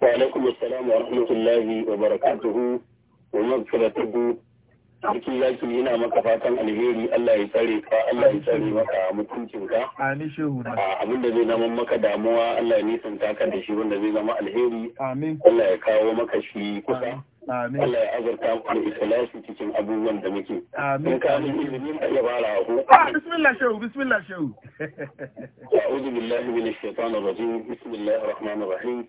wa alaikum assalam wa rahmatullahi wa barakatuhu wa maghfiratuhu sarki yana maka fatan alheri Allah ya tsare ka Allah ya tsare maka mutuncin ka amin shehu da zai zama maka damuwa Allah ya nisan ka da shi wanda zai zama alheri amin Allah ya kawo maka shi kusa amin Allah ya azurta mu da ikhlasi cikin abubuwan da muke amin in ka min izinin ka ya fara ko bismillah shehu bismillah shehu a'udhu billahi minash shaitanir rajim bismillahir rahmanir rahim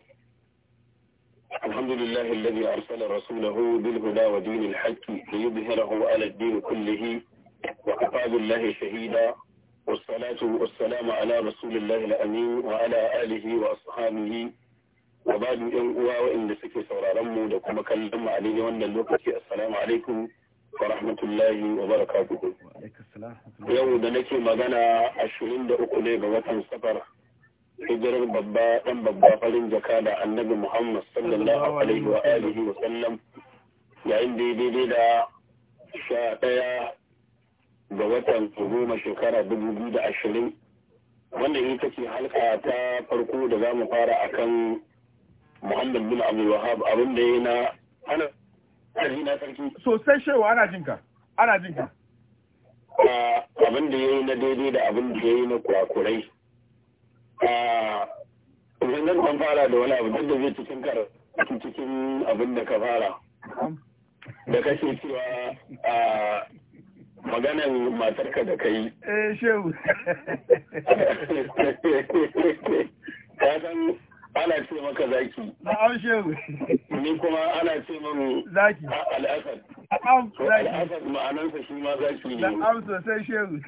الحمد لله الذي أرسل رسوله بالهدى ودين الحق ليظهره على الدين كله وكفى بالله شهيدا والصلاة والسلام على رسول الله الأمين وعلى آله وأصحابه وبعد إن أوا وإن سكي سورارمو لكم كلم عليه وأن اللوكتي السلام عليكم ورحمة الله وبركاته يوم دنكي مغانا عشرين دقلي بوطن سفر hijirar babba ɗan babba farin jaka da annabi Muhammad sallallahu alaihi wa alihi wa sallam yayin da daidai da sha ɗaya ga watan goma shekara dubu biyu da ashirin wanda ita ce halka ta farko da za mu fara a kan Muhammad bin abu Wahab abin da na ana na sarki sosai shewa ana jinka ana jinka abin da ya yi na daidai da abin da ya yi na kurakurai Ah, zan kan fara da wani abu da zai cikin karatu cikin abin da ka fara da kashe cewa a ah, maganan matarka da kai eh shehu ya san ana ce maka zaki na'am shehu ni kuma ana ce min zaki al'asad na'am zaki al'asad ma'anansa shi ma zaki ne na'am sosai shehu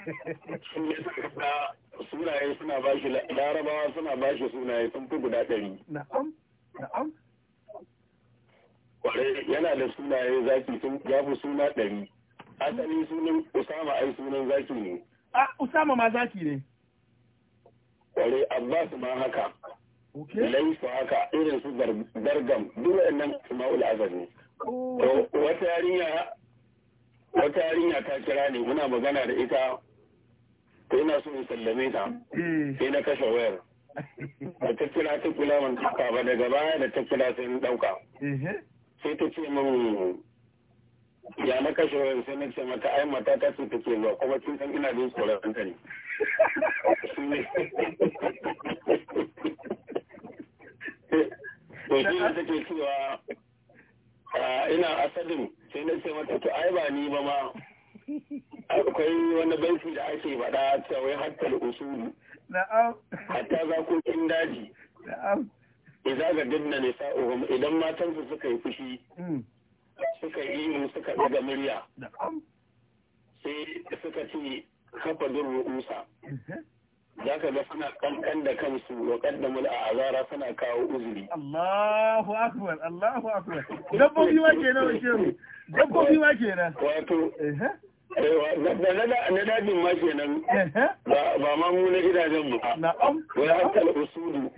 sunaye suna bashi larabawa suna bashi sunaye sun fi guda ɗari na'am na'am kwarai yana da sunaye zaki sun ya fi suna ɗari asali sunan usama ai sunan zaki ne a usama ma zaki ne kwarai abbas ma haka laifu haka irin su bargam duk nan su azab ne wata yarinya wata yarinya ta kira ne muna magana da ita ta ina so in sallame ta eh. sai na kashe wayar da ta kira ta kula ban ɗauka ba daga baya da ta kula sai na ɗauka sai ta ce min ya na kashe wayar sai na ce mata ai mata ta ce take zuwa kuma kin san ina da tsoron ta ne to shi ne take cewa ina asalin sai na ce mata to ai ba ni ba ma akwai wani banki da ake faɗa cewa wai hattar usulu hatta zakokin daji idza ga dinna ne sa'uhum idan matansu suka yi fushi hmm. suka yi ihu suka ɗaga murya sai suka ce kafa kusa. za ka ga suna kankan da kansu wa kaddamul a azara suna kawo uzuri. Allahu akbar Allahu akbar dabbobi ma kenan shehu dabbobi ke kenan wato eh, na dajin ma ke nan ba ma mu na gidajen mu na'am wa hatta al-usudu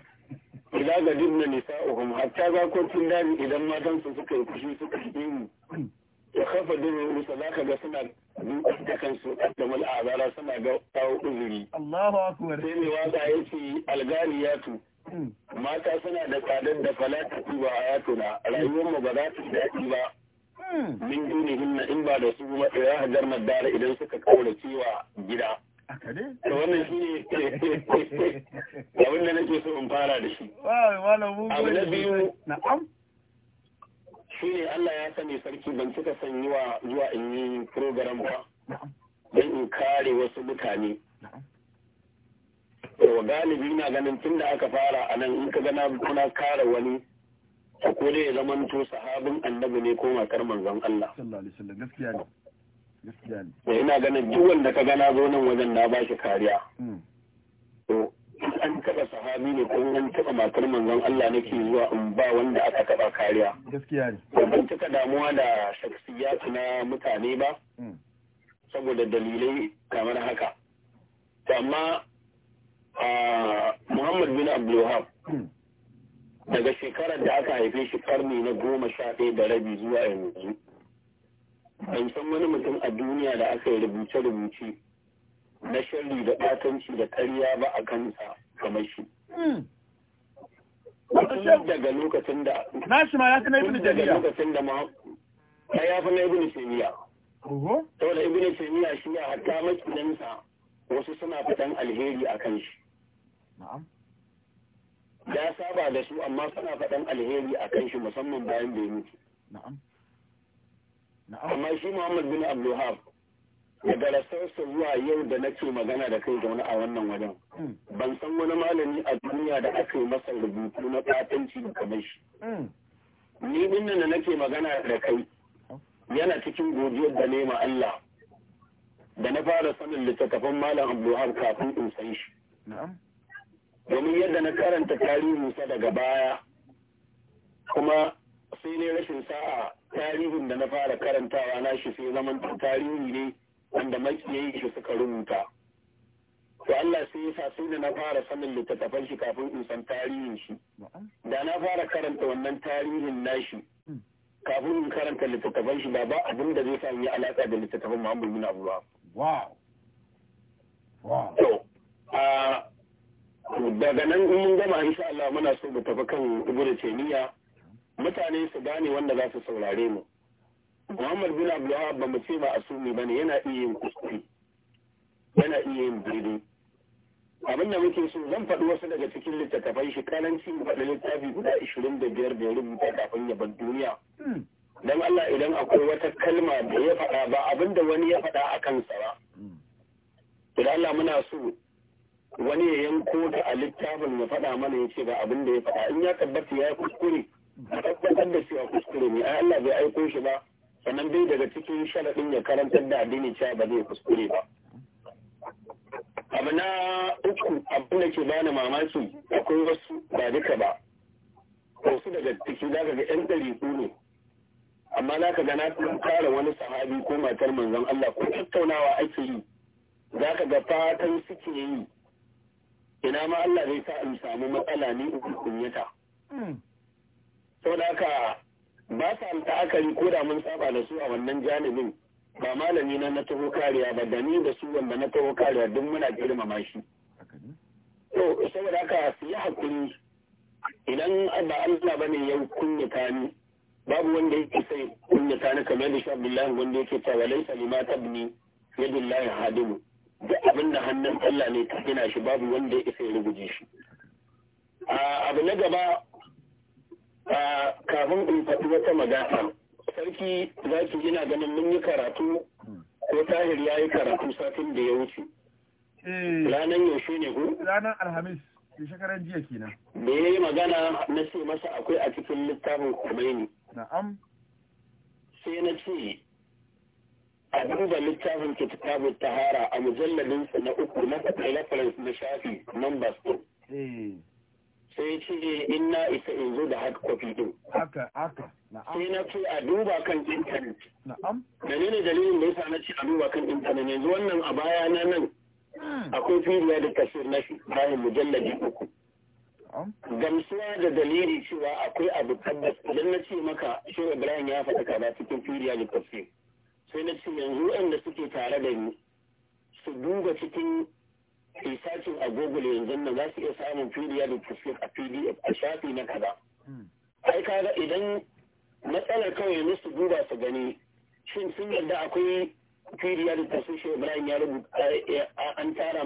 Ila ga dinna nisa'uhum hatta za ko tun daji idan matan su suka yi kushi suka yi ya kafa duhu rusa za ka ga suna dukkan da kansu da mal'azara suna ga kawo uzuri. Allahu akbar. Sai mai waka ya ce algariyatu. Hmm. Mata suna da tsadar da falata ba a yatuna rayuwar mu ba za ta daɗi ba. Hmm. Min dunihin na in ba da su matsaya hajar madara idan suka kaura cewa gida. to wannan shi ne abin da nake so in fara da shi. Abu na biyu. Na'am. shi ne Allah ya sani sarki ban cika son yi wa zuwa in yi program ba don in kare wasu mutane to galibi na ganin tun da aka fara a nan in ka gana kuna kare wani a kone ya zama to sahabin annabi ne ko matar manzon Allah ina ganin duk wanda ka gana zo nan wajen na ba shi kariya hmm. an taɓa sahabi ne ko an taɓa matar manzon Allah nake zuwa in ba wanda aka taɓa kariya. Gaskiya ne. Ban cika damuwa da shaksiyatu na mutane ba. Hmm. Saboda dalilai kamar haka. Amma Muhammad bin Abdulwahab hmm. daga shekarar da aka haife shi karni na goma sha ɗaya da rabi zuwa yanzu. Ban san wani mutum a duniya da aka yi rubuce-rubuce na sharri da ɗatanci da ƙarya ba a kansa kamar shi. Hmm. daga lokacin da na shi ma ya fi na ibn jamiya lokacin da ma ya fi na ibn saboda shi ya hatta makininsa wasu suna fitan alheri a kan shi ya saba da su amma suna faɗan alheri a kan shi musamman bayan da ya mutu amma shi muhammad bin abdulhab daga rasarsa zuwa yau da nake magana da kai zaune a wannan wajen ban san wani malami a duniya da aka yi masa rubutu na fatanci da kamar shi ni nan da nake magana da kai yana cikin godiyar da nema Allah da na fara sanin littattafan malam Abdulhar kafin in san shi domin yadda na karanta sa daga baya kuma sai ne rashin sa'a tarihin da na fara karantawa na shi sai zaman tarihi ne wanda makiyayi shi suka rubuta to Allah sai yasa sai da na fara sanin littattafan shi kafin in san tarihin shi da na fara karanta wannan tarihin nashi kafin in karanta littattafan shi ba ba abin da zai sami alaƙa da littattafan Muhammad bin Abu to daga nan in mun gama insha Allah muna so mu tafi kan Ibn Taymiyyah mutane su gane wanda za su saurare mu Muhammad bin Abdullahi ba mu ce ba asumi ba ne yana iya yin kuskure yana iya yin daidai abin da muke so zan faɗi wasu daga cikin littattafai shi kananci mu faɗi littafi guda ishirin da biyar da ya rubuta kafin ya bar duniya hmm. don Allah idan akwai wata kalma da ya faɗa ba abin da wani ya faɗa a kansa ba idan hmm. Allah muna so wani ya yanko ta a littafin ya faɗa mana ya ce ga abin da ya faɗa in ya tabbata ya yi kuskure a tabbatar da cewa kuskure ne ai Allah bai aiko shi ba sannan dai daga cikin sharaɗin ya karantar da addini cewa ba zai kuskure ba abu na uku abin da ke bani mamaki akwai wasu ba duka ba wasu daga ciki za ka ga yan ɗari ne amma za ka ga na kare wani sahabi ko matar manzon Allah ko tattaunawa ake yi za ka ga fatan suke yi ina ma Allah zai sa in samu matsala ni in kunyata. Hmm. Sau da haka ba sa la'akari ko da mun saba da su a wannan janibin ba malami na na taho kariya ba da ni da su wanda na taho kariya duk muna girmama shi to saboda haka su yi hakuri idan ba Allah ne ya kunyata ni babu wanda yake sai kunyata ni kamar da shi Abdullahi wanda yake cewa laisa lima tabni yadullahi hadimu duk abin da hannun Allah ne ta gina shi babu wanda ya isa ya rubuce shi abu na gaba kafin in faɗi wata magana sarki za ki ina ganin mun yi karatu ko tahir ya yi karatu satin da ya wuce eh. ranar yaushe ne ku? ranar alhamis shekaran jiya kenan da ya yi magana na ce masa akwai a cikin littafin kumaini na'am sai na ce a duba littafin kitabun tahara a mujalladinsa na uku na reference na shafi numbers din eh. sai ce eh, in na isa in zo da hard copy din. Haka, haka. Sai na ce a duba kan intanet. Na'am. Dalilin dalilin da yasa na ce a duba kan intanet yanzu wannan a baya na nan hmm. akwai firiya da kasir na bayan mujallabi uku. Gamsuwa da dalili cewa akwai abu tabbas idan na ce maka shi Ibrahim ya faɗa kaza cikin firiya da kasir. Sai na ce yanzu waɗanda suke tare da ni su duba cikin kai sakin a google yanzu nan za su iya samun da tafsir a pdf a shafi na kaza hmm. ai kaga idan matsalar kawai ne su duba su gani shin sun yarda akwai da tafsir shi ibrahim ya rubuta eh, eh, an tara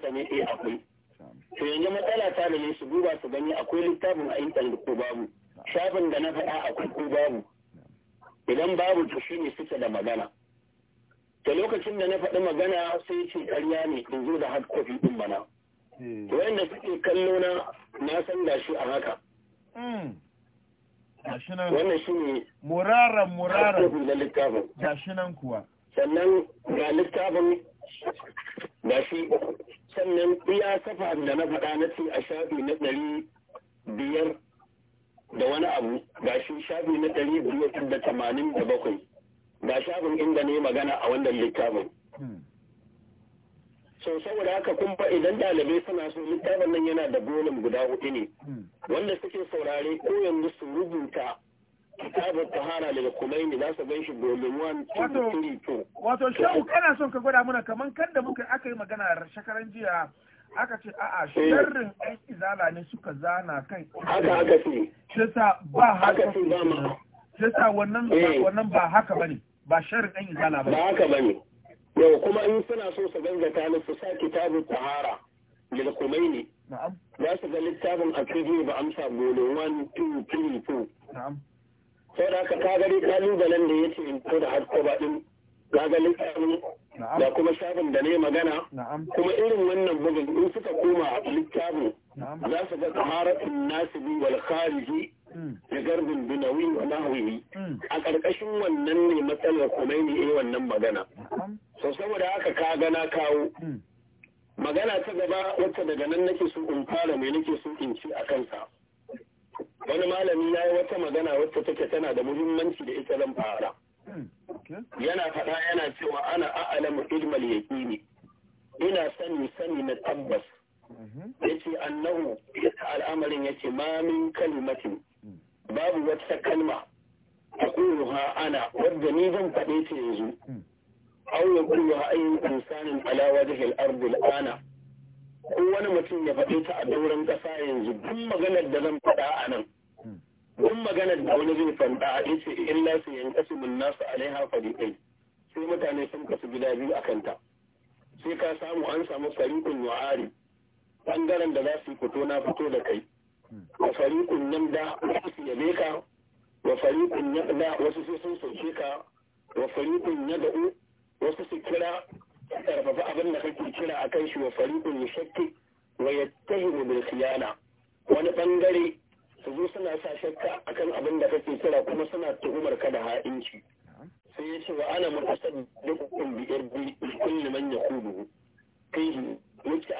sa ne eh akwai to yanzu matsala ta ne su duba su gani akwai littafin a intanet ko babu hmm. shafin da na faɗa akwai ko babu hmm. idan babu to shine suke da magana da lokacin da na faɗi magana sai ce ƙarya ne in zo da hard copy ɗin mana hmm. wanda suke kallo na na san da shi a haka hmm. wannan shi ne muraran muraran da littafin gashi nan kuwa sannan ga littafin da shi sannan iya safa da na faɗa na ce a shafi na ɗari biyar da wani abu gashi shafi na ɗari biyar da tamanin da bakwai ga shafin inda ne magana a wannan littafin hmm. so saboda haka kuma idan dalibai suna so littafin nan yana da bolin guda hudu ne hmm. wanda suke saurare ko yanzu su rubuta kitabun tahara daga kumaini za su gan shi bolin wan 2 3 wato shehu kana son ka gwada muna kaman kan da muka aka yi magana shekaran jiya aka ce a'a eh. sharrin ɗan izala ne suka zana kan haka haka ce ba haka ba ma eh. wannan ba haka bane ba ba. Ba haka ba ne. Yau kuma in suna so su gangata ni su sa kitabun tahara lil Khomeini. Na'am. Za su ga littafin Akhidu ba amsa gole 1 2 3 4. Na'am. Sai da ka gari kalubalen da yace in ko da ba din ga ga littafin da kuma shafin da ne magana kuma irin wannan bugun in suka koma littafin za su ga taharatun nasibi wal khariji da garbin binawi wa nahawi mm. a ƙarƙashin wannan ne matsalar ne yi wannan magana so saboda haka ka gana kawo mm. magana ta gaba wacce daga nan nake so in fara mai nake so in ci a kansa wani malami na yi wata magana wacce take tana da muhimmanci da ita zan fara mm. yana faɗa yana cewa ana a'alamu ilmal yaqini ina sani sani na tabbas mm-hmm. yace annahu al'amarin yace ma min kalimatin babu wata kalma a ƙuruha ana wadda ni zan faɗe ta yanzu au ya ƙuruha ayin insanin alawa jihil ardil ana ko wani mutum ya faɗe ta a dauran ƙasa yanzu duk maganar da zan faɗa a nan duk maganar da wani zai fanta a ce in lasu yankasu min nasu alaiha fariƙai sai mutane sun kasu gida biyu a kanta sai ka samu an samu fariƙun wa'ari ɓangaren da za su fito na fito da kai wa fariqun nan da su yabe ka wa fariqun yaqda wasu sai sun sauke ka wa fariqun yad'u wasu su kira karfafa abin da kake kira akan shi wa ya yashakki wa yattahimu bil khiyana wani bangare su zo suna sa shakka akan abin da kake kira kuma suna tuhumar ka da ha'inci sai ya ce wa ana mutasaddiqun biyar irbi kulli man yaqulu kai mutu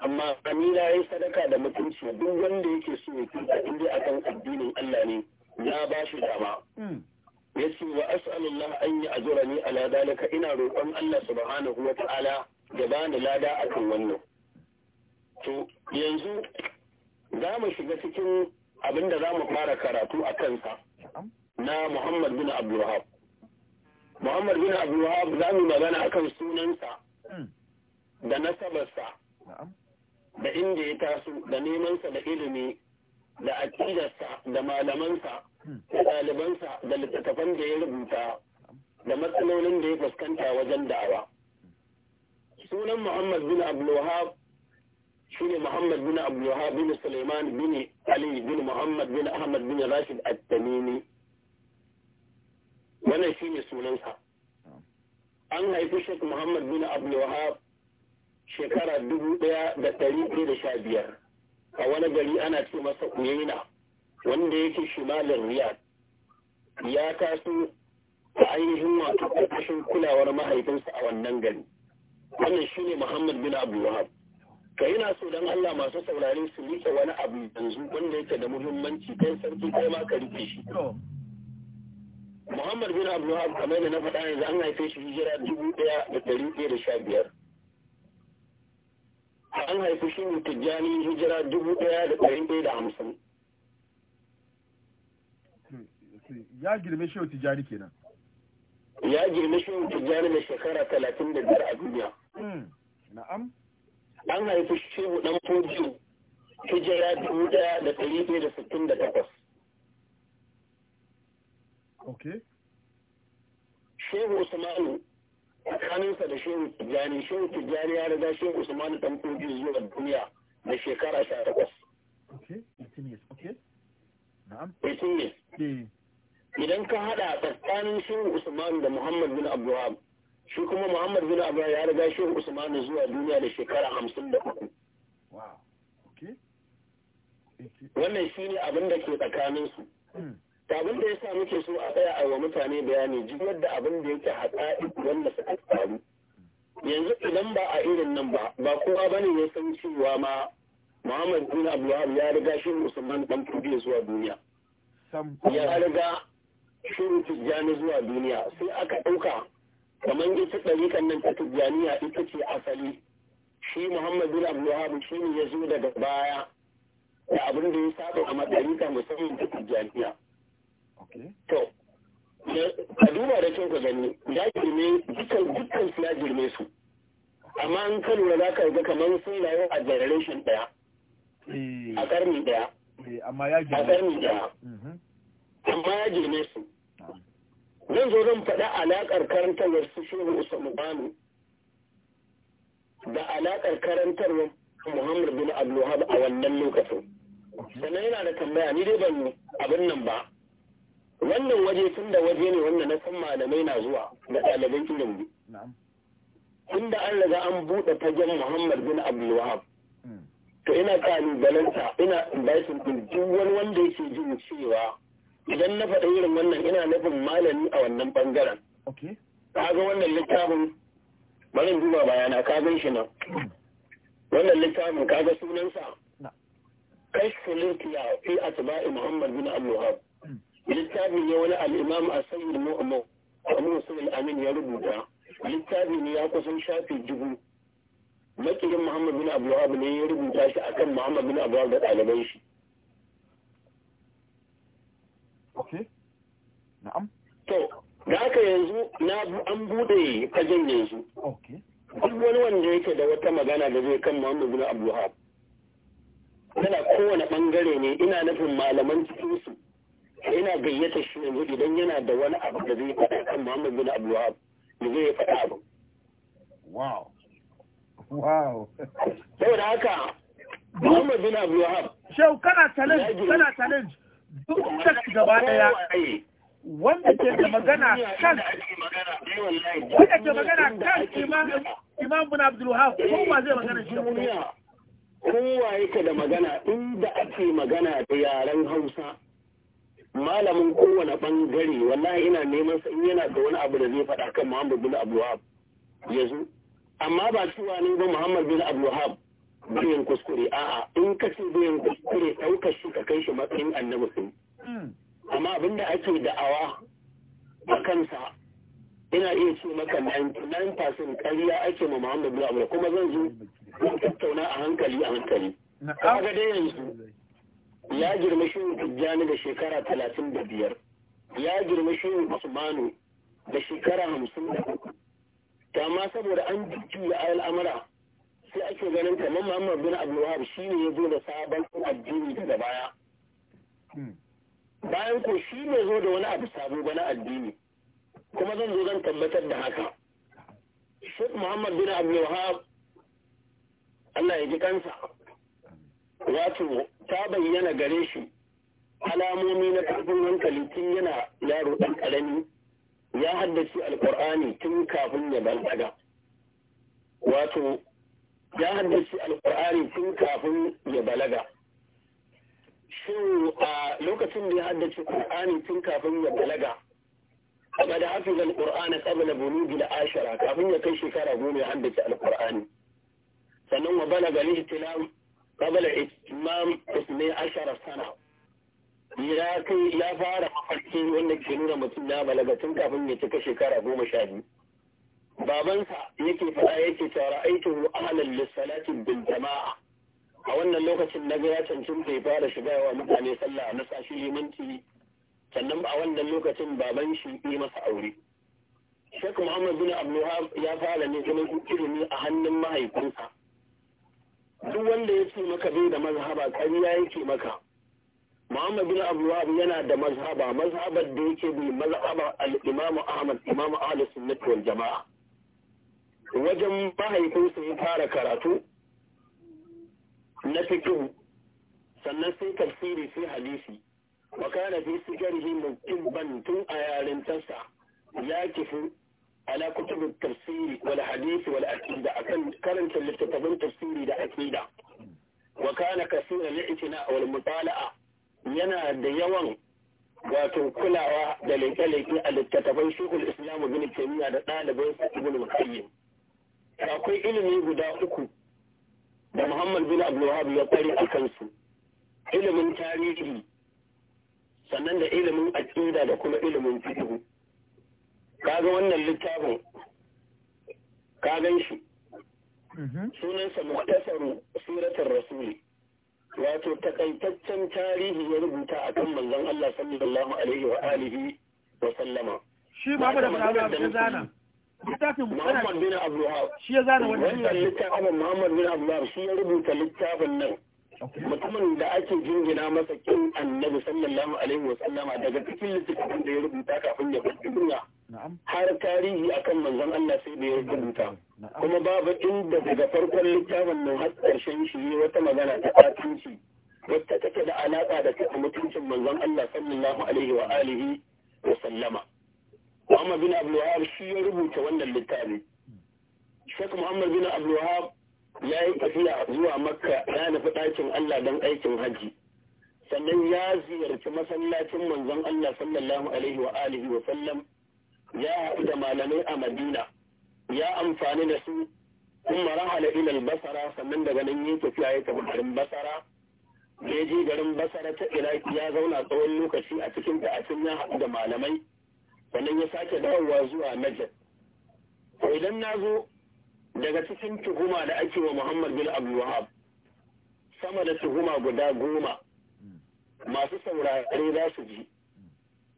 amma amina ya yi sadaka da mutunci duk wanda yake so ya kuka inda akan addinin Allah ne ya ba shi dama hmm. ya ce wa as'alullah an yi ala dalika ina roƙon Allah subhanahu wa ta'ala ya bani lada akan wannan to yanzu za mu shiga cikin abin da za mu fara karatu a kansa na Muhammad bin Abdulwahab Muhammad bin Abdulwahab za mu magana akan sunansa hmm. da nasabarsa da inda ya taso da nemansa da ilimi da aƙidarsa da malamansa da ɗalibansa da littattafan da ya rubuta da matsalolin da ya fuskanta wajen da'awa sunan muhammad bin abdulwahab ne muhammad bin abdulwahab bin suleiman bin ali bin muhammad bin ahmad bin rashid at-tamimi wannan shine sunansa an haifi shek muhammad bin abdulwahab shekara dubu ɗaya da ɗari ɗaya da sha biyar a wani gari ana ce masa uyena wanda yake shimalin riyad ya taso a ainihin wato ƙarƙashin kulawar mahaifinsa a wannan gari wannan shine muhammad bin abu wahab ka yana so don Allah masu saurare su rike wani abu yanzu wanda yake da muhimmanci kai sarki kai ma ka rike shi. Muhammad bin wahab kamar da na faɗa yanzu an haife shi hijira dubu ɗaya da ɗari ɗaya da sha biyar. an haifi shi ne tijjani hijira dubu ɗaya da ɗari ɗaya da hamsin. Ya girme shi tijjani kenan. Ya girme shi tijjani da shekara talatin da biyar a duniya. Hmm, na'am. An haifi shi mu ɗan fojiyo hijira dubu ɗaya da ɗari ɗaya da sittin da takwas. Ok. Shehu Usmanu tsakaninsa da shehu tijjani shehu tijjani ya riga shehu usman tamtoji zuwa duniya da shekara sha takwas eh. idan ka haɗa tsakanin shehu usman da muhammad bin abdullahi shi kuma muhammad bin abdullahi ya riga shehu usman zuwa duniya da shekara hamsin da uku wannan shi ne abin da ke tsakaninsu hmm. abin da ya sa muke so a tsaya a wa mutane bayani duk yadda abin da yake haɗa wanda suka faru yanzu idan ba a irin nan ba ba kowa ba ne ya san cewa ma muhammad bin abdullahi ya riga shi musamman dan fudiya zuwa duniya ya riga shi tijjani zuwa duniya sai aka ɗauka kamar ita ɗariƙan nan ta tijjaniya ita ce asali shi muhammad bin abdullahi shi ne ya zo daga baya da abin da ya saba a ta musamman ta tijjaniya to a duba da kyau ka ya girme dukkan dukkan su ya girme su amma an ka lura za ka ga kamar sun rayu a generation daya eh. a karni daya eh, amma ya girme a karni daya mhm. amma ya girme su zan zo zan faɗa alaƙar karantarwar su shehu usman banu da alaƙar karantarwar muhammad bin abdullahi a wannan lokacin sannan yana da tambaya ni dai ban abin nan ba wannan waje tun da waje ne wanda na san malamai na zuwa da ɗaliban ilimi inda an riga an buɗe fagen muhammad bin abdulwahab mm. to ina kalubalanta ina inviting din duk wani wanda yake jin cewa idan na faɗa irin wannan ina nufin malami a wannan bangaren kaga wannan littafin bari duba bayana ka gan shi nan wannan littafin kaga sunansa kashfu lintiya fi atba'i muhammad bin abdulwahab littafin ya wani al'imam a sayyid a wani musulun amin ya rubuta littafin ya kusan shafi dubu makirin muhammad bin abu ne ya rubuta shi akan muhammad bin abu da ɗaliban shi to da aka yanzu na an bude fagen yanzu ok duk wani wanda yake da wata magana da zai kan muhammad bin abu tana kowane ɓangare ne ina nufin malaman cikinsu ina gayyata shi yanzu idan yana da wani abu da zai faɗa kan Muhammad bin Abdul Wahab da zai faɗa abu wow wow saboda haka Muhammad bin Abdul Wahab shehu kana challenge kana challenge duk tak gaba daya wanda ke da magana kan wanda ke magana kan imam imam bin Abdul Wahab kowa zai magana shi kowa yake da magana inda ake magana da yaren Hausa malamin kowane bangare wallahi ina neman sa in yana da wani abu da zai faɗa kan Muhammad bin Abdul yanzu amma ba cewa ne ba Muhammad bin Abdul Wahab bayan kuskure a'a in ka ce bayan kuskure ɗaukar shi ka kai shi matsayin annabi sun amma abinda ake da'awa a kansa ina iya ce maka 99% ƙarya ake ma Muhammad bin Abdul kuma zan zo in tattauna a hankali a hankali kaga dai yanzu ya girma shi tijjani da shekara talatin da biyar ya girma shi usmanu da shekara hamsin da uku ta saboda an jujjuya al'amura sai ake ganin kamar muhammad bin abdullahi shi ne ya zo da sabon addini daga baya hmm. bayan ko shi ne zo da wani abu sabo ba na addini kuma zan zo zan tabbatar da haka shek Muhammad bin Abdullahi Wahab Allah ya ji kansa wato ta bayyana gare shi alamomi na ƙarfin hankali tun yana yaro ɗan ƙarami ya haddace alƙur'ani tun kafin ya balaga wato ya haddace alƙur'ani tun kafin ya balaga shin a lokacin da ya haddace Alƙur'ani tun kafin ya balaga kada da hafiz alƙur'ani na bulu da ashara kafin ya kai shekara goma ya haddace alƙur'ani sannan wa balaga lihi tilawi قبل إتمام اثني عشر سنة ya kai ya fara mafarki wanda ke nuna mutum ya balaga tun kafin ya cika shekara goma sha biyu babansa yake faɗa yake cewa aikin ahlan lissalati bil jama'a a wannan lokacin na ga ya cancanta ya fara shiga wa mutane sallah na sashi limanci sannan a wannan lokacin baban shi yi masa aure Sheikh Muhammad bin Abdulwahab ya fara ne ilimi a hannun mahaifinsa duk wanda ya ce maka bai da mazhaba ƙarya yake maka Muhammad bin Abdulwahab yana da mazhaba mazhabar da yake bi mazhabar al-Imam Ahmad Imam Ahlus Sunnah wal Jama'a wajen mahaifinsa ya fara karatu na fiqh sannan sai tafsiri sai hadisi wa kana fi sigarihi ban tun a yarintarsa ya kifi ala kutubin tafsiri wal hadisi wal aqida akan karanta littattafan tafsiri da aqida wa kana kasira li'tina wal mutala'a yana da yawan wato kulawa da leke-leke a littattafan shekul islamu bin taimiyya da ɗaliban ibn al-qayyim akwai ilimi guda uku da muhammad bin abdulwahab ya kware a kansu ilimin tarihi sannan da ilimin aƙida da kuma ilimin fiqh kaga wannan littafin ka gan shi mm-hmm. sunansa muhtasaru suratar rasuli wato takaitaccen tarihi ya rubuta a kan manzon Allah sallallahu alaihi wa alihi wa sallama shi ba bin shi ya zana wannan littafin Muhammad bin Abdul shi ya rubuta littafin nan mutumin da ake jingina masa kin annabi sallallahu alaihi wa sallama daga cikin littafin da ya rubuta kafin ya bar duniya har tarihi akan manzon Allah sai da ya rubuta kuma babu inda daga farkon littafin nan har ƙarshen shi wata magana ta ɓatanci wacce take da alaƙa da ta mutuncin manzon Allah sallallahu alaihi wa alihi wa sallama Muhammad bin Abdul Wahab shi ya rubuta wannan littafi Sheikh Muhammad bin Abdul Wahab ya yi tafiya zuwa Makka ya nufi ɗakin Allah don aikin hajji sannan ya ziyarci masallacin manzon Allah sallallahu alaihi wa alihi wa sallam ya haɗu da malamai a madina ya amfani da su kuma rahala ilal basara sannan daga nan yi tafiya ya tafi garin basara da ji garin basara ta iraki ya zauna tsawon lokaci a cikin da a ya haɗu da malamai sannan ya sake dawowa zuwa najar to idan na zo daga cikin tuhuma da ake wa muhammad bin abu wahab sama da tuhuma guda goma masu saurare za su ji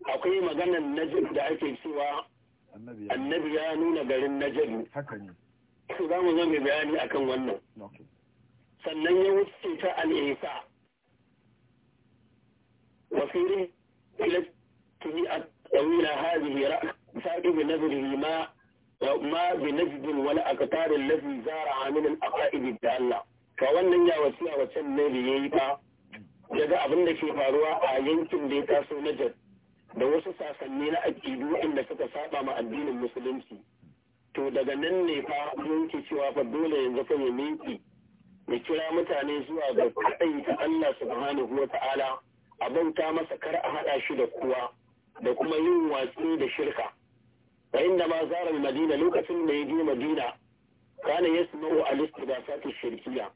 akwai maganar najib da ake cewa annabi ya nuna garin najib za mu zo mai bayani akan wannan sannan ya wuce ta al'isa wasiri ila tuni a tsawila hazihi ra sa'i bi nazari ma ma bi najibin wani akatarin lafi zara aminin aka'ibi da Allah ka wannan ya wasiya wacan ne da ya yi ta daga mm. abin da ke faruwa a yankin da ya taso najib da wasu sasanni na aƙidu inda suka saba ma addinin musulunci to daga nan ne fa yanke cewa fa dole yanzu fa ya minki ya kira mutane zuwa ga kaɗai ta Allah subhanahu wa ta'ala a bauta masa kar a haɗa shi da kuwa da kuma yin watsi da shirka fa inda ma zarar madina lokacin da ya je madina kana yasma'u al-istibasat ash-shirkiyya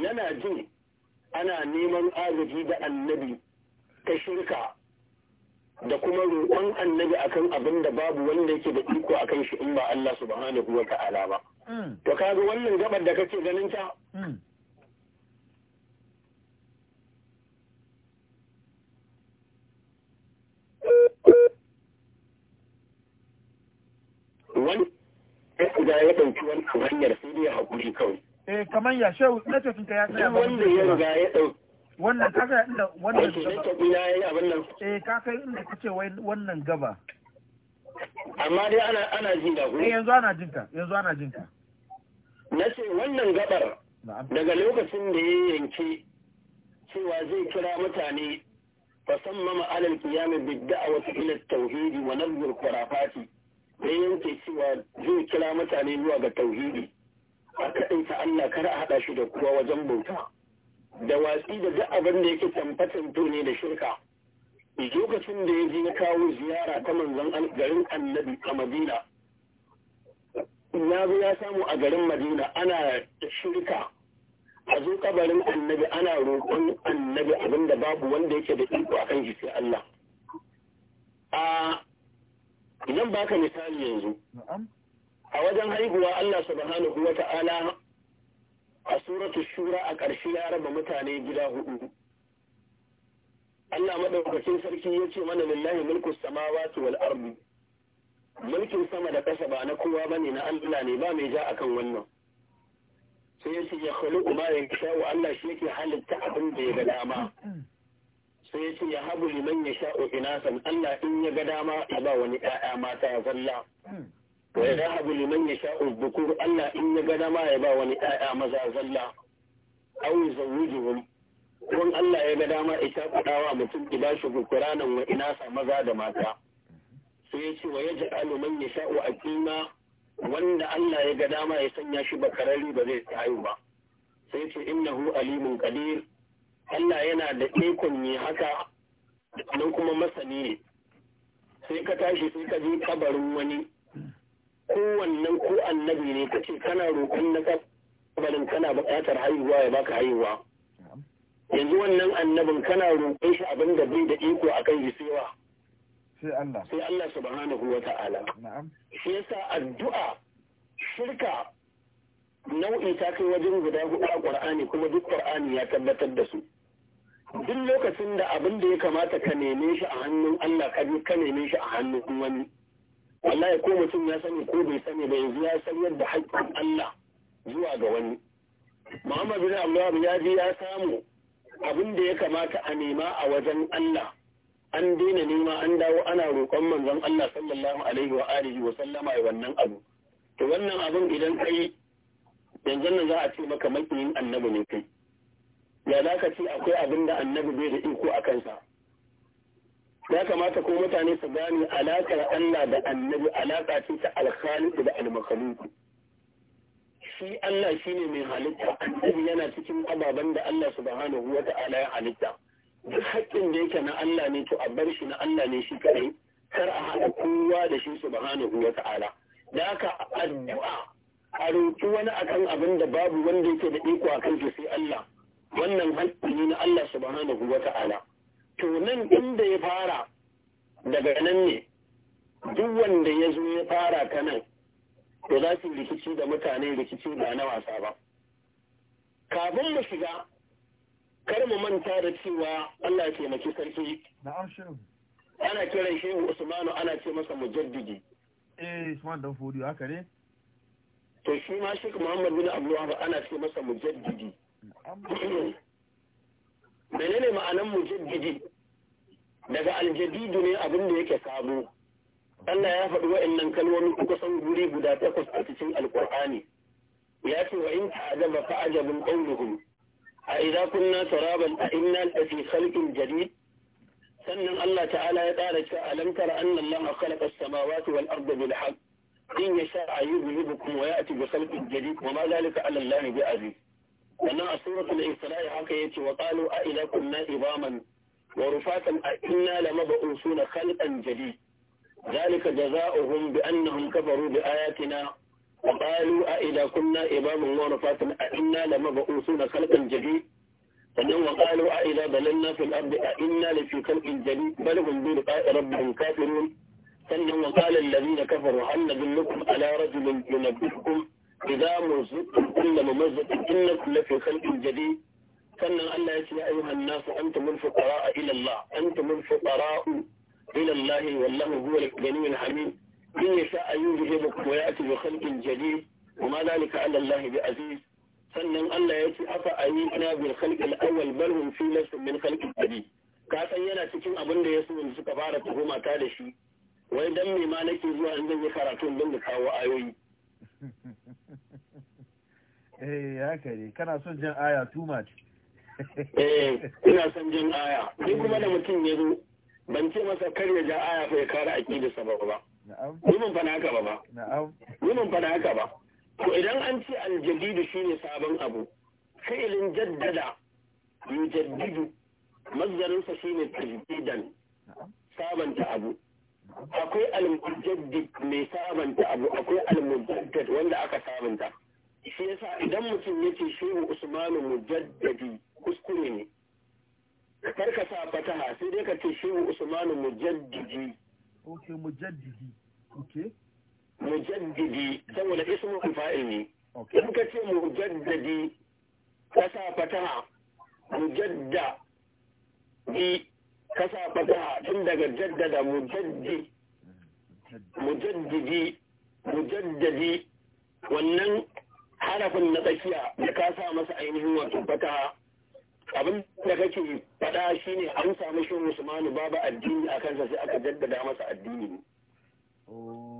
yana jin ana neman agaji da annabi ta shirka da kuma roƙon annabi akan abin da babu wanda yake da iko akan shi in ba Allah subhanahu wa ta'ala ba mm. to kaga wannan gabar da kake ganin ta mm. wani ya ya ɗauki wannan hanyar sai dai haƙuri kawai. Eh kamar ya shehu na tafinta ya tsaya. Wanda ya riga ya ɗauki wannan kaga inda wannan eh ka kai inda kace wai wannan gaba amma dai ana ana jin da ku. Eh, yanzu ana jin ka yanzu ana jin ka nace wannan gabar daga lokacin da ya yanke cewa zai kira mutane san fasammama alal qiyam bid-da'wati ila at-tauhid wa nabdh al-khurafati ya yanke cewa zai kira mutane zuwa ga tauhidi a kaɗaita Allah kar a haɗa shi da kowa wajen bauta da watsi da duk abin da yake tamfatan ne da shirka lokacin da ya je na kawo ziyara ta manzon garin annabi a madina na zo ya samu a garin madina ana shirka a zo kabarin annabi ana roƙon annabi abinda babu wanda yake da iko a kan shi Allah a idan baka misali yanzu a wajen haihuwa Allah subhanahu wa ta'ala a suratu shura a ƙarshe ya raba mutane gida hudu Allah madaukakin sarki ya ce mana lillahi mulkus samawati wal ardi mulkin sama da ƙasa ba na kowa bane na Allah ne ba mai ja akan wannan sai ya ce ya khuluqu ma yasha'u Allah shi yake halitta abin da ya ga dama sai ya ce ya habu liman yasha'u inasan Allah in ya ga dama ya ba wani ƴaƴa mata ya zalla wa ya zahabu liman yasha'u sha uzbukur Allah in ya ga dama ya ba wani yaya maza zalla aw yuzawwijuhum kun Allah ya ga dama ita kudawa mutum ki bashi bukuranan wa ina sa maza da mata sai ya ce wa ya ja'alu man manya sha'u aqima wanda Allah ya ga dama ya sanya shi bakarari ba zai tsayu ba sai ce innahu alimun qadir Allah yana da ikon ne haka nan kuma masani ne sai ka tashi sai ka je kabarin wani kowannen ko annabi ne kace kana roƙon na kabarin kana buƙatar haihuwa ya baka haihuwa yanzu wannan annabin kana roƙon shi abin da bai da iko a kan shi sewa sai Allah sai Allah subhanahu wa ta'ala shi yasa addu'a shirka nau'i ta kai wajen guda hudu a Qur'ani kuma duk Qur'ani ya tabbatar da su duk lokacin da abin da ya kamata ka neme shi a hannun Allah ka ka neme shi a hannun wani wallahi ko mutum ya sani ko bai sani ba yanzu ya san yadda haƙƙin Allah zuwa ga wani Muhammad bin Abdullah ya ji ya samu abin da ya kamata a nema a wajen Allah an daina nema an dawo ana roƙon manzon Allah sallallahu alaihi wa alihi wa sallama ya wannan abu to wannan abin idan kai yanzu nan za a ce maka makiyin annabi ne kai ya za ka ce akwai abin da annabi bai da iko a kansa ya kamata ko mutane su gane alaƙar Allah da annabi alaƙa ce ta alkhaliq da almakhluq shi Allah shine mai halitta annabi yana cikin ababen da Allah subhanahu wa ta'ala ya halitta duk haƙƙin da yake na Allah ne to a bar shi na Allah ne shi kadai kar a haɗa kowa da shi subhanahu wa ta'ala da haka addu'a a roƙi wani akan abin da babu wanda yake da iko a kansa sai Allah wannan haƙƙi ne na Allah subhanahu wa ta'ala to nan inda ya fara daga nan ne duk wanda ya zo ya fara ta nan to za su rikici da mutane rikici ba na wasa ba kafin mu shiga kar mu manta da cewa Allah ya taimaki sarki ana kiran shehu Usmanu ana ce masa mujaddidi eh Usman dan fodiyo haka ne to shi ma Sheikh Muhammad bin Abdul ana ce masa mujaddidi menene ma'anan mujaddidi daga aljadidu ne abin da yake sabo Allah ya faɗi wa'annan kalmomi kusan guri guda takwas a cikin alƙur'ani ya ce wa in ta'ajaba fa ajabun qawluhum a idza kunna turaban a inna lafi khalqin jadid sannan Allah ta'ala ya tsara cewa alam tara anna Allah khalaqa as-samawati wal arda bil haqq in yasha ayyubukum wa ya'ti bi khalqin jadid wa ma zalika 'ala Allah bi aziz wannan a suratul isra'i haka yace wa qalu a ina kunna ibaman. ورفاتا إنا لمبعوثون خلقا جديد ذلك جزاؤهم بأنهم كفروا بآياتنا وقالوا أئذا كنا إماما ورفاتا أئنا لمبعوثون خلقا جديد sannan wa qalu a idza dalalna fil ardi a inna la fi khalqin jadid bal hum bi liqa'i rabbihim kafirun sannan wa qala alladhina kafaru hal nadullukum ala rajulin yunabbiukum idza muzqtum fi sannan Allah ya ce ya ayyuhan nasu antumul fuqara ila Allah antumul fuqara ila Allah wallahu huwal ganiyul hamid in yasha ayyuhibukum wa ya'ti bi khalqin jadid وما ذلك على الله بعزيز sannan Allah ya ce afa ayyuna bil khalq al awwal bal hum fi nafs min khalq al jadid ka san yana cikin abin da yaso da suka fara tuhuma ta da shi wai dan me ma nake zuwa in zan yi karatu din da kawo ayoyi eh haka ne kana son jin aya too much eh ina son jin aya ni kuma da mutum ya zo ban ce masa kar ya ja aya fa ya kare sa ba ba ni mun na haka ba ba ni mun na haka ba to idan an ce aljadidu shine sabon abu fi'ilin jaddada yujaddidu mazdarinsa shine tajdidan sabanta abu akwai almujaddid mai sabanta abu akwai almujaddad wanda aka sabanta shi yasa idan mutum yace shehu usmanu mujaddadi kuskure ne ka karkata fataha sai dai ka ce shehu usmanu mujaddidi okay mujaddidi okay mujaddidi saboda ismul fa'il ne in ka ce mujaddidi ka sa fataha mujadda di ka sa fataha tun daga jaddada mujaddi mujaddidi mujaddidi wannan harafin na tsakiya da ka sa masa ainihin wato fataha abin da kake faɗa shi ne an samu shi usmanu babu addini a kansa sai aka jaddada masa addini oh,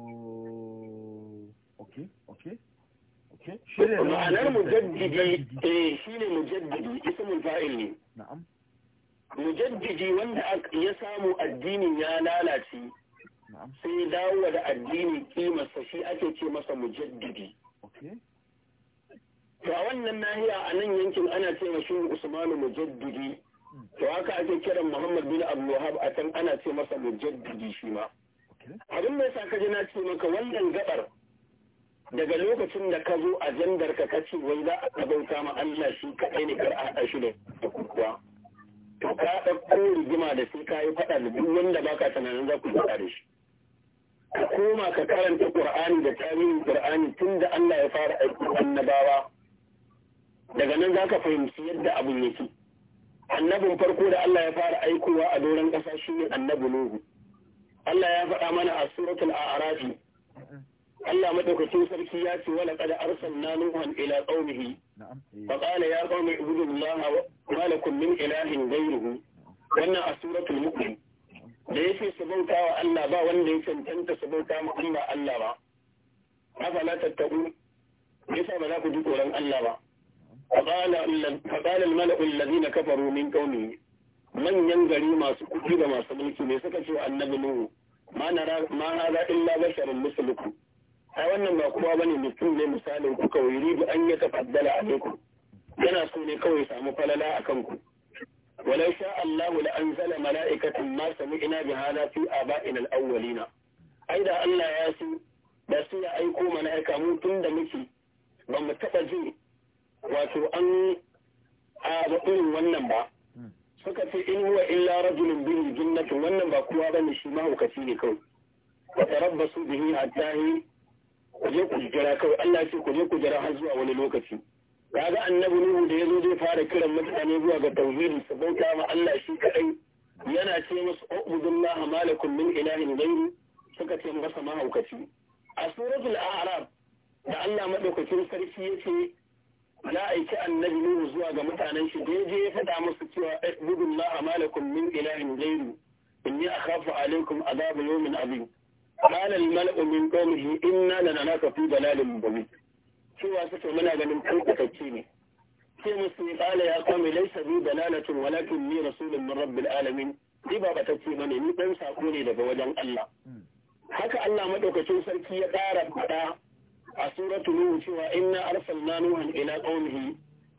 ne. ma'anar mujaddidi eh, shi ne mujaddidi ismul fa'il ne mujaddidi wanda ya samu addini ya lalace sai dawo da addini kimarsa shi ake ce masa mujaddidi to a wannan nahiya a nan yankin ana ce ma shi usmanu mujaddidi to haka ake kiran muhammad bin abdulwahab a can ana ce masa mujaddidi shi ma abin da yasa ji na ce maka wannan gabar daga lokacin da ka zo a jandar ka kace wai za a bauta ma Allah shi kaɗai ne kar a haɗa shi da kuwa to ka ɗauko rigima da sai ka yi faɗa da duk wanda baka tunanin za ku faɗa da shi ka koma ka karanta Kur'ani da tarihin Qur'ani tunda Allah ya fara aiki annabawa daga nan za ka fahimci yadda abin yake annabin farko da Allah ya fara aikowa a doron ƙasa shi ne annabi Nuhu Allah ya faɗa mana a suratul a'rafi Allah madaukakin sarki ya ce wala qad arsalna nuhan ila qaumihi fa qala ya qaumi ibudullaha wa lakum min ilahin ghayruhu wannan a suratul mu'min da yake su bauta wa Allah ba wanda ya cancanta su bauta Allah Allah ba afala tattaqu yasa ba za ku ji tsoron Allah ba فقال الملأ الذين كفروا من قومه من masu ما سكوتي وما سملكي ne suka ce annabi nuhu ma nara ma hada illa basharun mislukum ai wannan ba kowa bane mutum ne misalin ku kawai ribu an ya tafaddala ku. yana so ne kawai samu falala akan ku walau sha Allah la anzala mala'ikatan ma sami'na bi hada fi aba'ina al-awwalina ai da Allah ya so da su ya aiko mala'ika mu tun da muke ba mu taba jin wato an a irin wannan ba hmm. suka ce in huwa illa rajulun biyu jinnatin wannan ba ba ne shi mahaukaci ne kawai rabba su bihi a tahi ku je ku jira kawai Allah ce ku je ku jira har zuwa wani lokaci kaga annabi nuhu da ya zo zai fara kiran mutane zuwa ga tauhidi su bauta ma Allah shi kadai yana ce musu ubudullaha malakun min ilahin ghairu suka ce masa mahaukaci a suratul a'raf da Allah madaukakin sarki yace Na aiki annabi Nuhu zuwa ga mutanen shi da je ya faɗa musu cewa ibudullah eh, malakum min ilahin gairu inni akhafu alaikum adhab yawmin azim qala al mala'u min qawmihi inna lananaka fi dalalin mubin cewa suke muna ganin kan kakace ne sai musu ya kala ya qawmi laysa bi dalalatin walakin ni rasulun min rabbil alamin ni ba batacce bane ni dan sako ne daga wajen Allah hmm. haka Allah madaukakin sarki ya ƙara faɗa a suratu nuhu cewa inna arsalna nuhan ila qaumihi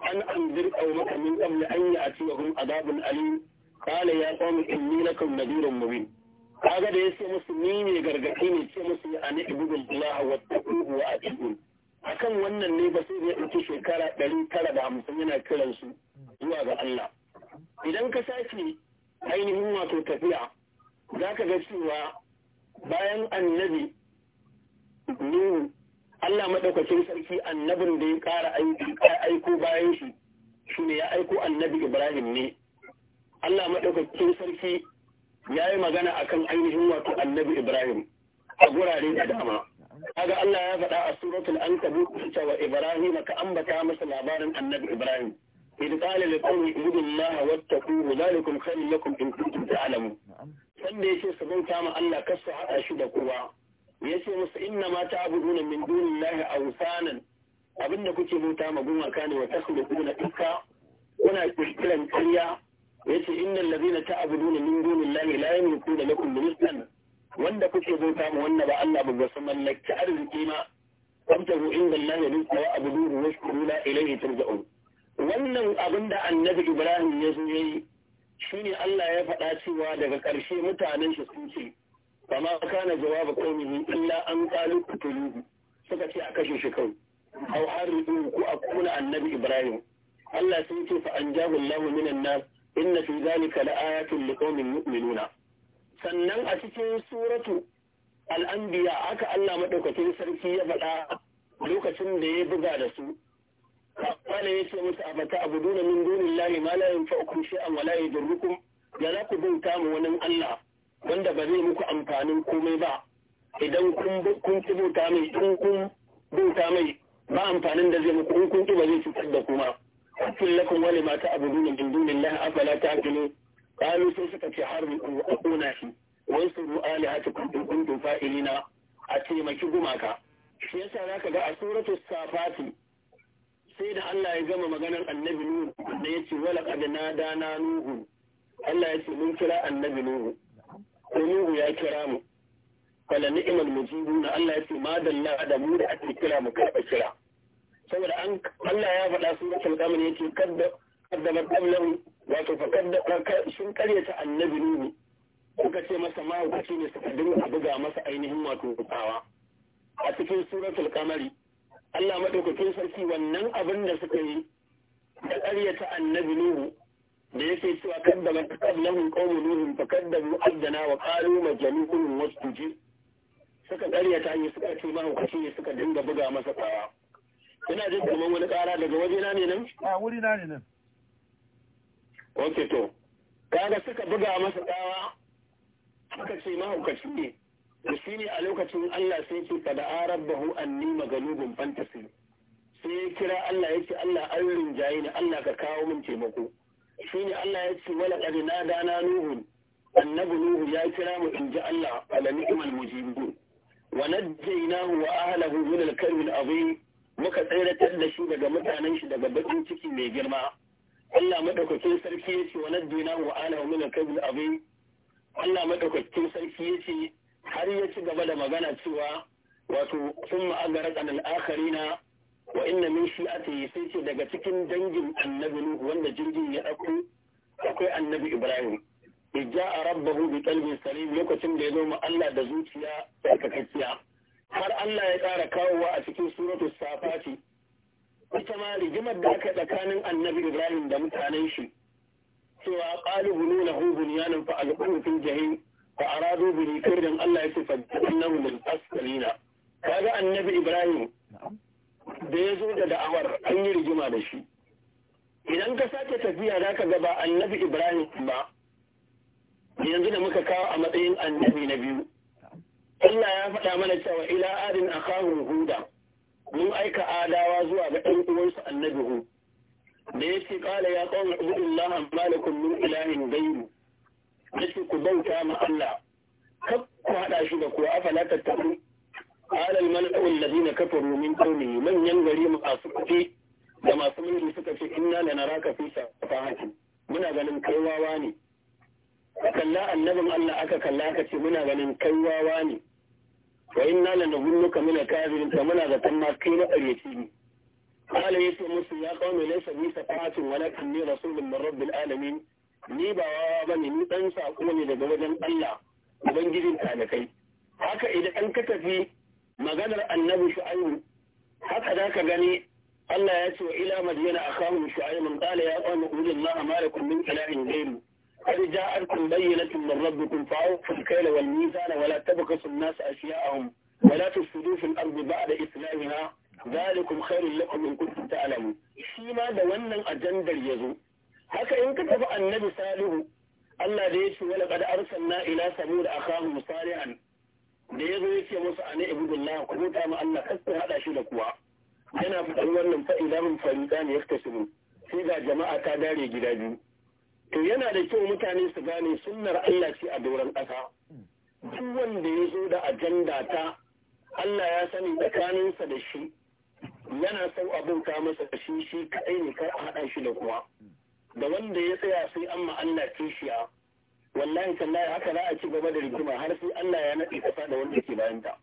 an anzir qaumaka min qabli an ya'tiyahum adabun alim qala ya qaumi inni lakum nadhirun mubin kaga da yace musu ni ne gargadi ne ce musu ya ani ibudul allah wa taqulu wa atiqun akan wannan ne ba sai zai ɗauki shekara ɗari tara da hamsin yana kiransu zuwa ga Allah idan ka saki ainihin wato tafiya za ka ga cewa bayan annabi Nuhu Allah maɗaukacin sarki annabin da ya ƙara aiko bayan shi shi ne ya aiko annabi Ibrahim ne. Allah maɗaukacin sarki ya yi magana a kan ainihin wato annabi Ibrahim a gurare da dama. Kaga Allah ya faɗa a suratul an kabu wa Ibrahim ka ambata masa labarin annabi Ibrahim. إذ قال لقوم اعبدوا الله واتقوه ذلكم خير لكم إن كنتم تعلمون. Sanda ya ce su bauta ma Allah kar su haɗa shi da kowa. ya ce musu inna ma ta abuduna min lahi a awsanan abinda kuke bauta ma gumaka ne wa takhluquna ikka kuna kirkiran ƙarya yace ta abu ta'buduna min dunillahi la yamlikuna lakum rizqan wanda kuke bauta ma wanda ba Allah ba su mallaki arziki ma wabtahu inda Allah rizqa wa abuduhu washkuru la ilayhi turja'un wannan abinda annabi Ibrahim ya zo yayi ne Allah ya faɗa cewa daga ƙarshe mutanen shi sun ce kama kana jawaba qaumihi illa an qalu qutuluhu suka ce a kashe shi kawai aw haridu ku akuna annabi ibrahim Allah sun ce fa anjahu Allahu minan nar inna fi zalika laayatin liqaumin yu'minuna sannan a cikin suratu al-anbiya aka Allah maɗaukacin sarki ya faɗa lokacin da ya buga da su ya ce يسوع موسى أفتعبدون من دون الله ما لا ينفعكم شيئا ولا يضركم يا لا كبن كام wani Allah. wanda ba zai muku amfanin komai ba idan kun ci bauta mai in kun bauta mai ba amfanin da zai muku in kun ki ba zai cutar da kuma kafin lakum wani mata abu duna bin dunin lahi afala ta kilo kanu sun suka ce har mu a kona shi wai su alihatukum hata kundin kundin fa'ilina a taimaki gumaka shi yasa za ka ga a suratul safati sai da Allah ya gama maganar annabi Nuhu da ya ce wala qad nadana Nuhu Allah ya ce mun kira annabi Nuhu domin ya kira mu wala ni'mal mujibu na Allah ya ce madalla da mu da ake kira mu karɓa kira saboda an Allah ya faɗa sun ya kamun yace kadda kaddamat qablahu wato fa kadda sun karyata annabi nuhu Kuka ce masa mahaukaci ne suka a buga masa ainihin wato kawa. a cikin suratul kamari Allah maɗaukakin sarki wannan abin da suka yi da ta annabi nuhu da yake cewa kaddama qablahum qawmu nuhin fakaddamu addana wa qalu majnunun wastuji suka karyata yi suka ce mahaukaci ne suka dinga buga masa tsawa ina jin kuma wani kara daga waje na ne nan a wuri na ne nan okay to kaga suka buga masa tsawa suka ce mahaukaci ne da shi ne a lokacin Allah sai ce kada arabahu anni magalubun fantasi sai ya kira Allah ya ce Allah an rinjaye ne Allah ka kawo min taimako shi ne Allah ya ce wala na dana nuhu annabu nuhu ya kira mu in ji Allah ala ni'mal mujibu wa najjaynahu wa ahlahu min al-karbi al-azim muka tsayratar da shi daga mutanen shi daga bakin ciki mai girma Allah madaukakin sarki ya ce wa najjaynahu wa ahlahu min al-karbi al-azim Allah madaukakin sarki ya ce har ya ci gaba da magana cewa wato sun ma'agara al'akari na wa inna min shi'ati sai ce daga cikin dangin annabi nuhu wanda jirgin ya dauko akwai annabi ibrahim a rabbahu bi qalbin salim lokacin da ya zo ma Allah da zuciya tsarkakakkiya har Allah ya tsara kawowa a cikin suratu safati ita ma rigimar da aka tsakanin annabi ibrahim da mutanen shi cewa qalu bununahu bunyanan fa alqahu fil jahim fa aradu bi kirdin Allah ya ce fa annahu lil asqalina kaga annabi ibrahim da ya zo da da'awar an yi rigima da shi idan ka sake tafiya za ka gaba annabi ibrahim ba yanzu da muka kawo a matsayin annabi na biyu Allah ya faɗa mana cewa ila adin a akahum huda mun aika adawa zuwa ga ɗan uwansu annabi hu da ya ce ƙala ya qawmi ibudullaha ma min ilahin gairu yace ku bauta ma Allah kar ku haɗa shi da kuwa afalatar tafi قال الملأ الذين كفروا من قومه من ينغري masu kuɗi da masu mulki suka ce inna lanaraka fi safahatin muna ganin kai wawa ne kalla annabin Allah aka kalla aka ce muna ganin kai wawa ne wa inna lanazunnuka min kazirin ta muna zaton ma kai na ƙaryaci ne قال يسوع موسى يا قوم ليس بي سفاهة ولكني رسول من رب alamin. ni ba wawa bane ni dan sako ne daga wajen Allah ubangijin talakai haka idan an ka tafi maganar annabi shu'aibu haka za ka gani Allah ya ce wa ila madiyana akahum shu'aibun qala ya qawmi ubudullaha ma lakum min ilahin ghayru قد جاءتكم بينة من ربكم فأوفوا الكيل والميزان ولا تبخسوا الناس أشياءهم ولا تفسدوا في الأرض بعد إسلامها ذلكم خير لكم إن كنتم تعلمون شيما ده wannan ajandar yazo haka in ka tafi annabi salihu Allah da yace wala qad arsalna ila samud akhahum salihan da ya zo ya ce musu ana ibudullah ku bauta ma Allah kasar hada shi da kuwa yana fitar wannan fa'ida min farida ne yake sai ga jama'a ta dare gida biyu to yana da kyau mutane su gane sunnar Allah ce a doron ƙasa duk wanda ya zo da ajanda ta Allah ya sani tsakaninsa da shi yana son abin ka masa shi shi kaɗai ne kar a haɗa shi da kuwa da wanda ya tsaya sai an ma Allah kishiya wallahi tallahi haka za a ci gaba da rigima har sai Allah ya naɗe kasa da wanda ke bayan ta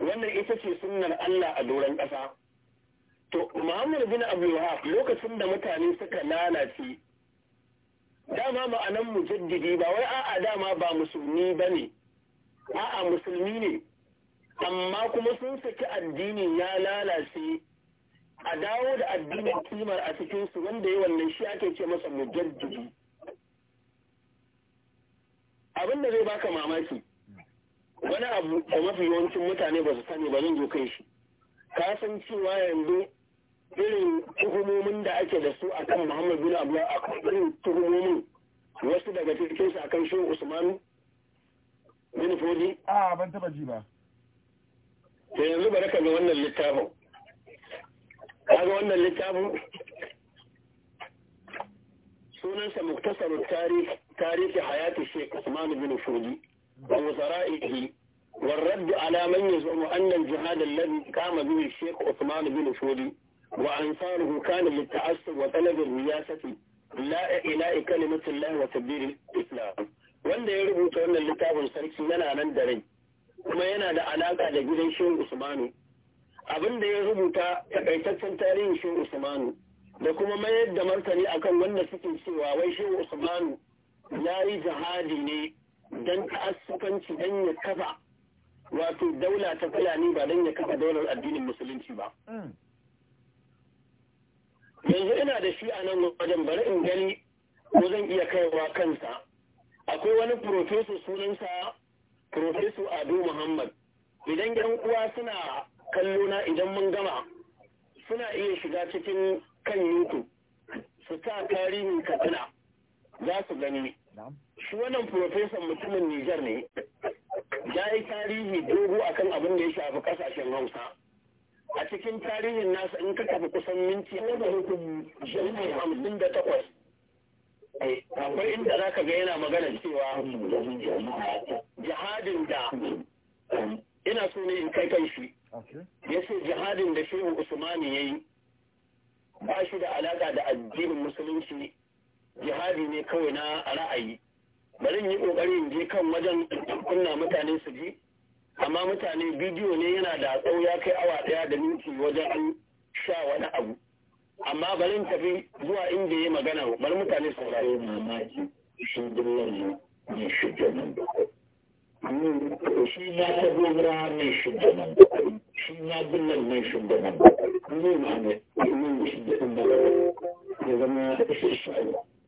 wannan ita ce sunnar Allah a doron ƙasa to Muhammad bin Abu Wahab lokacin da mutane suka lalace dama ma'anan mujaddidi ba wai a'a dama ba musulmi bane a'a musulmi ne amma kuma sun saki addini ya lalace a dawo da addinin kimar a cikinsu wanda ya wannan shi ake ce masa mujaddidi abin da zai baka mamaki wani abu da mafi yawancin mutane ba su sani ba zan zo kai shi ka san cewa yanzu irin tuhumomin da ake da su akan Muhammad bin abu akwai irin tuhumomin wasu daga cikin su akan Shehu Usmanu bin Fodi a ban taba ji ba to yanzu bari ka ga wannan littafin ka ga wannan littafin sunansa muktasarut tarihi tarihi hayati Sheikh Usman bin Fudi wa wasara'ihi والرد على من يزعم أن الجهاد الذي قام به الشيخ عثمان بن فودي وأنصاره كان للتعصب وطلب الرياسة لا إلى كلمة الله وتبديل islam wanda ya rubuta wannan littafin sarki yana nan da rai kuma yana da alaƙa da gidan shehu usmanu abinda ya rubuta takaitaccen tarihin shehu usmanu da kuma mayar da martani akan wanda suke cewa wai shehu usmanu ya yi jihadi ne don ta'assukanci don ya kafa wato daula ta fulani ba don ya kafa daular addinin musulunci ba hmm. yanzu ina da shi a nan wajen bari in gani ko zan iya kaiwa kansa akwai wani profeso sunansa profeso ado muhammad idan yan uwa suna kallo na idan mun gama suna iya shiga cikin kan youtube su sa tarihin katsina za su gani shi wannan profesan mutumin Nijar ne ya yi tarihi dogo akan abin da ya shafi kasashen Hausa a cikin tarihin nasa in ka tafi kusan minti jami'ai hamsin da takwas eh, akwai inda za ka ga yana magana cewa jihadin da ina so ne in kai kan shi ya ce jihadin da shehu usmani ya yi ba shi da alaka da addinin musulunci jihadi ne kawai na ra'ayi bari yi kokarin je kan wajen kunna mutane su ji amma mutane bidiyo ne yana da tsawo ya kai awa daya da minti wajen sha wani abu amma bari tafi zuwa inda ya magana bari mutane su rayu mamaki shi dillan ne shige nan da shi na ta gobra ne shige nan da shi na dillan ne shige nan da ne ma ne ne shige nan da ya zama shi shi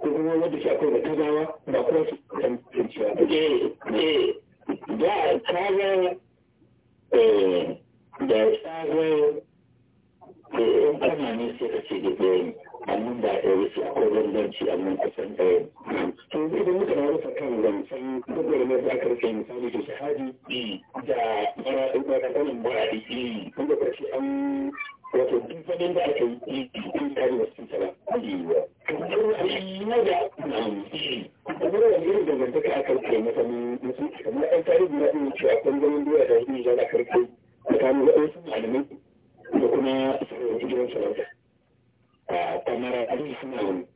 ko kuma wanda shi akwai gazawa ba kuma su tantance ba. Da kaga da kaga ne sai ka ce da ɗaya amma ba ɗaya wasu akwai bambanci amma kusan ɗaya. To idan muka na rufa kan zancen dubbar na da aka misali da shahadi da maraɗin ba da ba a ɗiki. Wanda ƙarshe an wato duk zanen da aka yi cikin kari wasu sana ayyuwa kamar a yi na da namiji kamar da irin dangantaka a kan kai masa musu kamar an tare da raɗin cewa kan zaman doya da yi zana karfe tsakanin waɗansu malamai da kuma sarrafa gidan sarauta a kamar a yi suna wani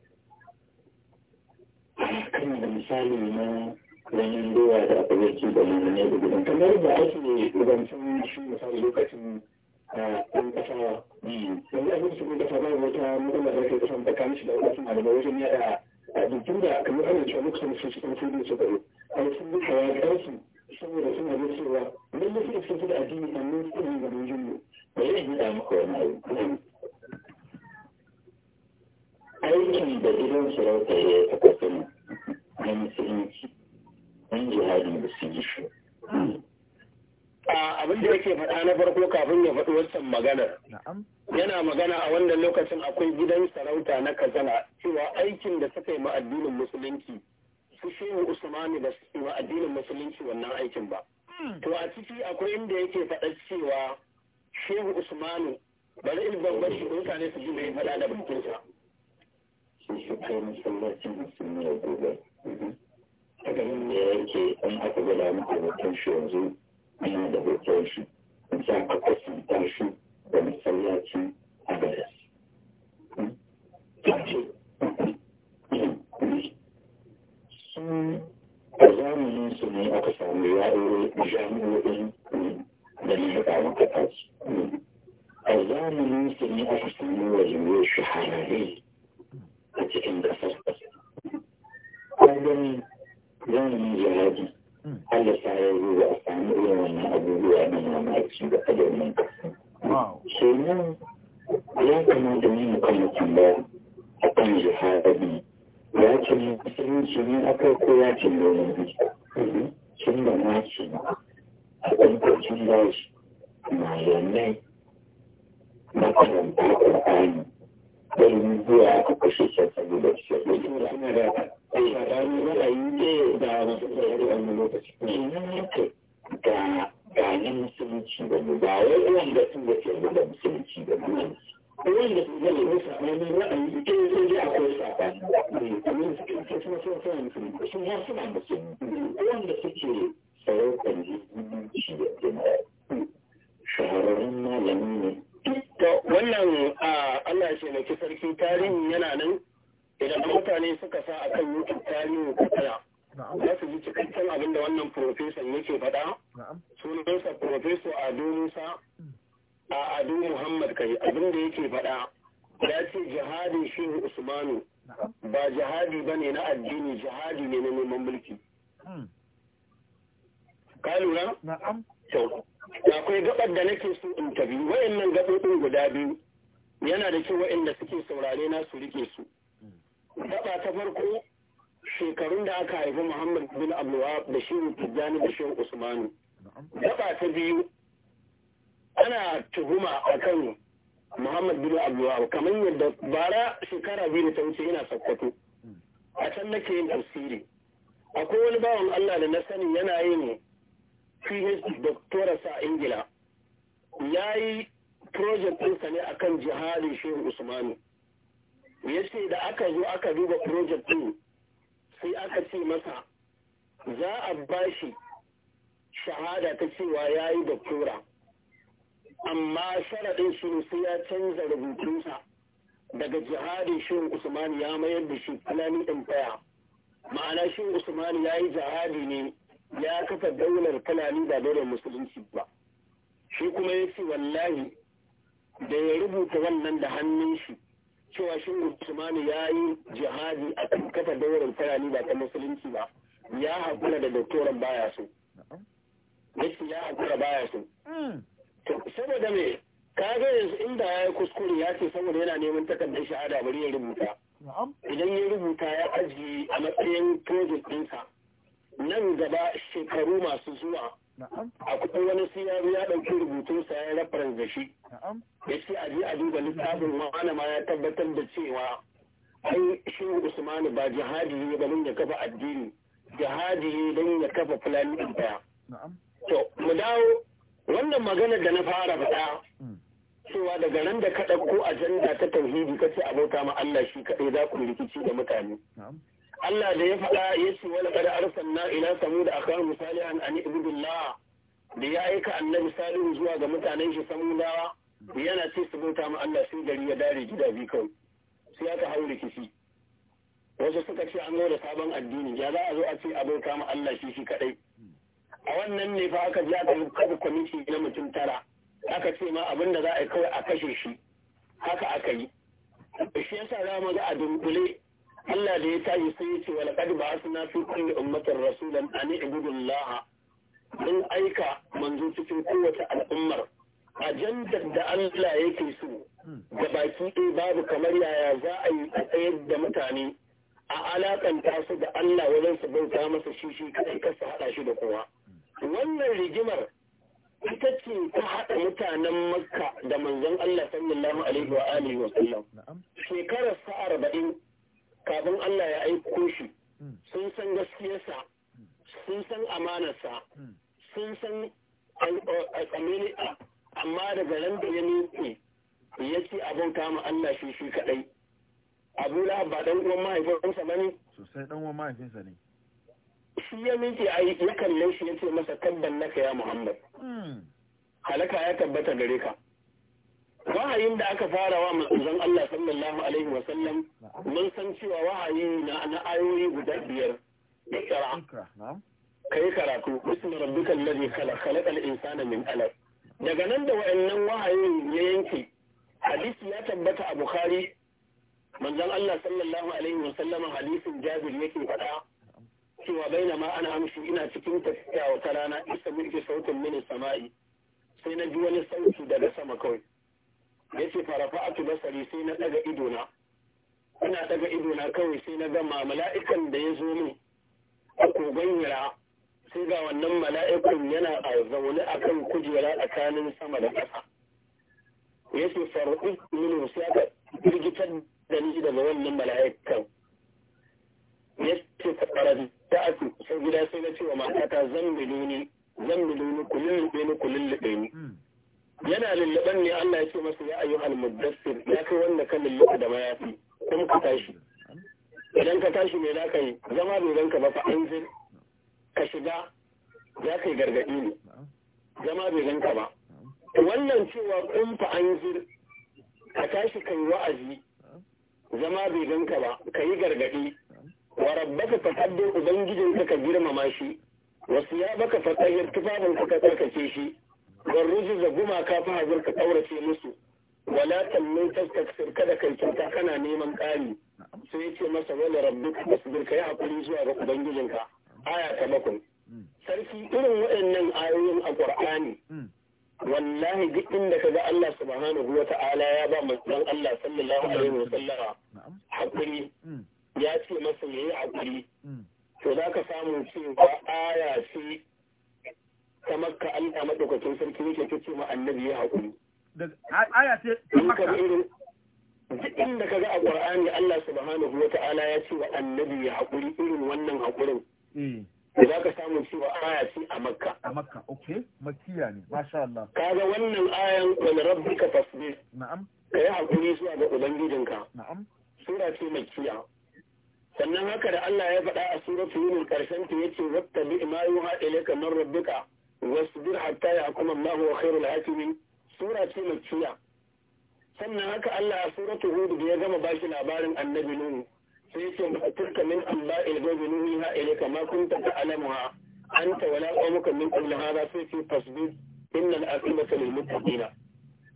a kan da misali na ganyen doya da abinci da malamai da gidan kamar da ake rubancin shi misali lokacin ɗan ƙasa yanzu abin ƙasa ba wata magana da ke kasan tsakanin shi da wasu malamai wajen yaɗa dukkan da kamar ana cewa su a duka ya saboda suna da cewa lallai fito da addini amma su ɗan ba zai maka wani abu aikin da gidan sarauta ya yi takwasin na musulunci jihadin da su yi shi abin da yake faɗa na farko kafin ya faɗi wancan magana yana magana a wannan lokacin akwai gidan sarauta na kazana cewa aikin da suka yi ma addinin musulunci su shehu usmani da su ma addinin musulunci wannan aikin ba hmm. to a ciki akwai inda yake faɗa cewa shehu usmanu bari in babbar shi mutane su ji mai faɗa da bakinsa shi kai masallacin musulmi ya gobe a garin ne yake an aka gada mutane kan shi yanzu and the vocation. In fact, the person, and the and abin da za a kawai a kashe shi haka aka yi shi yasa za mu ga a dunkule Allah da ya tashi sai ya ce wa laqad ba'athna fi kulli ummatin rasulan an ibudu Allah mun aika manzo cikin kowace al'ummar ajandar da Allah yake so ga baki ɗaya babu kamar yaya za a yi a tsayar da mutane a alaƙanta su da Allah wajen su bauta masa shi shi kai kasa haɗa shi da kowa wannan rigimar ita ce ta haɗa mutanen makka da manzon Allah sallallahu alaihi wa alihi wa sallam shekarar sa arba'in kafin Allah ya aiko shi hmm. sun san gaskiyarsa sun san amanarsa hmm. sun san tsamini amma daga ran da ya nufi ya ce abin kama Allah shi shi kaɗai abu la ba ɗan uwan mahaifinsa ba ne sosai ɗan uwan mahaifinsa ne shi ya miƙe a ya kalle shi ya ce masa tabban naka ya muhammad hmm. halaka ya tabbata gare ka wahayin da aka fara wa manzon Allah sallallahu alaihi wa sallam mun san cewa wahayi na na ayoyi guda biyar kira. kai karatu bismi rabbikal ladhi khalaq khalaqal insana min alaq daga nan da wayannan wahayin ya yanke hadisi ya tabbata a bukhari manzon Allah sallallahu alaihi wa sallama hadisin jabir yake faɗa cewa baina ma ana amshi ina cikin tafiya ta rana isa mulki sautin mini sama'i sai na ji wani sauti daga sama kawai ya ce farafa'atu basari sai na daga idona ina daga idona kawai sai na gama mala'ikan da ya zo min a kogon yara sai ga wannan mala'ikun yana a zaune a kan kujera tsakanin sama da ƙasa ya ce faru'i mini sai aka firgitar da ni daga wannan mala'ikan ya ce faru'u ta aku sai gida sai na cewa matata zan miluni zan miluni ku lullube ni ku lullube ni hmm. yana lulluɓen ne Allah ya ce masa ya al muddassir ya kai wanda ka lulluɓa da mayafi kuma ka tashi idan ka tashi me za ka yi zama bai ranka ba fa an anzir ka shiga za ka yi gargaɗi ne zama bai ranka ba wannan cewa kun fa an anzir ka tashi kai wa'azi zama bai ganka ba ka yi gargaɗi wa rabbaka faqaddir ubangijin kaka girmama shi wasu ya baka fatahir tufafin ka tsarkake shi wa rujuza gumaka fa hazir ka kaurace musu wala tallin tastakfir kada kai kyauta kana neman ƙari sai yace masa wala rabbika fasbir kai hakuri zuwa ga ubangijinka aya ta bakwai sarki irin waɗannan ayoyin a ƙur'ani wallahi duk inda ka ga Allah subhanahu wa ta'ala ya ba manzon Allah sallallahu alaihi wa sallama hakuri mm. ya ce masa ya yi haƙuri hmm. to za ka samu cewa aya ce ta makka Allah maɗaukakin sarki yake ta ce ma annabi ya haƙuri. Aya ce ta makka. Duk inda ka ga a ƙwar'ani Allah subhanahu wa ta'ala ya ce wa annabi ya haƙuri irin wannan haƙurin. Eh. To za ka samu cewa aya ce a makka. A makka, ok, makiya ne, masha Allah. Ka ga wannan ayan wani rabbi ka fasbe. Na'am. Ka yi haƙuri zuwa ga Ubangijinka. Na'am. Sura ce makiya. sannan haka da Allah ya faɗa a suratu yunus karshen ta yace wattabi ma yuha ilayka min rabbika wasbir hatta kuma Allahu wa khairul hakimin sura ce makkiya sannan haka Allah a suratu hud ya gama bashi labarin annabi nuhu sai yace tilka min amba'il ghaibi nuhiha kamar ma kunta ta'lamuha anta wala qawmuka min qabl hadha fi ce fasbir innal aqibata lil muttaqina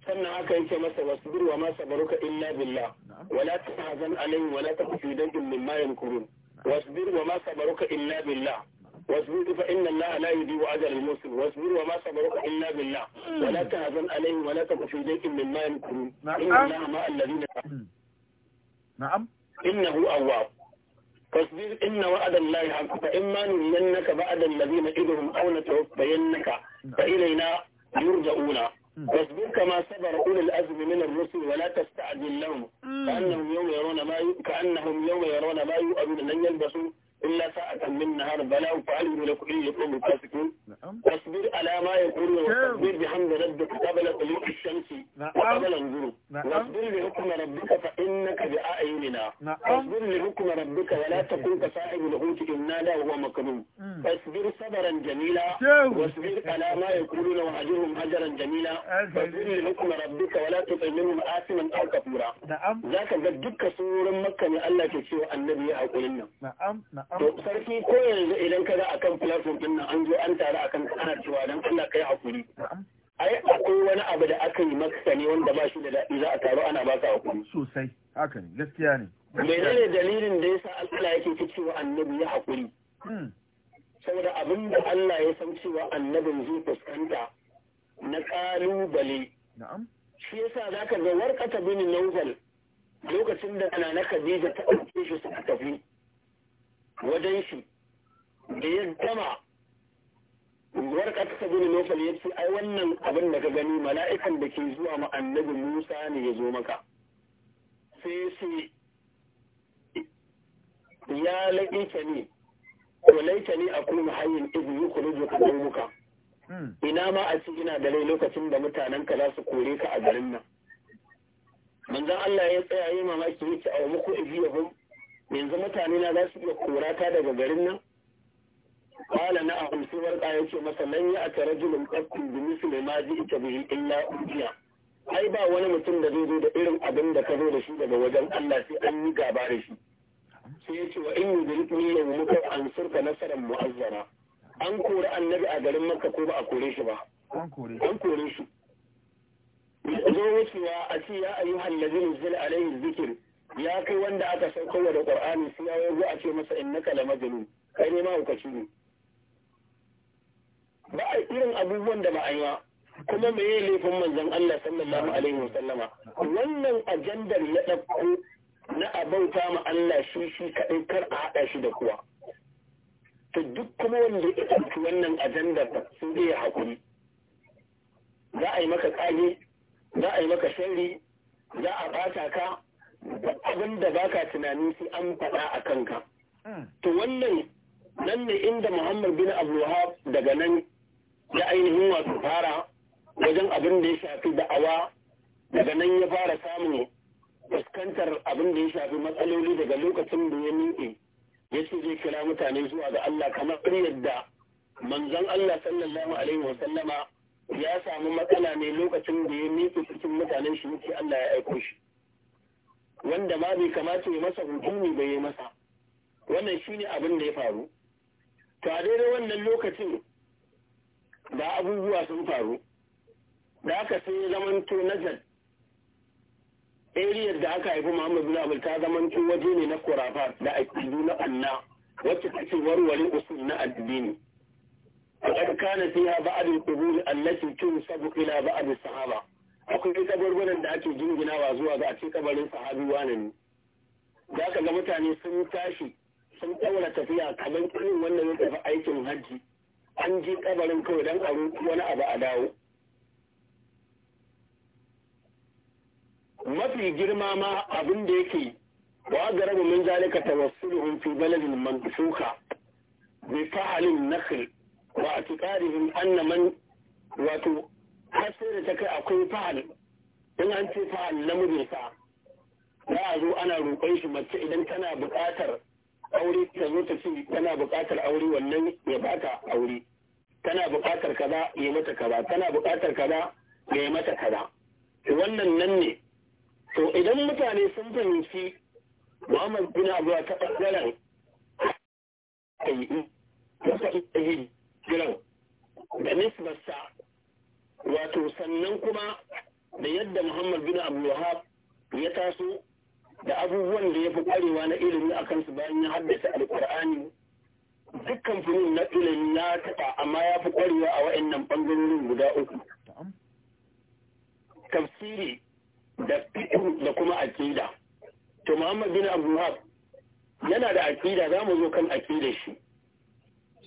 sannan aka yake masa wasu gurwa ma sabaru ka illa billah wala ta hazan alayhi wala ta kufi da jimmin mayan kurun wasu gurwa ma sabaru ka illa billah wasu gurwa fa inna Allah la yudi wa ajal muslim wasu gurwa ma sabaru ka illa billah hmm. wala ta hazan alayhi wala ta kufi da jimmin mayan kurun inna Allah ma alladhi na hmm. na'am innahu awwab fasbir inna wa'ada Allah haq fa imma nuriyannaka ba'da alladhi na'iduhum aw natawaffayannaka fa ilayna yurja'una واصبر كما صبر أولي الأزم من الرسل ولا تستعجل لهم كأنهم يوم يرون ما ي... كأنهم يوم يرون ما يؤمنون لن يلبسوا إلا ساعة من نهار بلاء فعلم لك إن يقوم الفاسقون واصبر على ما يقولون واصبر بحمد ربك قبل طلوع الشمس وقبل الغروب واصبر لحكم ربك فإنك بأعيننا واصبر لحكم ربك ولا تكن كصاحب الحوت إذ نادى وهو مكذوب فاصبر صبرا جميلا واصبر على ما يقولون وهجرهم هجرا جميلا واصبر لحكم ربك ولا تطع منهم آثما أو كفورا ذاك قد دك سورة مكة من الله كسوى النبي أو قلنا نعم نعم sarki ko yanzu idan ka ga akan platform din nan an zo an tare akan ana cewa dan Allah kai hakuri ai akwai wani abu da aka yi maka ne wanda ba shi da dadi za a taro ana baka hakuri sosai haka ne gaskiya ne dalilin da yasa Allah yake cewa annabi ya hakuri hmm. saboda abin da Allah ya san cewa annabin zai fuskanta na kalubale na'am shi yasa zaka ga warkata bin nawfal lokacin da ana na Khadija ta ɗauke shi suka tafi wajen shi da ya gama warka ta sabu da ya ce ai wannan abin da ka gani mala'ikan da ke zuwa ma annabi musa ne ya zo maka sai sai ya laƙita ne ko laita ne a kuma hayin izu yi kulu da muka hmm. ina ma a cikin ina da rai lokacin da mutanenka za su kore ka a garin nan manzan Allah ya tsaya yi mamaki yake a muku ibiyahum yanzu mutane na za su iya kora ta daga garin nan qala na a sai ƙaya ce masa nan ya aka rajulun qaqqun da misli ma ita bihi illa ujiya ai ba wani mutum da zai zo da irin abin da ka zo da shi daga wajen Allah sai an yi gaba da shi sai ya ce wa in yudrikni yawm muka surka nasarar mu'azzara an kori annabi a garin makka ko ba a kore shi ba an kore shi zo wucewa a ce ya ayyuhan ladin zil alaihi zikir ya kai wanda aka saukarwa da ƙwar'ani su ya zo a ce masa in naka da majalu kai ne mahaukaci ne ba a irin abubuwan da ba a yi ba kuma me ya laifin manzon Allah sallallahu alaihi wasallama wannan ajandar ya ɗauko na abauta ma Allah shi shi kaɗai kar a haɗa shi da kuwa to duk kuma wanda ya ɗauki wannan ajandar sun zai haƙuri za a yi maka ƙage za a yi maka sharri za a ɓata ka duk abin da baka tunani sai an faɗa a kanka hmm. to wannan nan ne inda muhammad bin abdulwahab daga nan ya ainihin wasu fara wajen abin da ya shafi da'awa daga nan ya fara samun fuskantar abin da ya shafi matsaloli daga lokacin da ya nuke ya ce zai kira mutane zuwa ga Allah kamar yadda manzon Allah sallallahu alaihi wa ya samu matsala ne lokacin da ya nuke cikin mutanen shi yake Allah ya aiko shi wanda ma bai kamata ya masa hukumi bai yi masa wannan shine abin da ya faru to a daidai wannan lokacin da abubuwa sun faru da aka sai ya zamanto nazar ariyar da aka haifi muhammadu na ta zamanto waje ne na kurafa da aikidu na anna wacce take warware usul na addini a فقد كان فيها بعض القبول التي ba a بعض sahaba. akwai kabarbaran da ake jinginawa zuwa ga a ce kabarin sahabi wane ne za ka ga mutane sun tashi sun ɗaura tafiya kamar irin wannan ya tafi aikin hajji an je kabarin kawai don a wani abu a dawo mafi girma ma abin da yake wa garabu min zalika tawassuluhum fi baladin mansuka bi fahalin nakhl wa atiqadihim anna man wato har sai da ta kai akwai fahal in an ce fahal na sa za a zo ana roƙon shi mace idan tana buƙatar aure ta zo ta ce tana buƙatar aure wannan ya ba ta aure tana buƙatar kaza ya mata kaza tana buƙatar kaza ya mata kaza wannan nan ne to idan mutane sun fahimci Muhammad bin Abdullah ta ɓangaren ayi da nisbarsa wato sannan kuma da yadda muhammad bin abdulwahab ya taso da abubuwan da ya fi kwarewa na ilimi a kansu bayan ya haddace alkur'ani dukkan fannin na ilimi na taɓa amma ya fi kwarewa a wa'annan bangarorin guda uku tafsiri da da kuma aƙida to muhammad bin abdulwahab yana da aƙida za mu zo kan aƙidar shi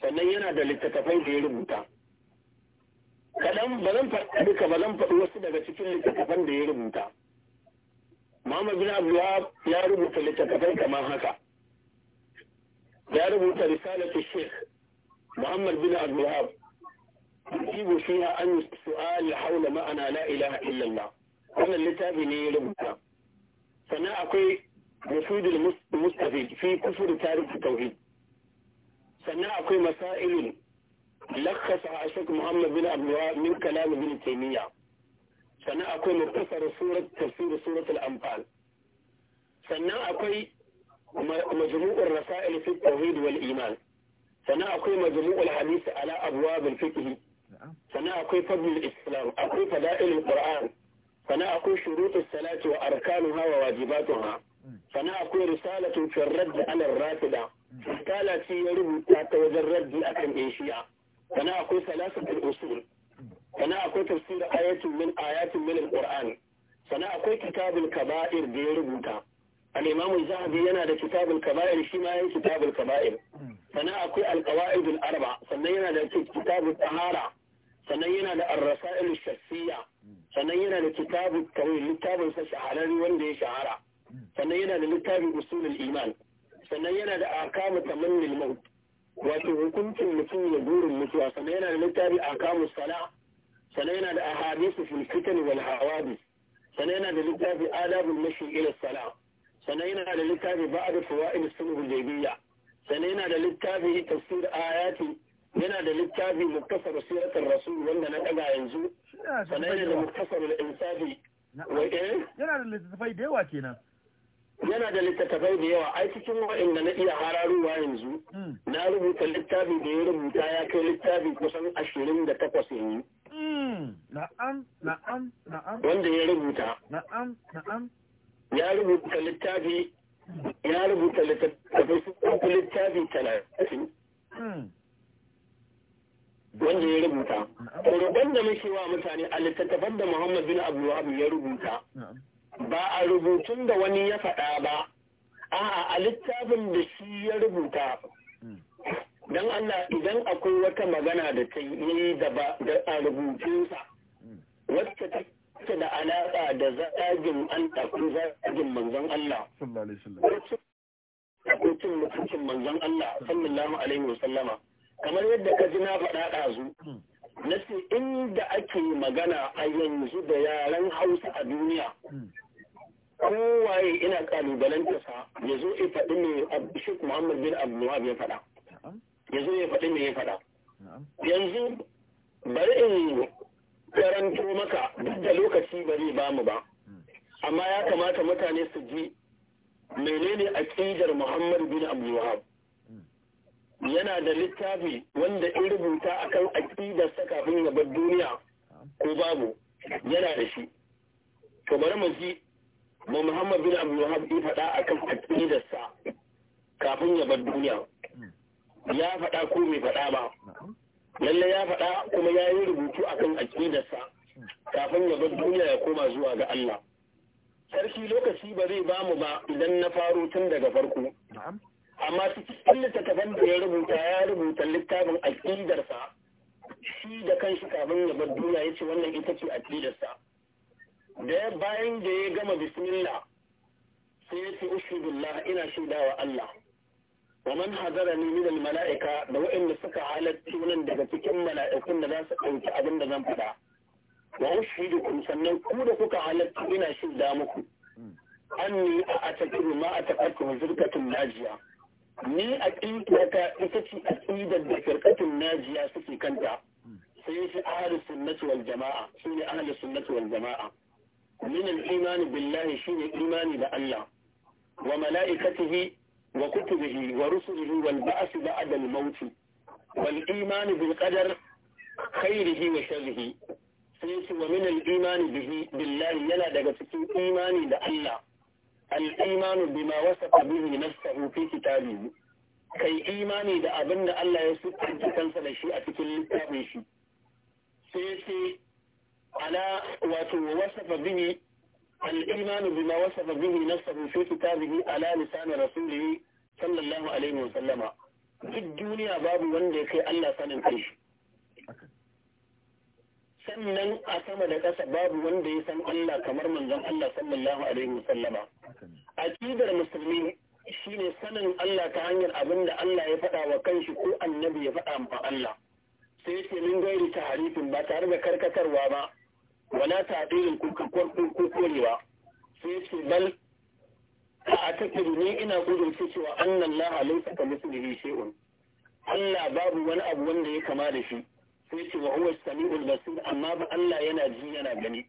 sannan yana da littattafai da ya rubuta kaɗan ba zan faɗi duka ba zan faɗi wasu daga cikin littattafan da ya rubuta Muhammad bin Abdulwahab ya rubuta littattafai kamar haka ya rubuta risalatu Sheikh Muhammad bin Abdulwahab yusibu fiha an su'al haula ma'ana la ilaha illallah wannan littafi ne ya rubuta sannan akwai mufidul mustafid fi kufur tarihi tauhid sannan akwai masailin لكس الشيخ محمد بن عبد الوهاب من كلام ابن تيميه سنا اكو مختصر سوره تفسير سوره الانفال سنا اكو مجموع الرسائل في التوحيد والايمان سنا اكو مجموع الحديث على ابواب الفقه نعم. سنا اكو فضل الاسلام اكو فضائل القران سنا اكو شروط الصلاه واركانها وواجباتها سنا اكو رساله في الرد على الرافضه قالت هي رب تاتي وجرد من اكل sannan akwai salasatul usul sannan akwai tafsir ayatin min ayatin min alquran sannan akwai kitabul kaba'ir da ya rubuta al-imam az-zahabi yana da kitabul kaba'ir shi ma yayin kitabul kaba'ir sannan akwai al-qawaid al-arba sannan yana da kitabut tahara sannan yana da ar-rasail ash-shakhsiyya sannan yana da kitabut kawai littafin sa shahararri wanda ya shahara sannan yana da littafin usulul iman sannan yana da akamu tamannil maut wato hukuncin mutum ya burin mutuwa sannan yana da littafi a kamu sana sannan yana da ahadisu fil fitan wal hawadi sannan yana da littafi adabul mashi ila sana sannan yana da littafi ba'd fawaid sulhul jabiyya sannan yana da littafi tafsir ayati yana da littafi kasar siratul rasul wanda na daga yanzu sannan yana da muktasar al-insafi eh? yana da littafai da yawa kenan yana da littattafai da yawa ai cikin waɗanda na iya hararuwa yanzu hmm. na rubuta littafi da ya rubuta ya kai littafi kusan ashirin da takwas yanzu. Hmm. Na'am, na'am, na'am. Wanda ya rubuta. Na'am, na'am. Ya rubuta littafi, ya rubuta littafi littafi talatin. Hmm. Wanda ya rubuta. Roƙon da muke wa mutane a littattafan da Muhammad bin Abu ya rubuta. ba a rubutun da wani ya faɗa ba a'a a littafin da shi ya rubuta don Allah idan akwai wata magana da ta yi da ba a rubutunsa wacce ta da alaƙa da zagin an ɗaku zagin manzon Allah ko cin mutuncin manzon Allah sallallahu alaihi wasallama kamar yadda ka ji na faɗa ɗazu na ce inda ake magana a yanzu da yaren hausa a duniya hmm. kowaye ina kalubalantarsa ya zo ya faɗi mai muhammad bin ya faɗa ya zo ya faɗi mai ya faɗa yanzu bari in karanto maka da lokaci ba zai bamu ba hmm. amma ya kamata mutane su ji menene ƙidar muhammad bin abdullahab hmm. yana da littafi wanda in rubuta akan aƙidar kafin ya bar duniya ko babu yana da shi to bari mu ji Ba Muhammad bin Abdul Wahab ya faɗa akan aqidarsa kafin ya bar duniya ya faɗa ko mai faɗa ba lalle ya faɗa kuma ya yi rubutu akan aqidarsa kafin ya bar duniya ya koma zuwa ga Allah sarki lokaci ba zai bamu ba idan na faro tun daga farko amma cikin littattafan da ya rubuta ya rubuta littafin aƙidarsa shi da kanshi kafin ya bar duniya ce wannan ita ce aqidarsa da ya bayan da ya gama bismillah sai ya ce ushudullah ina shaidawa Allah wa man hadara ni min al mala'ika da wa'anda suka halatti nan daga cikin mala'ikun da za su ɗauki abin da zan faɗa wa ushidukum sannan ku da kuka halatti ina shaida muku anni a atakiru ma a takarkun zirkatun najiya ni a ƙiƙiyata ita ce a ƙidar da firkatun najiya suke kanta sai shi ahalus sunnati wal jama'a su ne ahalus sunnati wal jama'a min al-iman billahi shine imani da Allah wa malaikatihi wa kutubihi wa rusulihi wal ba'th ba'da al-maut wal iman bil qadar wa sharrihi sai shi wa min al-iman yana daga cikin imani da Allah al-iman bima wasafa bihi nafsuhu fi kitabihi kai imani da abin da Allah ya siffanta kansa da shi a cikin littafin shi sai sai wato على ووصف به الإيمان بما وصف به نفسه في كتابه على لسان رسوله sallallahu alaihi wa sallama duk duniya babu wanda kai Allah sanin kai sannan a sama da ƙasa babu wanda ya san Allah kamar manzon Allah sallallahu alaihi wa wasallama aqidar musulmi shine sanin Allah ta hanyar abinda Allah ya faɗa wa kanshi ko annabi ya faɗa ma Allah sai ce min gairi taharifin ba tare da karkatarwa ba wala ta adirin ko korewa sai su bal a tattari ne ina gudun cewa annan laha laisa ka mislihi un Allah babu wani abu wanda ya kama da shi sai ce wa huwa samiul basir amma ba Allah yana ji yana gani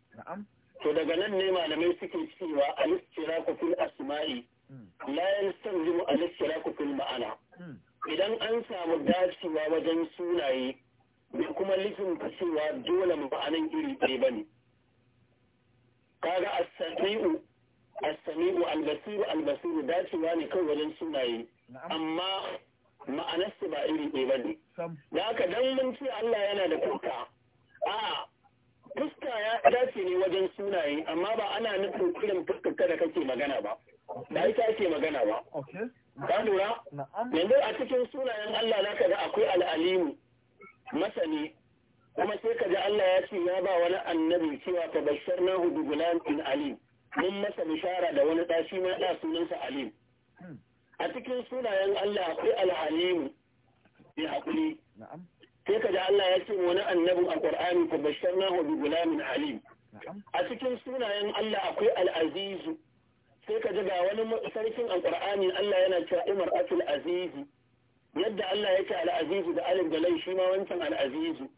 to daga nan ne malamai suke cewa al ku fil asma'i hmm. la a al ku fil ma'ana hmm. idan an samu dacewa wajen sunaye da kuma lifin ta cewa dole ma'anan iri ɗaya ba ne kaga as-sami'u as-sami'u al-basiru dacewa ne kan wajen sunaye amma ma'anarsu ba iri ɗaya ba ne da haka dan mun ce Allah yana da fuska a'a fuska ya dace ne wajen sunaye amma ba ana nufin kiran fuskar kada kake magana ba da ita ake magana ba ka lura yanzu a cikin sunayen Allah naka ga akwai al'alimu masani kuma sai ka ji Allah ya ce ya ba wani annabi cewa ta bashar na hudu gulamin alim mun masa bishara da wani ɗashi ma ɗa sunansa alim a cikin sunayen Allah akwai al'alimu mai haƙuri sai ka ji Allah ya ce wani annabi a ƙwar'ani ta bashar na hudu gulamin alim a cikin sunayen Allah akwai al'azizu sai ka ji ga wani sarkin a ƙwar'ani Allah yana cewa imar atul azizi yadda Allah yake al'azizu da alin da shi ma wancan al'azizu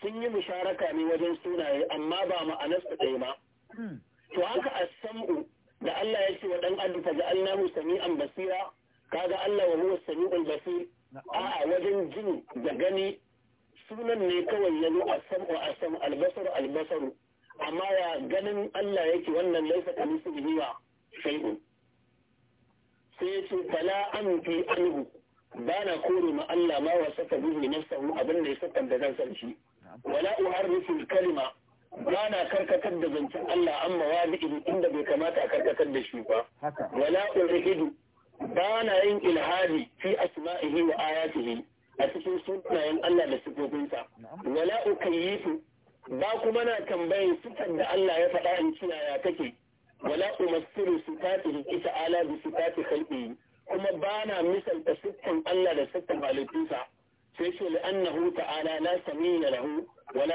sun yi musharaka ne wajen sunaye amma ba ma'anarsa ɗaya ba hmm. to haka as-sam'u da Allah ya ce wa dan adam fa ja'alnahu sami'an basira kaga Allah wa huwa sami'ul basir a'a wajen jin da gani sunan ne kawai ya zo as-sam'u as-sam'u al-basar al-basar amma ya ganin Allah yake wannan laifa kamithlihi shay'un sai ya ce fala amfi anhu ba na kore ma Allah ma wa saka na nafsahu abin da ya saka da zan sarki wala uharrifu kalima ba na karkatar da zancen Allah amma wadi'i inda bai kamata a karkatar da shi ba wala ulhidu ba na yin ilhadi fi asma'ihi wa ayatihi a cikin sunayen Allah da sifofinsa wala ukayyifu ba kuma na tambayin sifar da Allah ya faɗa in cina ya take wala umassiru sifatihi ta'ala bi sifati khalqihi kuma ba na misalta siffan Allah da sittin halittunsa sai ce li'annahu ta'ala la samiyya lahu wala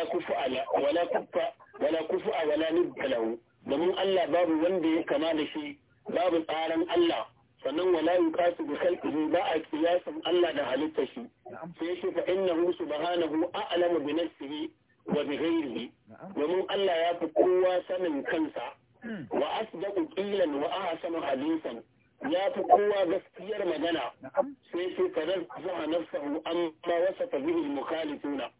wala kufa wala kufu'a wala nidda lahu domin Allah babu wanda ya kama da shi babu tsaran Allah sannan wala yuqasu bi khalqihi ba a kiyasan Allah da halittar shi sai shi fa innahu subhanahu a'lamu bi nafsihi wa bi ghayrihi domin Allah ya fi kowa sanin kansa hmm. wa asdaqu qilan wa ahsanu hadisan ya fi kowa gaskiyar magana sai ce kadar zuwa an amma wasa ta bihi mukhalifuna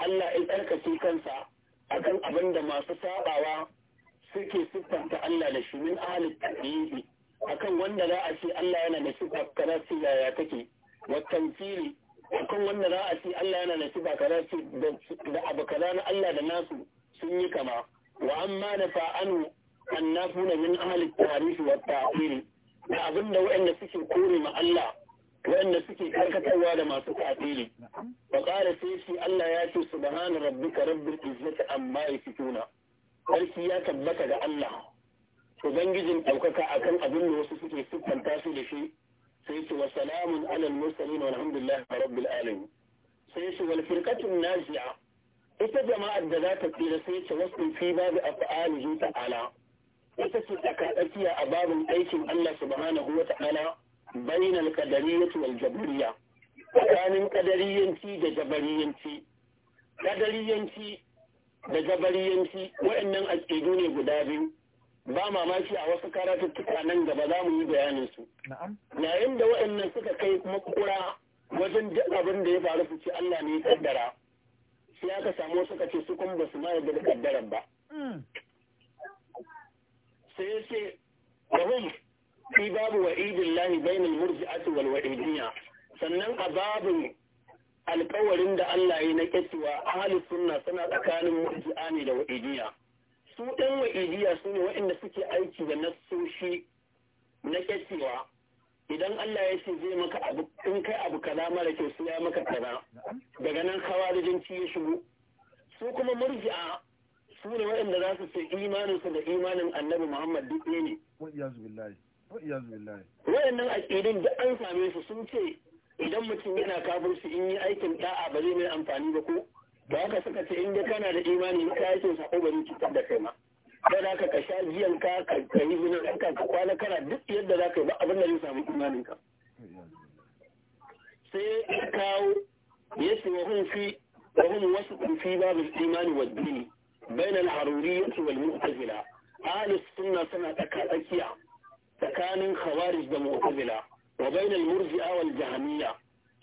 Allah ya tsarkake kansa akan abin da masu sabawa suke siffanta Allah da shi min ahli tarihi kan wanda za a ce Allah yana da sifa kaza ce yaya take fili. A kan wanda za a ce Allah yana da sifa kaza ce da abu kaza na Allah da nasu sun yi kama wa amma da fa'anu annafuna min ahli tarihi wa ta'ili da abin da waɗanda suke kore ma Allah waɗanda suke karkatarwa da masu kafiri wa ƙara sai shi Allah ya ce subhana rabbika rabbil izzati amma yasifuna sarki ya tabbata ga Allah ubangijin ɗaukaka akan abin da wasu suke siffanta su da shi sai ce wa salamun alal mursalin walhamdulillahi rabbil alamin sai ce wal firqatun nazi'a ita jama'ar da za ta tsira sai ce wasu fi babu af'alihi ta'ala wata ce tsaka tsakiya a babin aikin Allah subhanahu wa ta'ala bainal qadariyyati wal jabriyya tsakanin qadariyanci da jabariyanci qadariyanci da jabariyanci waɗannan aqidu ne guda biyu ba mamaki a wasu karatuttuka nan gaba za mu yi bayanin su yayin da waɗannan suka kai kuma kura wajen duk abin da ya faru su ce Allah ne ya kaddara sai aka samu suka ce su kuma ba su ma yarda da kaddarar ba hmm. sai yace wa fi babu wa'idillahi bainal murji'ati wal wa'idiyya sannan a babu alkawarin da Allah ya na cewa a sunna suna tsakanin murji'a ne da wa'idiya su ɗan wa'idiya su ne waɗanda suke aiki da nassoshi na cewa idan Allah ya ce zai maka abu in kai abu kaza mara kyau su ya maka kaza daga nan hawarijinci ya shigo su kuma murji'a su ne waɗanda za su ce imaninsu da imanin annabi muhammad duk ne ne waɗannan aƙidin da an same su sun ce idan mutum yana su in yi aikin ɗa'a ba zai mai amfani ba ko da haka suka ce in dai kana da imani in ka aikin sako ko bari cutar da kai ma za ka sha jiyan ka ka yi zinin ka ka kwana kana duk yadda za ka yi ba abin da zai samu imanin ka sai ya kawo ya ce wa hun fi wasu kun babu imani wa dini بين الحرورية والمعتزلة أهل السنة سنة تكاتكية تكان خوارج المعتزلة وبين المرجئة والجهمية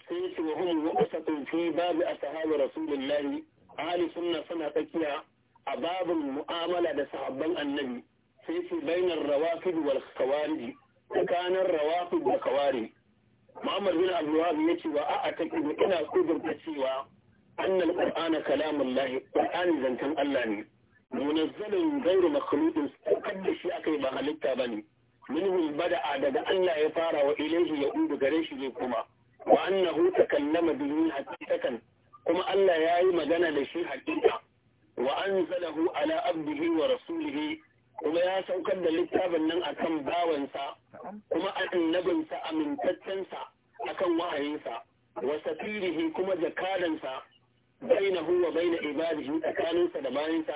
سيت وهم وقصة في باب أصحاب رسول الله أهل السنة سنة تكية أباب المؤاملة لصحابة النبي سيت بين الروافد والخوارج تكان الروافد والخوارج Muhammad bin Abdulwahab ya ce wa a a ta ina kudurta cewa أن القرآن كلام الله القرآن زنتم الله منزل غير مخلوق قد شيء أكي بغلطة بني منه بدأ عدد أن لا يفار وإليه يؤود غريش لكما وأنه تكلم به حقيقة كما أن لا يأي مدن لشي حقيقة وأنزله على عبده ورسوله kuma ya saukar da littafin nan akan bawansa kuma annabinsa amintaccensa akan wahayinsa wa safirihi kuma jakadansa bainahu wa baina ibadihi tsakaninsa da bayansa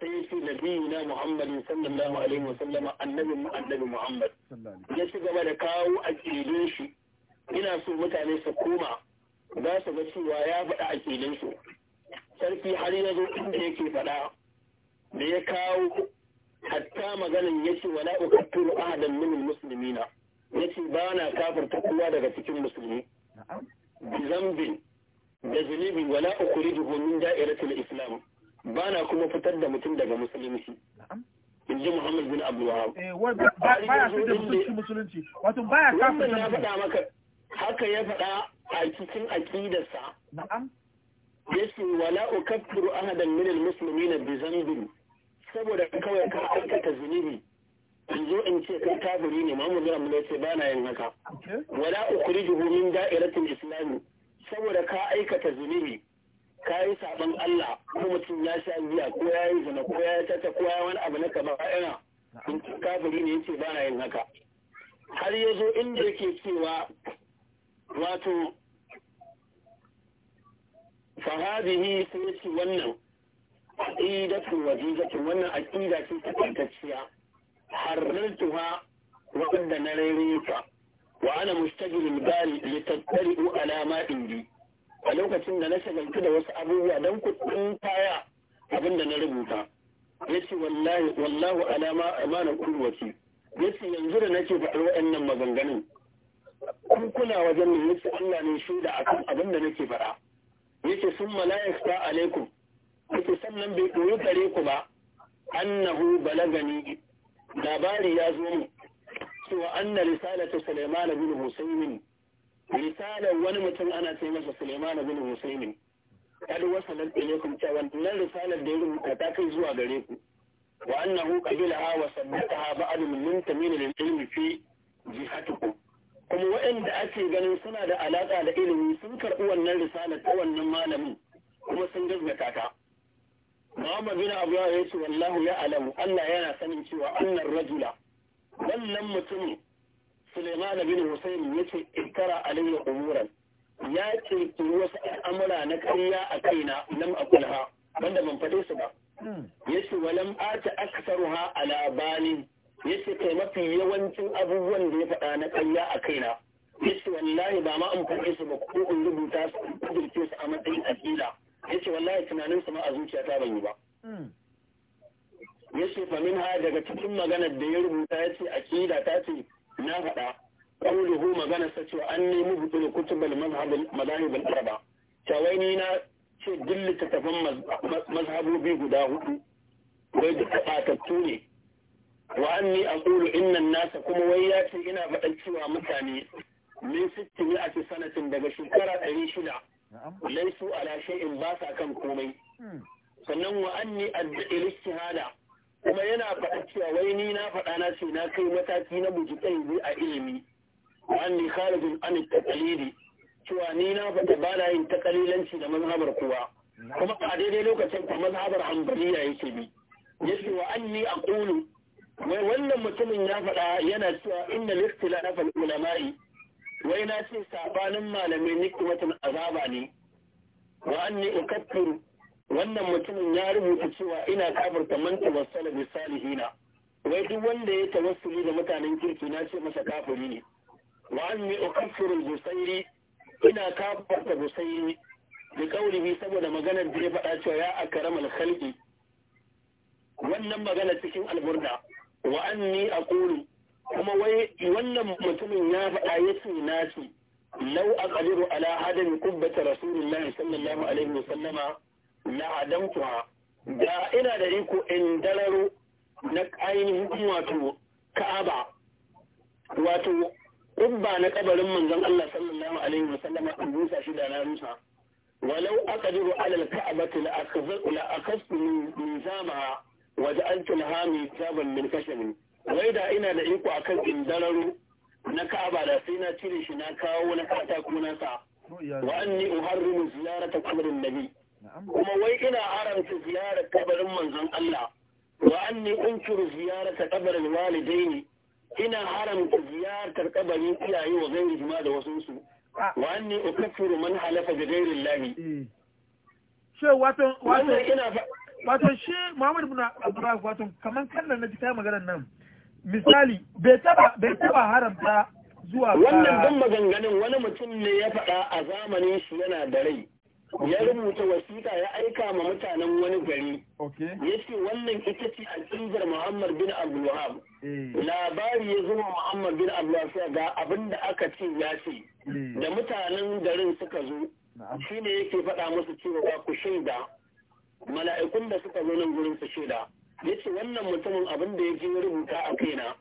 sai shi nabiyina Muhammadin sallallahu alaihi wa sallama annabin annabi Muhammad ya ci gaba da kawo aqidin shi ina so mutane su koma za su ga cewa ya faɗa aqidin su sarki har ya zo inda yake faɗa da ya kawo hatta maganin yace wala ukattiru ahadan min almuslimina yace ba na kafirta kowa daga cikin musulmi bi da zunubi wala ukhrijuhu min da'iratil islam bana kuma fitar da mutum daga musulunci in ji Muhammad bin Abdul Wahab eh wanda fitar da musulunci wato baya kafin ya faɗa maka haka ya faɗa a cikin aqidarsa na'am yace wala ukaffiru ahadan min almuslimin bi dhanbin saboda kawai ka aikata zunubi in zo in ce kai kafiri ne Muhammad bin mu Wahab ce bana yin haka wala ukhrijuhu min da'iratil islam saboda ka aikata zunubi ka yi sabon Allah ko mutum ya sha biya ko ya yi zina ko ya yi tata ko ya wani abu na kaba ina kafiri ne yace ba na yin haka har ya zo inda yake cewa wato fahadihi sai ya ce wannan aqidatun wajizatin wannan aqida ce ta kantacciya harrartuha wa na rere ta wa ana mustajilin bali litattari'u alama indi a lokacin da na shagaltu da wasu abubuwa don kuɗin kaya abin da na rubuta ya ce wallahu alama amanar kurwaci ya ce yanzu da nake faɗar waɗannan maganganun kuna wajen ne yace Allah ne akan abin da nake faɗa ce sun malaika alaikum yace sannan bai koyi gare ku ba annahu balagani labari ya zo mu cewa anna risalata Sulaiman bin Husaymin risalar wani mutum ana ce masa Sulaiman bin Husaymin kad wasalat ilaykum ta wannan risalar da ya rubuta ta kai zuwa gare ku wa annahu qabilaha wa saddaqaha ba'd min tamin al-ilmi fi jihatikum kuma waɗanda ake ganin suna da alaƙa da ilimi sun karɓi wannan risalar ta wannan malamin kuma sun gazgata ta Muhammad bin Abu ya ce wallahu ya alamu Allah yana sanin cewa annar rajula wannan mutumin Suleiman bin Hussein ya ce ikkara alayya umuran ya ce wasu al'amura na karya a kaina lam akulha banda ban fade su ba hmm. yace walam ata a ala bani yace kai mafi yawancin abubuwan da ya faɗa na karya a kaina yace wallahi ba ma an fade su ba ko in rubuta su in su a matsayin akila yace wallahi tunanin su ma a zuciyata ban yi ba hmm. ya ce famin ha daga cikin maganar da ya rubuta ya ce akida ta ce na faɗa qawluhu maganar sa cewa an nemi hutul kutubal mazhabul madahibul arba cewa ni na ce duk littattafan mazhabobi guda hudu wai duka batattu ne wa anni aqulu inna an-nasa kuma wai ya ce ina faɗan cewa mutane min sittini a sanatin daga shekara ɗari shida laisu ala shay'in ba sa kan komai hmm. sannan wa anni adda ilistihada kuma yana faɗa cewa wai ni na faɗa na ce na kai mataki na buji kai a ilimi wani kharijin an taqlidi cewa ni na faɗa ba na yin takalilanci da mazhabar kuwa. kuma a daidai lokacin ta mazhabar hanbaliya yake bi yace wa anni aqulu wai wannan mutumin ya faɗa yana cewa inna likhtilafa ulama'i wai na ce sabanin malamai nikmatun azaba ne wa anni ukaffiru wannan mutumin ya rubuta cewa ina kafirta man tawassala bi salihina wai duk wanda ya tawassuli da mutanen kirki na ce masa kafiri ne wa an anni ukaffiru busairi ina ta busairi bi qawlihi saboda maganar da ya faɗa cewa ya akramal khalqi wannan magana cikin alburda wa anni aqulu kuma wai wannan mutumin ya faɗa yace na ce lau aqdiru ala hadami qubbati rasulillahi sallallahu alaihi wa sallama la adamtuha da ina da riko in dalaro na ainihin wato ka'aba wato kubba na kabarin manzon Allah sallallahu alaihi wasallam an rusa shi da na rusa walau aqdiru ala al-ka'bati la akhadhu la akhadhu min zama wa ja'altu laha mithaban min kashm wai da ina da iko akan in dalaro na ka'aba da sai na cire shi na kawo na katako na sa wa anni uharrimu ziyarata qabrin nabi kuma wai ina haramta ziyarar kabarin manzon Allah wa anni unkiru ziyarata kabarin walidaini ina haramta ziyartar kabarin iyaye wa gairi jima da wasu su wa anni ukaffiru man halafa da gairin lahi eh. she wato wato wato she Muhammad ibn Abdurrahman wato kaman kan na ji kai maganar nan misali bai taba bai taba haramta zuwa wannan dan maganganun wani mutum ne ya faɗa a zamanin shi yana da rai ya rubuta wasiƙa ya aika ma mutanen wani gari ya ce wannan ita ce al'izar muhammad bin abdulwahab eh. labari ya zuma muhammad bin abdulwahab ga abin da aka ce ya ce eh. da mutanen garin suka zo shi ne yake faɗa musu cewa ku shaida mala'ikun da suka zo nan gurin su shaida ya ce wannan mutumin abin da ya je rubuta a kaina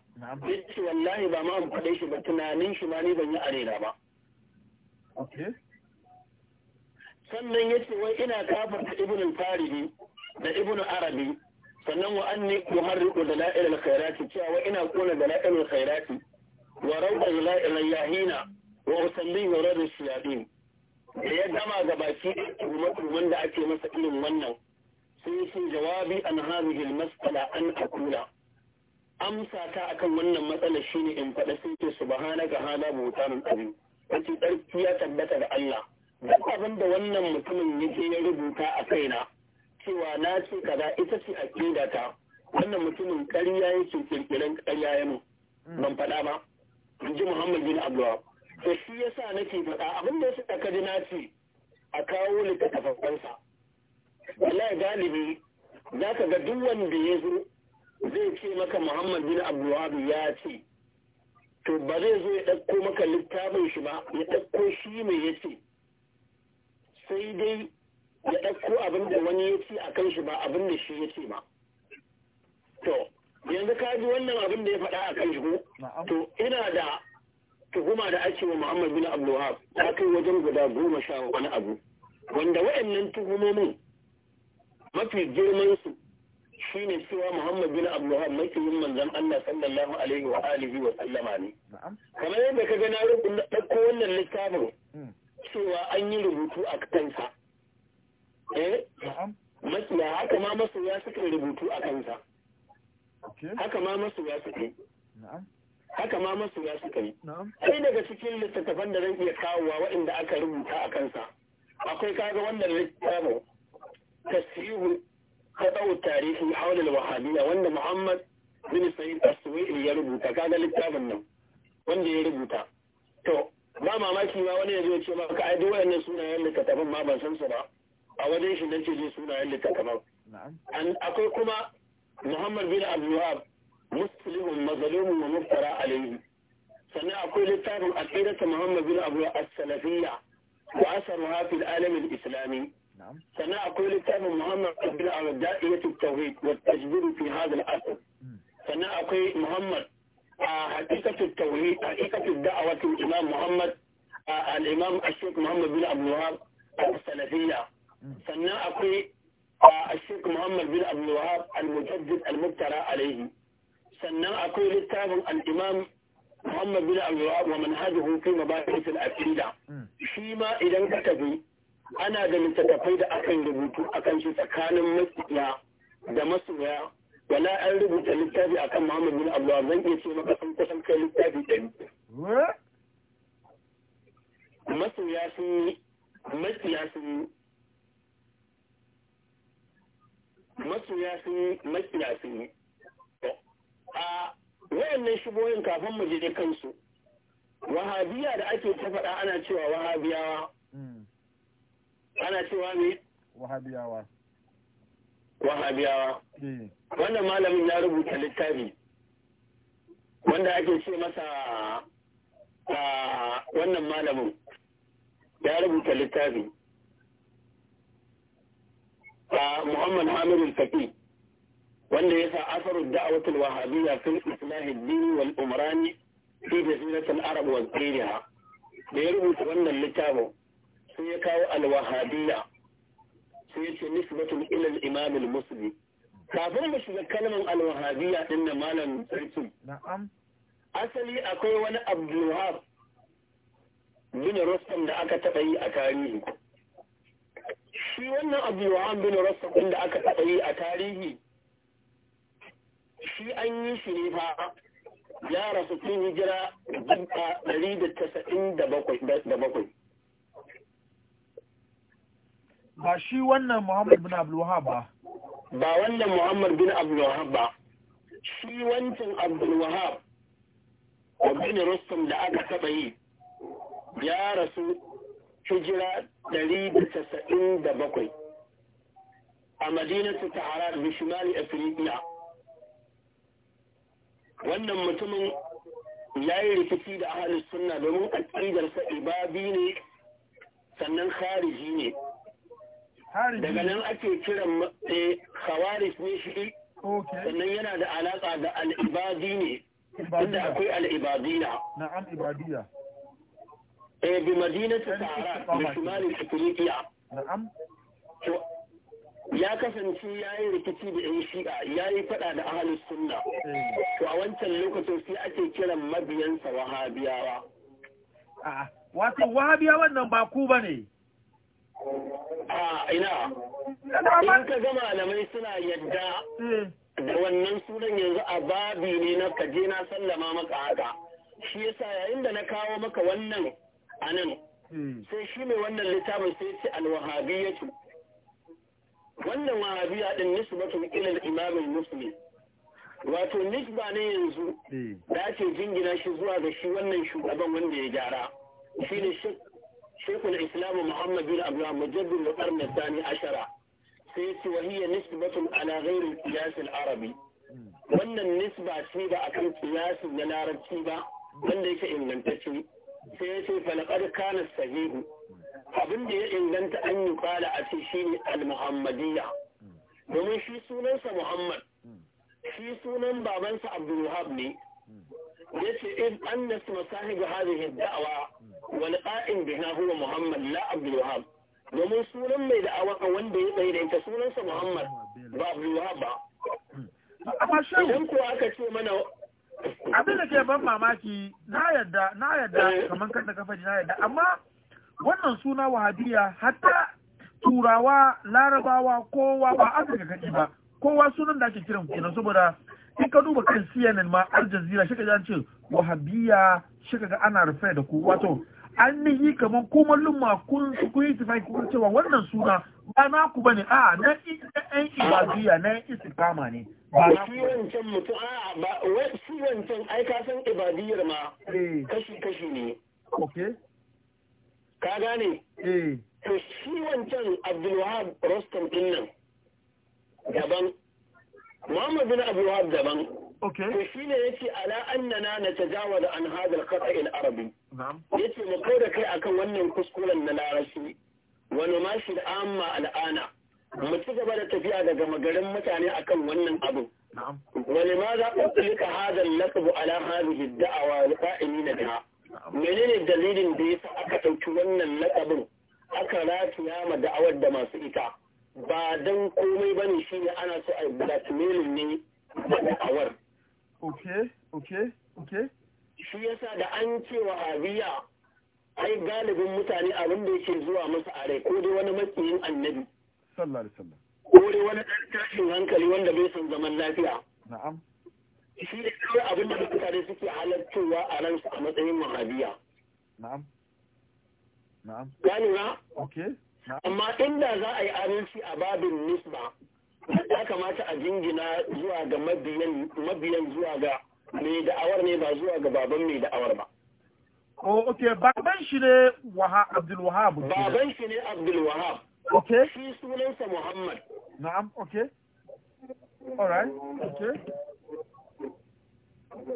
ya ce wallahi ba ma an faɗe shi ba tunanin shi ma ni ban yi arena ba. sannan ya ce wai ina kafarta ibn tarihi da ibn arabi sannan wa anni uharriqu dalail al-khairati cewa ina kona dalail al-khairati wa rawda dalail yahina wa usalli wa rad shiyadin da ya gama ga baki tuhume da ake masa irin wannan sai sun jawabi an hadhihi al-mas'ala an aqula amsa ta akan wannan matsalar shine in faɗa sun ce subhanaka hada buhtanun abin wace tsarki ya tabbata da Allah duk abin da wannan mutumin yake ya rubuta a kaina cewa na ce kaza ita ce aƙida ta wannan mutumin ƙarya yake kirkiran ƙarya ya mu hmm. ban faɗa ba in ji muhammad bin abuwa to shi ya yasa nake faɗa abin da ya suka kaji na ce a kawo littattafansa wallahi galibi za ka ga duk wanda ya zo zai ce maka muhammad bin abdullahi ya ce to ba zai zo ya ɗauko maka littafin shi ba ya ɗauko shi mai ya ce sai dai ya ɗauko abin da wani ya ce a kan shi ba abin da shi ya ce ba to yanzu ka ji wannan abin da ya faɗa a kan shi ko to ina da tuhuma da ake wa Muhammad bin Abdulwahab ta kai wajen guda goma sha wani abu wanda waɗannan tuhumomin mafi girman su shine cewa Muhammad bin Abdulwahab yin manzon Allah sallallahu alaihi wa alihi wa sallama ne kamar yadda ka ga na da ɗauko wannan littafin hmm. cewa an yi rubutu a kansa makiya haka ma masoya suka rubutu a kansa haka ma masoya suka yi haka ma masoya suka yi sai daga cikin littattafan da zan iya kawowa waɗanda aka rubuta a kansa akwai kaga wannan littafin tasiru kaɗau tarihi haulul wahabiyya wanda muhammad bin sa'id as ya rubuta kaga littafin nan wanda ya rubuta to ba mamaki ba wani yanzu ya ce maka ai duk wayannan sunayen littattafan ma ban san su ba a wajen shi nace je sunayen littattafan akwai kuma Muhammad bin Abdul Wahab muslimun mazlumun wa muftara alayhi sannan akwai littafin aqidatu Muhammad bin Abdul as-salafiyya wa asaruha fil alamin islami sannan akwai littafin Muhammad bin Abdul da'iyatu at-tauhid wa at-tajbir fi hadha al-asr hmm. sannan akwai Muhammad a haƙiƙatar tauri a haƙiƙatar da'awatin imam muhammad a al'imam ashok muhammad bin abuwar a sanadiyya sannan akwai a ashok muhammad bin abuwar al-mujaddid al-muktara alaihi sannan akwai littafin al'imam muhammad bin abuwar wa manhajar hukai mabakisar afirida shi ma idan ka tafi ana da littattafai da akan rubutu akan shi tsakanin masu da masoya. wala an rubuta littafi akan Muhammad bin Abdullah zan iya ce maka sun kusan kai littafi ɗari. Masoya sun yi, makiya sun masoya sun yi, makiya sun yi. A wayannan shigoyin kafin mu je kansu, wahabiya da ake ta faɗa ana cewa wahabiyawa. Hmm. Ana cewa ne? Wahabiyawa. wahabiyawa hmm. wannan malamin ya rubuta littafi wanda ake ce masa wannan malamin ya rubuta littafi muhammad hamid al wanda ya sa asarun da'awatul wahabiyya fil islahi dini wal umrani fi jaziratul arab wa da ya rubuta wannan littafin sai ya kawo al-wahabiyya sai yace nisbatun ila al-imam al-muslim kafin mu shiga kalmar al-wahabiyya din da malam sarki na'am asali akwai wani abdul wahab bin rustam da aka taɓa yi a tarihi shi wannan abdul wahab bin rustam din da aka taɓa yi a tarihi shi an yi shi ne fa ya rasu tun hijira ɗari da tasa'in da bakwai ba shi wannan Muhammad bin Abdul Wahab ba ba wannan Muhammad bin Abdul Wahab ba shi wancan Abdul Wahab bin Rustum da aka taba yi ya rasu hijira ɗari da da bakwai a madinatu ta harar bishimali afiriya wannan mutumin ya yi rikici da ahalin sunna domin aƙidarsa ibabi ne sannan khariji ne daga nan ake kiran eh, khawarij ne shi sannan yana da alaƙa da al'ibadi ne inda akwai al'ibadina na'am ibadiya eh bi madinatu sahara bi shimalin afirikiya na'am ya kasance ya yi rikici da yan shi'a ya yi fada da ahalus sunna eh. to a wancan lokacin sai ake kiran mabiyansa wahabiyawa wato wahabiya wannan ba ku ba ne a ina in ka ga malamai suna yadda da wannan sunan yanzu a babi ne na kaje na sallama maka haka shi yasa yayin da na kawo maka wannan anan sai shi mai wannan littafin sai ce alwahabiyatu wannan wahabiya din nisbatu ila al imamin muslim wato nisba ne yanzu hmm. da ake jingina shi zuwa ga shi wannan shugaban wanda ya gyara shi ne shi شيخ الإسلام محمد بن عبد مجد القرن الثاني عشر سيسي وهي نسبة على غير القياس العربي وأن النسبة سيبة أكل قياس من العرب سيبة من ليس إنغنتشي سيسي فلقد كان الصحيح abin da ya inganta an yi kwala a ce shi ne al-muhammadiyya domin shi sunansa muhammad shi sunan babansa abdulwahab ne يسي إن أنس اسم هذه الدعوة والقائم بها هو محمد لا عبد الوهاب ومن sunan ما إذا a wanda ya tsaye da ita sunansa Muhammad ba Abdullah ba. abin da ke ban mamaki na yadda na yadda eh. kamar kan da kafa na yadda amma wannan suna wahabiya hatta turawa larabawa kowa ba afirka kaɗi ba kowa sunan da ake kiran kenan saboda in ka duba kan CNN ma Al Jazeera shi ka ji an ce wahabiya shi ka ga ana rufe da ku wato an yi kaman ku malluma kun ku yi tafai kun cewa wannan suna ba na ku bane a na ɗan ibadiyya na istiqama ne ba shi wancan mutum a ba shi wancan ai ka san ibadiyyar ma eh. kashi kashi ne ok ka gane eh to shi wancan Abdul Rostam din nan daban Muhammad bin Abu Wahab daban. Okay. To shi ne yace ala annana natajawaza an hadha al al-arabi. Na'am. Yace mu kai da kai akan wannan kuskuren na Larabci. Wa numashi amma al-ana. Mu ci gaba da tafiya daga magarin mutane akan wannan abu. Na'am. Wa limadha utlika hadha al ala hadhihi ad-da'wa al-qa'imina biha? Menene dalilin da yasa aka ɗauki wannan laƙabin aka rataya ma da'awar da masu ita? ba don komai ba ne shi ne ana so a blackmailing ne da awar. Ok, ok, ok. Shi yasa da an ce wa Habiya ai galibin mutane abin da yake zuwa masa a rai ko dai wani makiyin annabi. Sallah da sallah. Ko dai wani ɗan tashin hankali wanda bai son zaman lafiya. Na'am. Shi ne kawai abin da mutane suke halartowa a ransu a matsayin mahabiya. Na'am. Na'am. Ya lura? Okay. amma inda za a yi adalci a babin nisba ya kamata a jingina zuwa ga mabiyan zuwa ga mai da'awar ne ba zuwa ga baban mai da'awar ba Oh, okay, baban shi ne Waha Abdul Wahab. Baban shi ne Abdul Wahab. Okay. Shi sunansa Muhammad. Na'am, okay. All right, okay.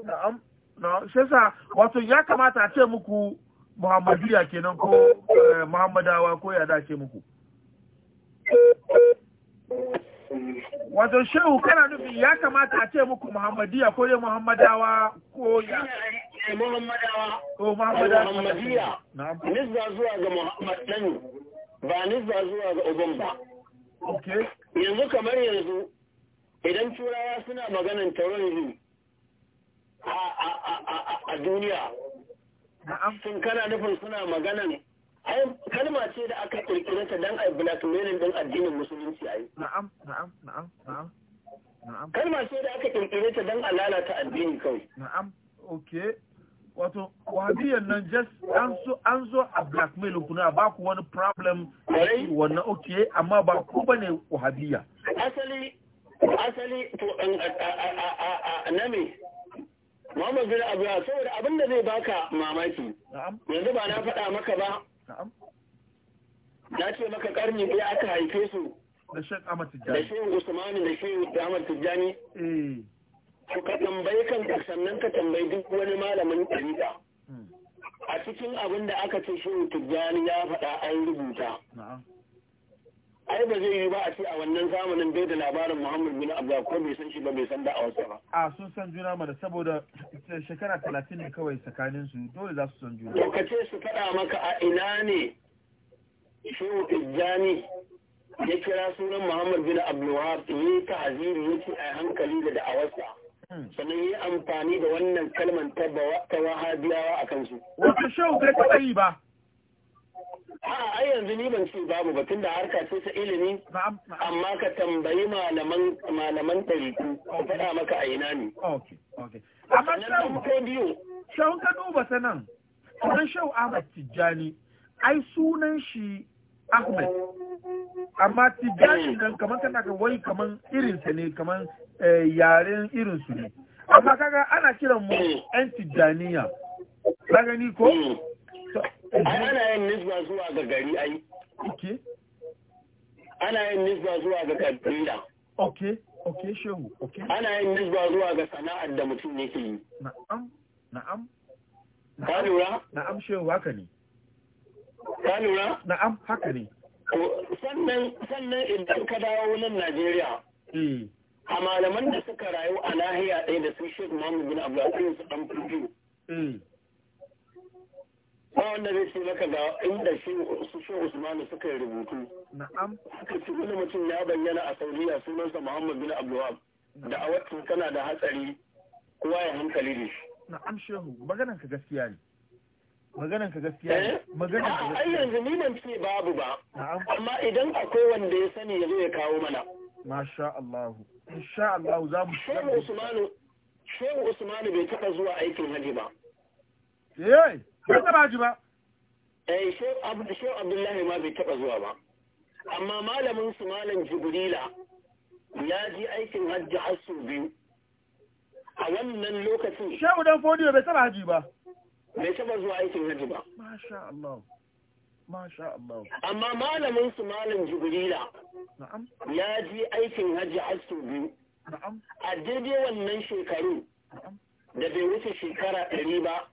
Na'am, na'am, shi sa wato ya kamata a ce muku muhammadiya kenan ko eh, muhammadawa ko ya dace muku wato shehu kana nufi ya kamata a ce muku muhammadiya ko dai muhammadawa ko ya eh, muhammadawa ko muhammadiya nizza zuwa ga Muhammad ɗan ba nizza zuwa ga uban ba yanzu kamar yanzu idan turawa suna maganan taurin a duniya Sun kana nufin suna magana ne. Ai, kalma ce da aka kirkire ta don ai blackmailing din addinin musulunci ai. Na'am, na'am, na'am, na'am. Na'am. Kalma ce da aka kirkire ta don ta addini kawai. Na'am, okay. Wato, wahabiyan nan just an so an zo a blackmail kuna ba ku wani problem wannan okay amma ba ku bane wahabiya. Asali asali to a a a a me Muhammad bin Abdullah saboda abin da zai baka mamaki. Yanzu ba na faɗa maka ba. Na ce maka karni ɗaya aka haife su. Da Sheikh Ahmad Tijjani. Da Sheikh Usmani da Sheikh Ahmad Tijjani. Eh. To ka tambayi ka sannan ka tambayi duk wani malamin ɗariƙa. Hmm. A cikin abin da aka ce shi Tijjani ya faɗa an rubuta. ai ba zai yi ba a ce a wannan zamanin bai da labarin Muhammad bin Abdullah ko bai san shi ba bai san da'awarsa ba a sun san juna mana saboda shekara talatin ne kawai tsakanin su dole za su san juna to ka ce su faɗa maka a ina ne shehu Tijjani ya kira sunan Muhammad bin ya yi ta'aziri ce a hankali da da'awarsa hmm. sannan yi amfani da wannan kalmar ta wahabiyawa a kansu wata shehu kai ta yi ba a yanzu ni ban ce babu ba tunda harka ce ta ilimi amma ka tambayi malaman malaman ɗariku ku faɗa maka a ina ne amma shau ko biyu shau ka duba ta nan sunan shau Ahmad Tijjani ai sunan shi Ahmad amma Tijjani nan kamar kana ka wai kamar irinsa ne kamar eh, yaren irinsu ne amma kaga ana kiran mu eh. 'yan Tijjaniya ka gani ko eh. ana yin nisba zuwa ga gari ai ana yin nisba zuwa ga kabila ana yin nisba zuwa ga sana'ar da mutum yake yi na'am na'am na'am shehu haka ne ka lura na'am haka ne sannan idan ka dawo nan Najeriya eh. a malaman da suka rayu a nahiya ɗaya da sun shi Muhammad bin Abdul Aziz dan Fudu eh. wanda zai ce maka ga inda shi shi Usmanu suka yi rubutu na'am suka ci wani mutum ya bayyana a Saudiya sunansa Muhammad bin Abdulwahab da a wata kana da hatsari kowa ya hankali da shi na'am shehu maganar ka gaskiya ne maganan ka gaskiya ne eh? maganan ka gaskiya ne yanzu ni ban ce babu ba amma idan akwai wanda ya sani yazo ya kawo mana masha Allah insha Allah za mu Shehu Usmanu Usmanu bai taba zuwa aikin haji ba eh ba taba ji ba eh abdullahi ma bai taba zuwa ba amma malamin su malam jibrila ya ji aikin hajji har su biyu a wannan lokacin shehu dan fodiyo bai taba haji ba bai taba zuwa aikin hajji ba masha Allah Masha Allah. Amma malamin su malam Jibrila. Ya ji aikin hajji har su biyu. A daidai wannan shekaru. Da bai wuce shekara ɗari ba.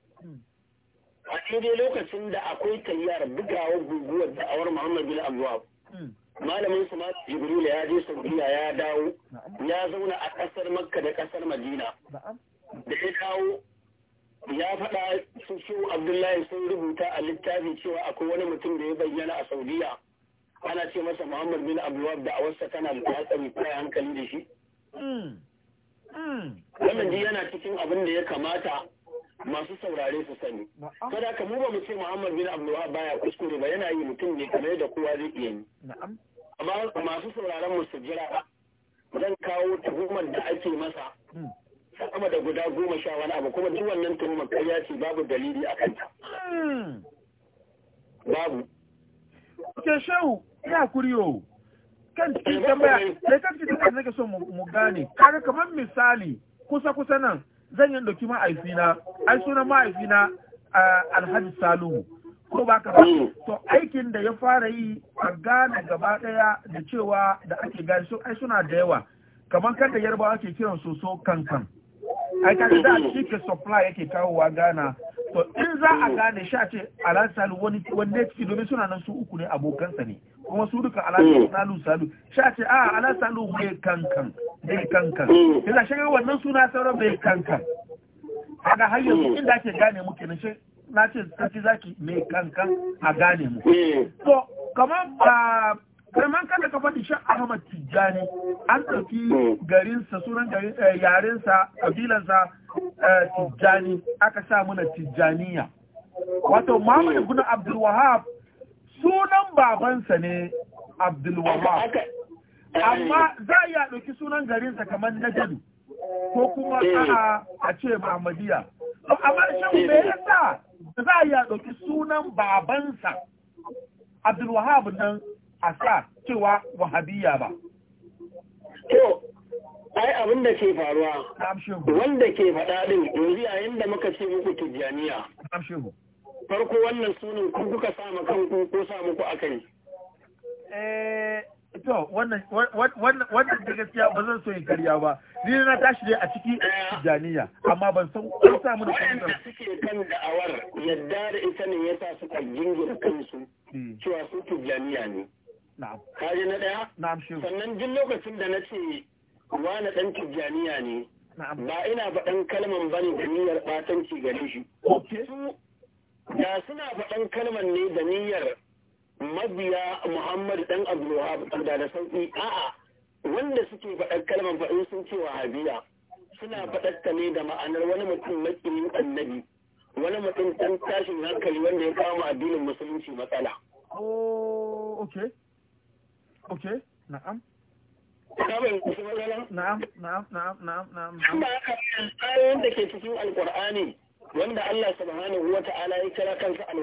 a daidai lokacin da akwai tayyar bugawar guguwar da'awar Muhammad bin Abdullah hmm. Malamin su ma Jibril ya je Saudiya ya dawo ya zauna a ƙasar Makka da ƙasar Madina. Da ya kawo ya faɗa su Abdullahi sun rubuta a littafi cewa akwai wani mutum da ya bayyana a Saudiya. Ana ce masa Muhammad bin da awarsa tana da hatsari kai hankali da shi. Hmm. Hmm. Wannan ji yana cikin abin da ya kamata masu saurare su sani kada ka mu ba mu ce Muhammad bin Abdullah baya kuskure ba yana yi mutum ne kamar da kowa zai iya yi amma masu sauraron mu su jira zan kawo tuhumar da ake masa hmm. sama da guda goma sha wani abu kuma duk wannan tuhumar karya ce babu dalili a kanta hmm. babu ke shehu ina kuriyo kan cikin tambaya sai kan cikin tambaya nake so mu gane kaga kamar misali kusa kusa nan zan yi ɗauki ma'aifina ai sunan ma'aifina alhaji Salihu. ko ba ka hmm. to aikin da ya fara yi a gane gaba ɗaya da cewa da ake gane su ai suna da yawa kamar kan da yarbawa ke kiran soso kankan ai ka da shi ke supply yake kawowa Ghana. to in za a gane sha ce alasalu wani wanne ciki domin suna nan su uku ne abokansa ne kuma su duka alasalu hmm. salu sha ce a ah, alasalu bai kankan mai kankan yana hmm. shiga wannan suna sauran bai kankan ga har yanzu hmm. inda ake gane mu kenan shi na ce sarki zaki mai kankan a gane mu to kamar ba ah, kamar kada ka faɗi shan Ahmad Tijjani an ɗauki garinsa sunan eh, yarensa kabilansa Eh, tijjani aka sa mana tijjaniya wato Muhammad ibn Abdul wahab sunan babansa ne Abdul wahab amma za a ɗauki sunan garinsa kamar Najadu ko kuma eh. a a ce Muhammadiyya. amma shin me eh. yasa za ya ɗauki sunan babansa Abdul wahab nan a sa cewa wahabiyya ba ai abin da ke faruwa wanda ke faɗa ɗin yanzu yayin da muka ce muku tijjaniya farko wannan sunan ku kuka sa ma kanku ko sa muku akai eh to wannan wannan da gaskiya ba zan so yin karya ba ni na tashi ne a ciki eh. tijjaniya amma ban san ko sa mu da suke kan da'awar yadda da ita ne yasa suka jingira kansu hmm. cewa su tijjaniya ne na'am kaje na daya na'am shi sannan duk lokacin da na ce wani ɗan tijjaniya ne ba ina faɗan kalman ba ne da niyyar ɓatanci gare shi da suna faɗan kalman ne da niyyar mabiya muhammadu ɗan Abdullahi da da sauƙi a'a wanda suke faɗan kalman faɗin sun ce wa habiya suna faɗar ne da ma'anar wani mutum makinin annabi wani mutum ɗan tashin hankali wanda ya kama addinin musulunci matsala. Oh, okay. Okay, na'am. Na'am, na'am, na'am, na'am, na'am. Amma haka ayoyin da ke cikin Alƙur'ani wanda Allah subhanahu wa ta'ala ya kira kansa al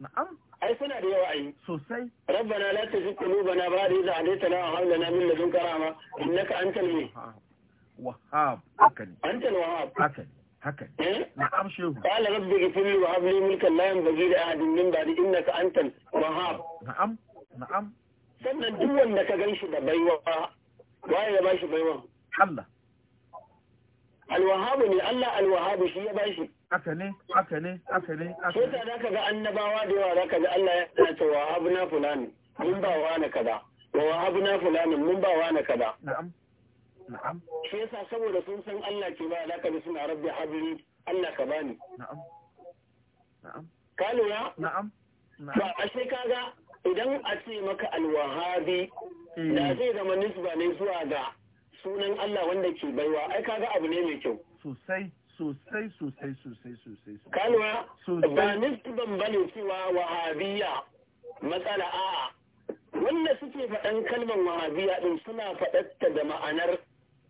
Na'am. Ai suna da yawa ai. Sosai. Rabbana la tuzigh qulubana ba'da idh hadaytana wa hab lana min ladunka rahma innaka antal wahhab. Hakan. Antal wahhab. Hakan. Hakan. Eh? Na'am shehu. Qala rabbi ghfirli wa hab li mulkan la yanbaghi li ahadin min ba'di innaka antal wahhab. Na'am. Na'am. sannan duk wanda ka gan shi da baiwa waye ya bashi baiwa Allah alwahabu ne Allah al alwahabu shi ya bashi haka ne haka ne haka ne haka ne sai ka ga annabawa da yawa zaka ga Allah ya ce wahabna fulani mun ba wa na kaza wa wahabna fulani mun ba wa na kaza na'am na'am shi yasa saboda sun san Allah ke ba zaka bi suna rabbi habli Allah ka bani na'am na'am ka lura na'am to ashe kaga idan a ce maka alwahabi hmm. da zai zama nisba ne zuwa ga sunan Allah wanda ke baiwa ai kaga abu ne mai kyau sosai sosai sosai sosai sosai kalwa ba nisban bane cewa wahabiya matsala a'a wanda suke faɗan kalmar wahabiya din suna faɗatta da ma'anar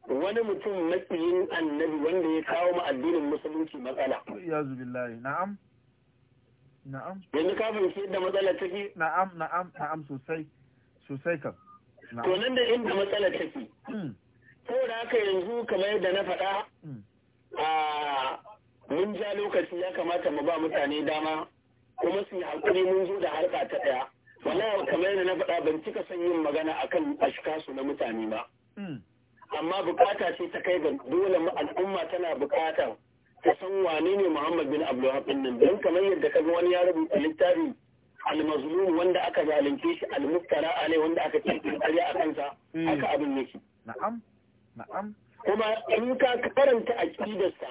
wani mutum makiyin annabi wanda ya kawo ma addinin musulunci matsala ya zubillahi na'am Na'am. Yanzu ka fahimci inda matsalar take? Na'am, na'am, na'am sosai. Sosai kan. To nan da inda matsalar take. Hmm. da haka yanzu kamar yadda na faɗa hmm. a mun ja lokaci ya kamata mu ba mutane dama kuma su yi hakuri mun zo da harka ta ɗaya. Wallahi kamar yadda na faɗa ban cika son yin magana akan su na mutane ba. Hmm. Amma bukata ce ta kai ga dole al'umma tana bukatar ka san wane ne Muhammad bin Abdulwahab din nan don kamar yadda ka wani ya rubuta littafi al-mazlum wanda aka zalunce shi al-muftara alai wanda aka ce ƙarya a kansa hmm. haka abin yake na'am na'am kuma in ka karanta sa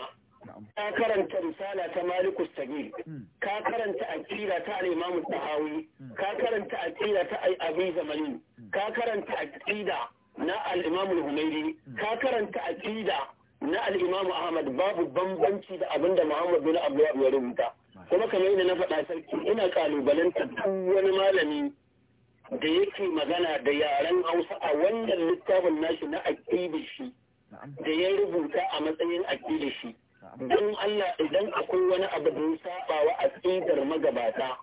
ka karanta risala ta Maliku Sagir hmm. ka karanta aqida ta al-Imam Tahawi hmm. ka karanta aqida ta Abi Zamani ka karanta aqida na al-Imam Humairi ka karanta aqida na al'imamu ahmad babu bambanci da abin da muhammad bin abdullahi ya rubuta kuma kamar yadda na faɗa sarki ina kalubalanta duk wani malami da yake magana da yaren hausa a wannan littafin nashi na aƙidar shi da ya rubuta a matsayin aƙidar shi don Allah idan akwai wani abu da ya saba wa aƙidar magabata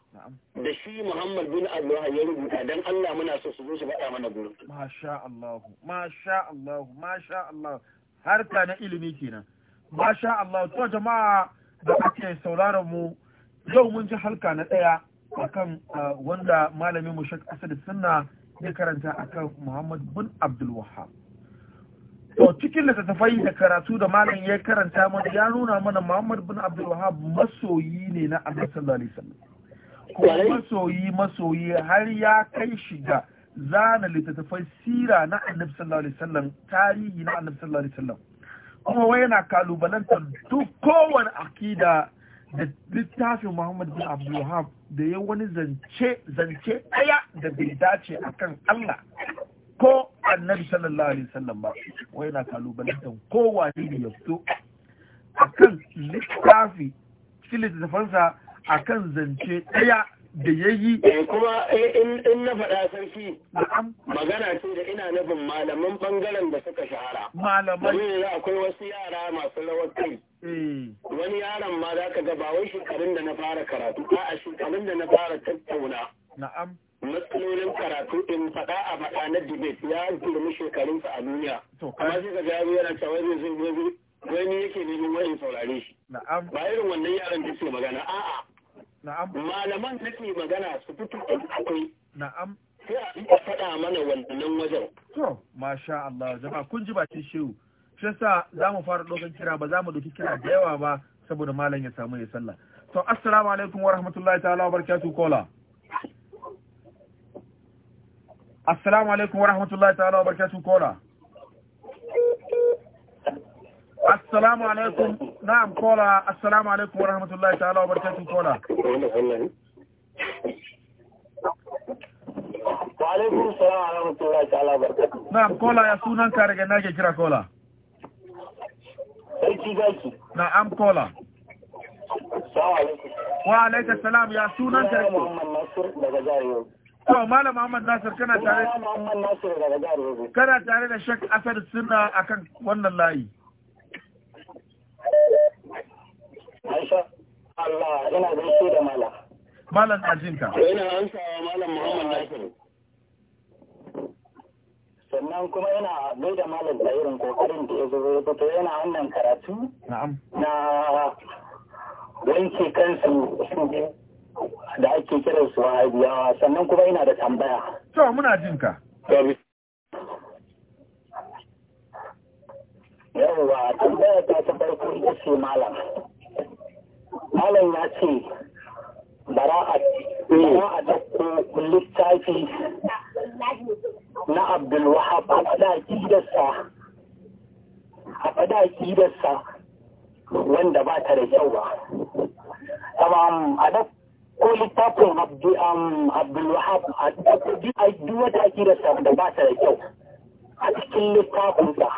da shi Muhammad bin Abdullah ya rubuta don Allah muna so su zo su faɗa mana gurin. Masha Allah, masha Allah, masha Allah. harka na ilimi kenan masha Allah to jama'a da ake sauraron mu yau mun ji halka na ɗaya akan wanda malamin mu Sheikh Asad Sunna ya karanta akan Muhammad bin Abdul Wahhab to cikin ta da karatu da malam ya karanta mana ya nuna mana Muhammad bin Abdul Wahhab masoyi ne na Annabi sallallahu alaihi wasallam masoyi masoyi har ya kai shiga zana littattafai sira na annabi sallallahu alaihi wasallam tarihi na annabi sallallahu alaihi wasallam kuma wai yana kalubalantar duk kowane akida da littafin Muhammad bin Abdul Wahab da ya wani zance zance daya da bai dace akan Allah ko annabi sallallahu alaihi wasallam ba wai yana kalubalantar kowane ne ya fito akan littafi shi littattafansa akan zance daya da ya yi eh, kuma eh, in na faɗa sarki magana ce da ina nufin malaman ɓangaren da suka shahara malaman ne akwai wasu yara masu rawar kai eh. wani yaron ma za ka ga ba wai shekarun da na fara karatu ba a shekarun da na fara tattauna na'am matsalolin karatu in faɗa a faɗa na debate ya girmi shekarunsa a duniya amma sai ka ga yana cewa zai zai wani yake neman wani saurare shi ba irin wannan yaran da ke magana a'a malaman nake magana su fito akwai na'am sai a faɗa mana wannan wajen to masha Allah jama'a kun ji bakin shehu shi yasa za mu fara ɗaukan kira ba za mu ɗauki kira da yawa ba saboda malam ya samu ya sallah to assalamu alaikum wa rahmatullahi ta'ala wa barakatuh kola assalamu alaikum wa rahmatullahi ta'ala wa barakatuh kola السلام عليكم نعم كولا السلام عليكم ورحمة الله تعالى وبركاته كولا وعليكم السلام ورحمة الله تعالى وبركاته نعم كولا يا سونان كارجا ناجي جرا كولا نعم كولا السلام عليكم وعليك السلام يا سونان كارجا محمد ناصر دغزاريو To Malam Muhammad Nasir kana tare kana tare da Sheikh Asad Sunna akan wannan layi. Aisha, Allah yana gaishe da malam. Malam Ajinka. Ina ansawa malam Muhammad Nasiru. sannan kuma yana bai da malam da irin kokarin da ya zo ya yana wannan karatu na wanke kansu da ake kiran su wahabiyawa sannan kuma yana da tambaya. To muna jin ka. yawwa tambaya ta ta farko ita ce malam malam ya ce bara a eh. bara littafi na abdulwahab a fada akidarsa a fada akidarsa wanda ba ta da kyau ba um, a ko littafin um, abdulwahab a duk wata akidarsa da ba ta da kyau a cikin littafinsa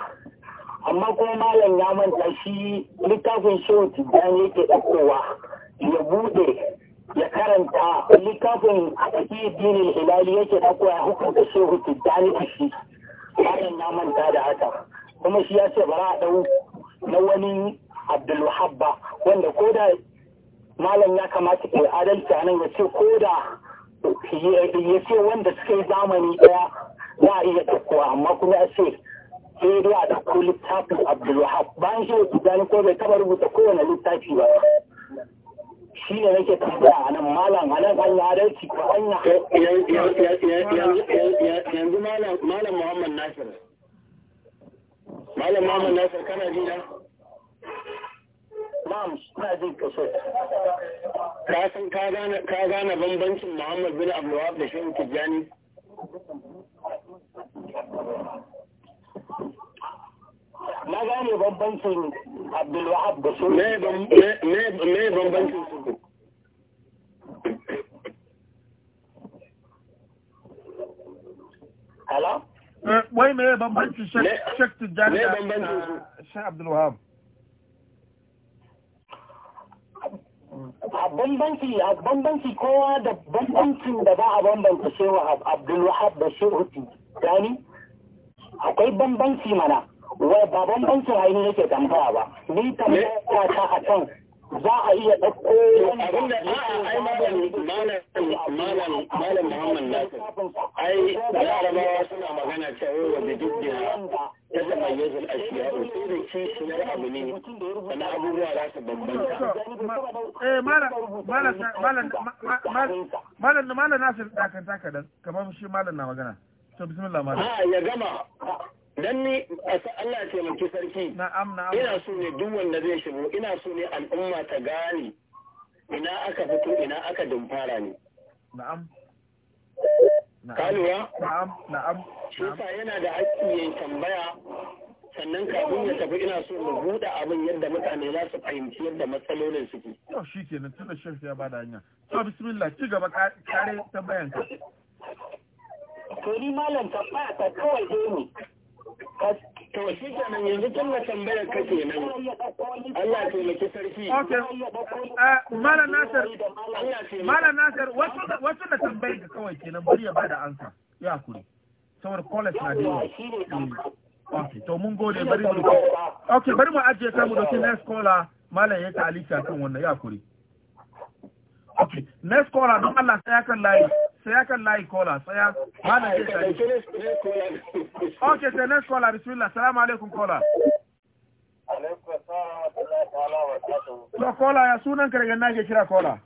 amma kuma malam ya manta shi littafin shehu tijjani yake ɗaukowa ya bude ya karanta littafin a cikin dinin hilali yake ɗaukowa ya hukunta shehu tijjani a shi malam ya manta da haka kuma shi ya ce bara a ɗau na wani abdulwahab ba wanda ko da malam ya kamata ke adalci a nan ya ce ko da ya ce wanda suka yi zamani ɗaya za a iya ɗaukowa amma kuma ya ce sai dai a ɗauko littafin Abdulwahab bayan shi da gani ko bai taɓa rubuta kowane littafi ba. Shi ne nake tambaya a nan malam a nan hanyar adalci ko hanyar. Yanzu malam Muhammad Nasir. Malam Muhammad Nasir kana ji na? Na'am, suna jin kashe. Ka san ka gane bambancin Muhammad bin Wahab da Shehu Tijjani? na gane bambancin abdulwahab da su me bambancin su Hello? Wai me bambancin Sheikh Tijjani da Sheikh Abdulwahab? a bambanci a bambanci kowa da bambancin da ba a bambanta shehu abdulwahab da shehu tijjani akwai bambanci mana wai ba bambancin ainihin yake tambaya ba ni tambaya ta a kan za a iya ɗauko abin da a'a ai malam malam muhammad nasir ai larabawa suna magana cewa wa bididdiya ya zama yanzu ashiya sai da kishiyar abu ne wani abubuwa za su bambanta eh malam malam malam malam nasir dakata kadan kamar shi malam na magana to bismillah ma ha ya gama dan ni Allah ya taimaki sarki na'am na'am ina so ne duk wanda zai shigo ina so ne al'umma ta gane ina aka fito ina aka dumfara ne na'am kaluwa na'am na'am shi sa yana da haƙƙi yayin tambaya sannan kafin ya tafi ina so mu buɗe abin yadda mutane za su fahimci yadda matsalolin suke. Yau shi kenan tunda da shirka ya bada hanya. To bismillah ci gaba kare tambayan ka. to ni malam tambaya ta kawai dai ne to shi kenan yanzu tun da tambaya ka nan Allah ya taimaki sarki okay eh, malam nasir malam nasir wasu wasu da tambayar ka kawai kenan bari ya bada ansa ya kuri saboda college na da mm. okay to mun gode bari mu okay bari mu ajiye ta mu doki next caller malam ya ta alika kan wannan ya kuri okay next caller don Allah sai kan layi saya kan layi kola saya malam ke tare okay the next caller bismillah assalamu alaikum kola to kola ya sunan ka daga nake kira kola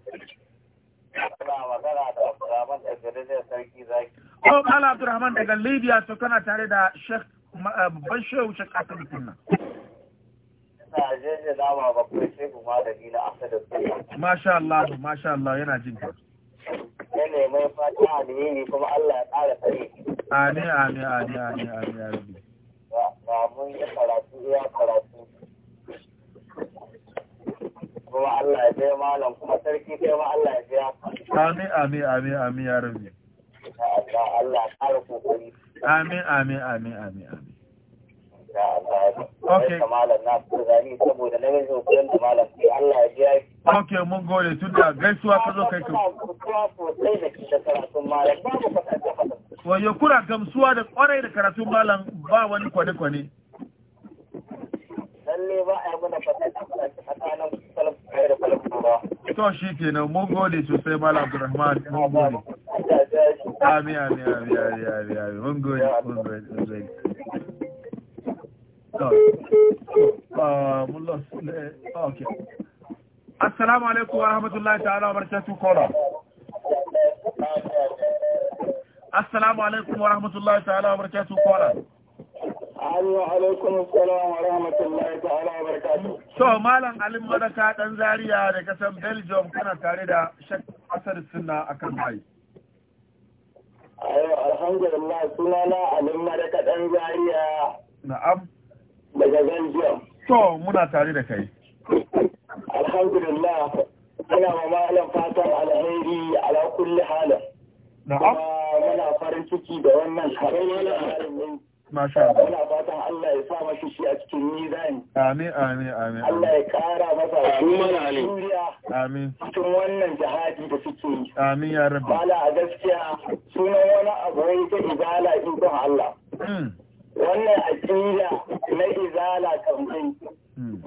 Oh, Ala Abdurrahman daga Libya to kana tare da Sheikh eh, babban shehu Sheikh Ina Asadu Kunna. Masha Allah, masha Allah yana jin ka. ne mai fata alheri kuma Allah ya ƙara tsare Amin amin amin amin amin amin. Ba mun yi karatu iya karatu. Kuma Allah ya biya malam kuma sarki kai ma Allah ya biya. Amin amin amin amin ya rabbi. Allah Allah ya ƙara kokari. Amin amin amin amin amin. insha Allah okay malam na ko gani saboda na yanzu kullum da malam sai Allah ya ji mun gode gaisuwa ka zo kai ka wayo kura gamsuwa da kwarai da karatun malam ba wani kwane-kwane lalle ba a yi mana tsakanin da ba. To shi kenan mun gode sosai Malam Abdulrahman mun gode. Amin amin amin amin amin mun gode mun gode. السلام عليكم ورحمة الله تعالى وبركاته كولا السلام عليكم ورحمة الله تعالى وبركاته كولا السلام عليكم ورحمة الله تعالى وبركاته سو مالا علم مدكات انزاريا ورحمة الله تعالى تاريدا شك أسر السنة أكرم هاي ايو الحمد لله سنانا علم مدكات انزاريا نعم daga Belgium. To muna tare da kai. Alhamdulillah muna ma malam fatan alheri ala kulli halin. Na'am. Muna farin ciki da wannan halin Masha Allah. Muna fatan Allah ya sa mashi shi a cikin nizani. Amin amin amin. Allah ya kara masa juriya. Amin. Cikin wannan jihadi da suke yi. Amin ya rabbi. Bala a gaskiya sunan wani abu wai ta izala ikon Allah. Hmm. wannan aƙida na izala kamfai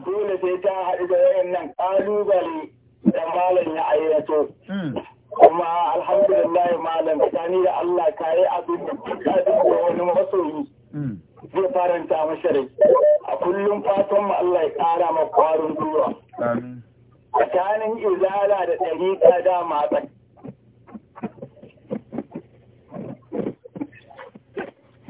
dole sai ta haɗu da wayannan ƙalubale da malam ya ayyato hmm. kuma alhamdulillah malam tsakani da Allah ka yi abin da duka duka wani masoyi hmm. zai faranta rai. a kullum fatan mu Allah ya ƙara ma kwarin gwiwa tsakanin izala da ɗariƙa dama tsakanin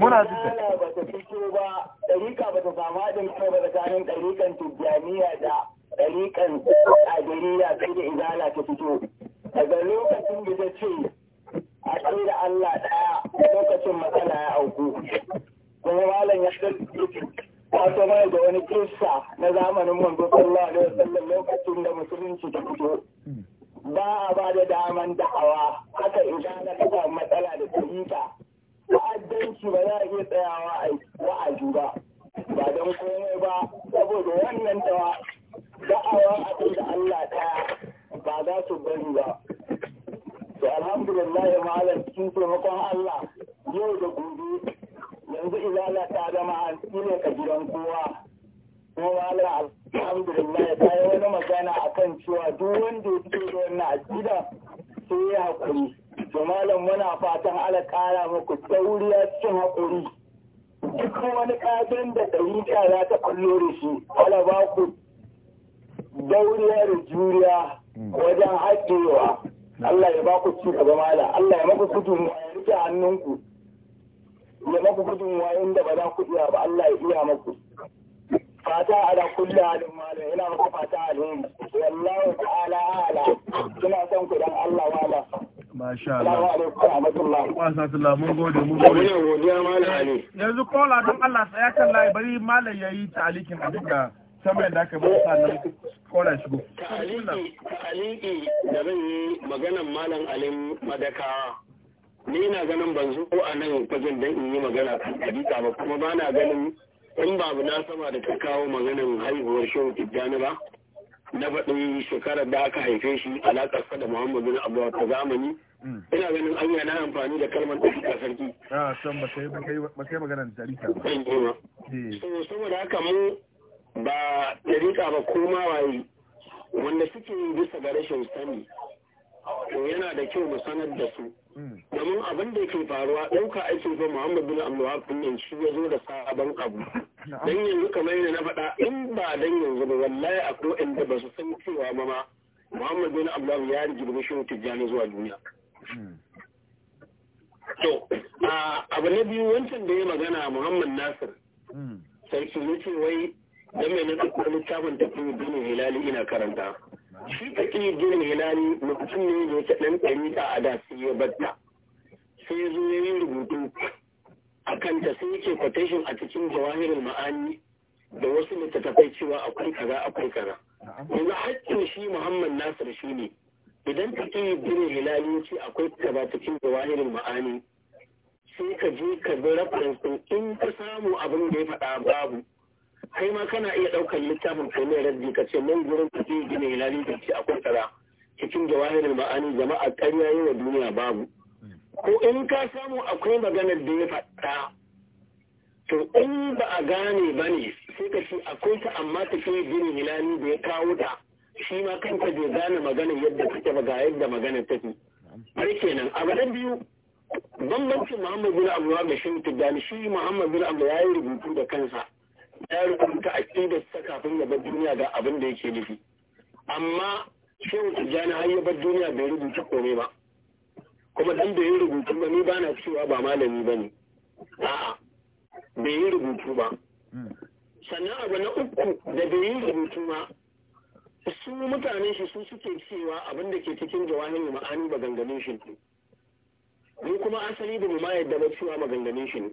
muna bata ba ta fito ba ɗarika ba ta samu haɗin kai ba tsakanin ɗarikan tijjaniya da ɗarikan ƙadiriya sai da izala ta fito daga lokacin da ta ce a da Allah ɗaya lokacin matsala ya auku kuma malam ya wato mai da wani kissa na zamanin manzo sallallahu alaihi wasallam lokacin da musulunci ta fito ba a ba da daman da'awa haka in ka samu matsala da tarika ta'addanci ba za a iya tsayawa a wa'azi ba ba don komai ba saboda wannan dawa da'awa abin da Allah ta ba za su bari ba to alhamdulillah ya malam cikin taimakon Allah yau da gobe yanzu ilala ta zama an ne ka gidan kowa kuma malam alhamdulillah ya yi wani magana akan cewa duk wanda ya fito da wannan akida sai haƙuri to muna fatan ala ƙara muku tauriya cikin haƙuri duk wani ƙagen da ta za ta kullo da shi ala ba ku dauriya da juriya wajen haƙewa Allah ya ba ku ci gaba malam Allah ya maku gudun ya rike hannunku ya maku gudun inda ba za ku iya ba Allah ya iya maku. fata ala kulli halin malam ina maka fata alheri wallahi ta'ala ala ina son ku dan Allah wala Masha Allah. Wa satullah mun gode mun gode. Yanzu kola don Allah tsaya kan layi bari malam yayi talikin abin da saboda da aka bar sannan kola shigo. Taliki da zan yi maganan malam Alim Madakawa. Ni na ganin ban zo a nan fagen dan in yi magana kan ɗabi'a ba kuma ba na ganin in babu na sama da ta kawo maganin haihuwar shehu tijjani ba na faɗi shekarar da aka haife shi sa da muhammadu abuwa ta zamani mm. ina ganin an na amfani da kalmar da shi sarki a san ba sai ba sai maganar dalika ba eh. saboda haka mu ba tarika ba koma waye wanda suke bisa ga rashin sani to yana da kyau mu sanar da su hmm. domin abin da ke faruwa ɗauka ake ba Muhammad bin Abdulwahab din shi ya zo da sabon abu dan yanzu kamar yana na faɗa in ba dan yanzu ba wallahi akwai inda ba su san cewa ma ma Muhammad bin abdullahi ya jirgin shi tijjani zuwa duniya hmm. to abu na biyu wancan da ya magana Muhammad Nasir hmm. sai su ce wai dan mai na tsakar littafin tafi bin hilali ina karanta shi ta ke hilali mutum ne da wata ɗan ɗari da a da sai ya batta sai ya zo ya yi rubutu a kanta sai yake quotation a cikin jawahirin ma'ani da wasu littattafai cewa akwai kaza akwai kaza yanzu haƙƙin shi muhammad nasir shi ne idan ka ke gina hilali ce akwai kaza cikin jawahirin ma'ani sai ka je ka bi reference in ka samu abin da ya faɗa babu kai ma kana iya ɗaukar littafin kai mai rabbi ka ce mun gurin kuɗi gina ilani da ce akwai kaza cikin jawahirin ma'ani jama'a ƙarya yi wa duniya babu ko in ka samu akwai maganar da ya faɗa to in ba a gane ba ne sai ka ce akwai ta amma ta ke gina hilali da ya kawo ta shi ma kanka bai gane maganar yadda take ba ga yadda maganar take har kenan abu na biyu bambancin muhammadu bin abu da shi tijjani shi muhammadu bin abu ya yi rubutu da kansa ya rubuta aƙidarsa kafin ya bar duniya ga abin da yake nufi amma shin tijjani har ya bar duniya bai rubuta komai ba kuma dan bai yi rubutu ba ni ba na cewa ba malami ba ne a'a bai yi rubutu ba sannan abu na uku da bai yi rubutu ba su mutane shi su suke cewa abin da ke cikin jawahiri ma'ani ganganin shi ne ni kuma asali da ma yadda ba cewa ganganin shi ne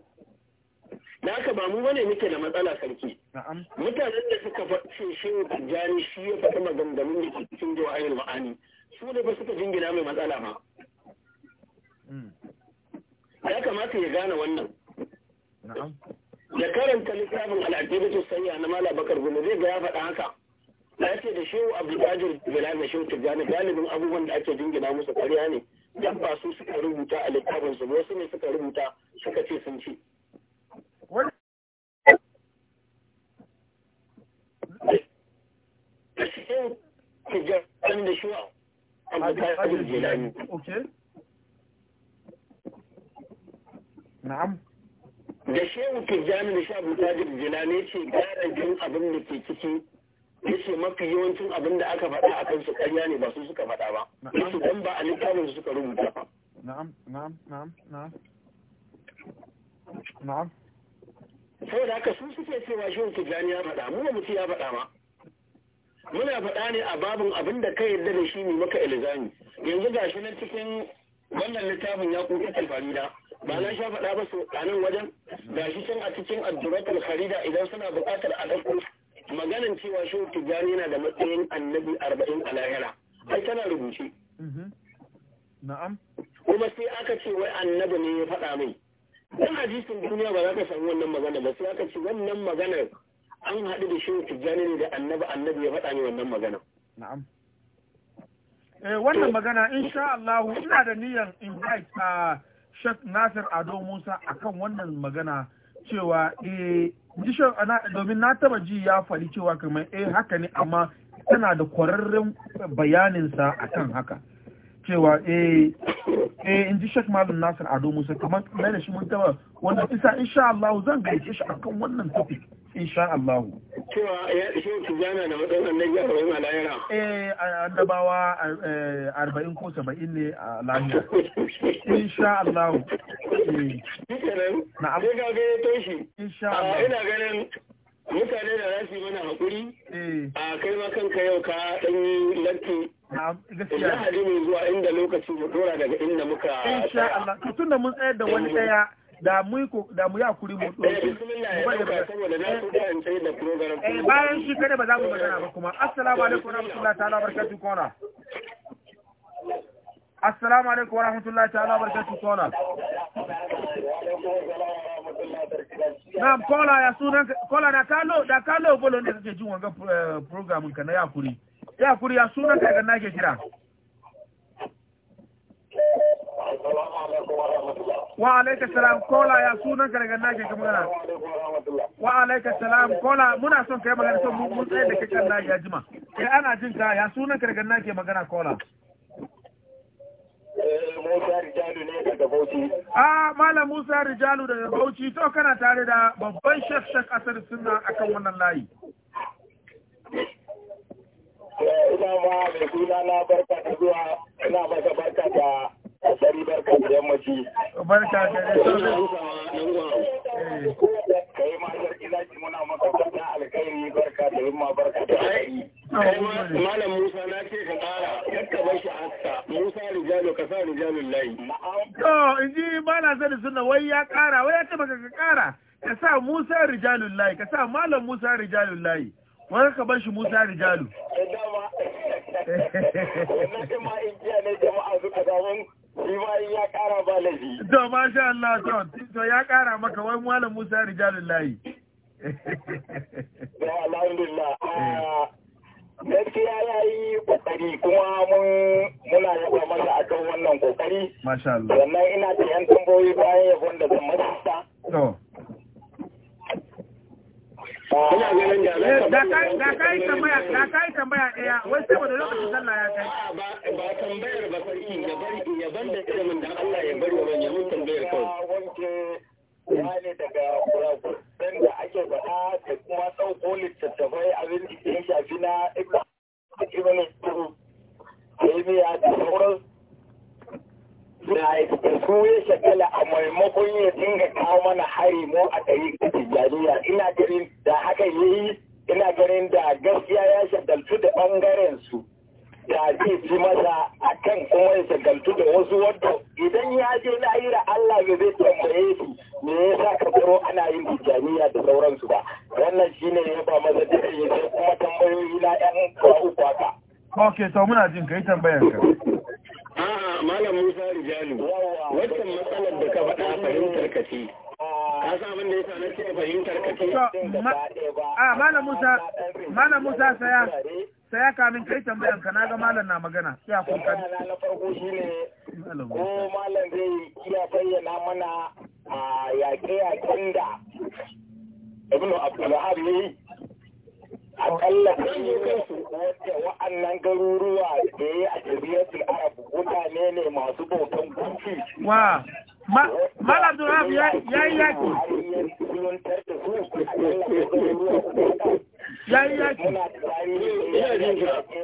da haka ba mu bane muke da matsala sarki mutanen da suka faɗi shi tijjani shi ya faɗi maganganun da ke cikin jawahirul ma'ani su ne ba suka jingina mai matsala ma hmm. ya kamata ya gane wannan da karanta littafin da sayya na mala bakar gumi zai ga ya faɗa haka na ce da shehu abdulkadir bilal da shehu tijjani galibin abubuwan da ake jingina musu ƙarya ne 'yan ba su suka rubuta a littafin su wasu ne suka rubuta suka ce sun ce wani da shi na'am da shehu tijjani da shabu tajir jilani ce gara jin abin da ke ciki ya ce mafi yawancin abin da aka faɗa a kansu ƙarya ne ba su suka faɗa ba su dan ba a littafin su suka rubuta na'am na'am na'am na'am na'am saboda haka su suke cewa shi tijjani ya faɗa mu mutu ya faɗa ma muna faɗa ne a babin abin da ka yarda da shi ne maka ilzami yanzu ga shi nan cikin wannan littafin ya kuka da ba na sha faɗa ba su a nan wajen ga shi can a cikin adduratul harida idan suna buƙatar a ɗauko maganin cewa shi tijjani yana da matsayin annabi arba'in a lahira ai tana rubuce mhm. kuma sai aka ce wai annabi ne ya faɗa mai dan hadisin duniya ba za ka samu wannan magana ba sai aka ci wannan magana an haɗu da shi tijjani ne da annabi annabi ya faɗa ne wannan magana na'am eh wannan magana insha Allah ina da niyyar invite a ah, Sheikh Nasir Ado Musa akan wannan magana cewa eh ana domin na taba ji ya faɗi cewa kamar eh haka ne amma tana da kwararren bayaninsa akan haka cewa eh eh in ji Sheikh Malam Nasir Ado Musa kamar mai da shi mun taba wanda isa insha Allah zan gaishe shi akan wannan topic insha Allah cewa shi tijana na wadan annabi a wurin alayra eh annabawa 40 eh, ko 70 ne a lahira insha Allah eh na'am ga ga to shi insha ah, Allah ina ganin mutane da za su yi mana hakuri eh. a ah, kai ma kanka yau ka dan yi latti Lahadi ne zuwa inda lokacin mu dora daga inda muka Insha Allah to tunda mun tsayar da wani daya eh. da mu eh, da mu ya kuri mu dora eh bayan shi kada ba za mu magana ba kuma assalamu alaikum warahmatullahi ta'ala barakatuh kona assalamu alaikum warahmatullahi ta'ala barakatuh kona Na kola ya sunan kola da kalo da kalo bolo ne kake jin wannan eh, program ka na yakuri ya kuri ya ta ga ganna ke kira wa alaika salam kola ya sunan ka ganna ke magana wa alaika salam kola muna son kai magana son mun tsaye da kikan na ya jima eh ana jin ka ya sunan ka ganna ke magana kola Ah, Malam Musa Rijalu daga Bauchi to kana tare da babban shek shek asar suna akan wannan layi. Eh, ina ma mai suna na barka da zuwa ina masa barka da asari barka da yammaci barka da yammaci kai ma sarki zaki muna maka barka alkhairi barka da yamma barka da malam musa na ce ka kara kakka bar shi haka musa rijalu ka sa rijalul layi to inji ba na sani suna wai ya kara wai ya taba ka kara ka sa musa rijalul layi ka sa malam musa rijalul layi wani ka bar shi musa rijalu to masha Allah to to ya kara maka wai malam musa rijalun layi da alhamdulillah ah, gaskiya ya yi kokari kuma mun muna yaba masa akan wannan kokari masha Allah sannan ina da yan tambayoyi bayan yabon da zan masa da ka yi tambaya daya wai saboda lokacin sallah ya kai ba tambayar ba sarki ya bari ya banda ilimin da Allah ya bari wa ban ya mun tambayar kawai wani daga kurakuren da ake faɗa da kuma ɗauko littattafai abin da ya shafi na ya yi taymiya da sauransu na su ya shakala a maimakon ya dinga kawo mana hari mu a ɗari tijjaniya ina ganin da haka ya yi ina ganin da gaskiya ya shagaltu da ɓangaren su da zai fi masa a kan kuma ya shagaltu da wasu wadda idan ya je na lahira Allah ya zai tambaye su me yasa ka baro ana yin tijjaniya da sauransu ba wannan shine ya ba masa da ya kuma tambayoyi na ƴan uku haka. Ok, to muna jin ka yi tambayar ka. A'a Malam Musa Rijalu, waccan matsalar da ka faɗa fahimtar ka ce. Ka sa abin da ya sanar ce fahimtar ka ce. A Malam Musa, Malam Musa saya, saya kamin kai tambayan ka naga Malam na magana. Ya kun kan. Na farko shine ko Malam zai iya bayyana mana a yaƙe-yaƙen da Ibn Abdulwahab ne akalla wa'annan garuruwa da ya yi a jami'atul arab mutane ne masu bautan gunki wa Mala Durab ya yi yaki. Ya yi yaki.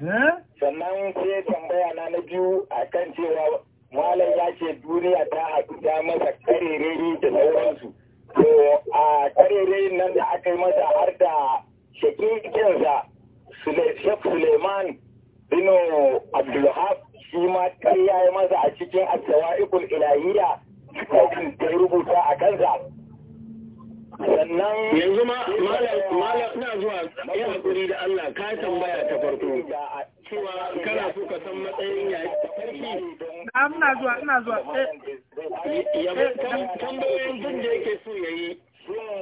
Eh? Sannan sai tambaya na na biyu a kan cewa malam ya ce duniya ta haɗu ta masa karerere da sauransu. to a karerayin nan da aka yi mata har da shakikinsa Sheikh Suleiman bin Abdulhaf shi ma ya ya masa a cikin Asawa'ikul Ilahiyya kafin da rubuta a kansa. Sannan yanzu ma malam ina zuwa ya haƙuri da Allah ka tambaya ta farko. cewa kana so ka san matsayin yayin sarki na ina zuwa ina zuwa eh, eh, ya tambayoyin jin da yake so ya yi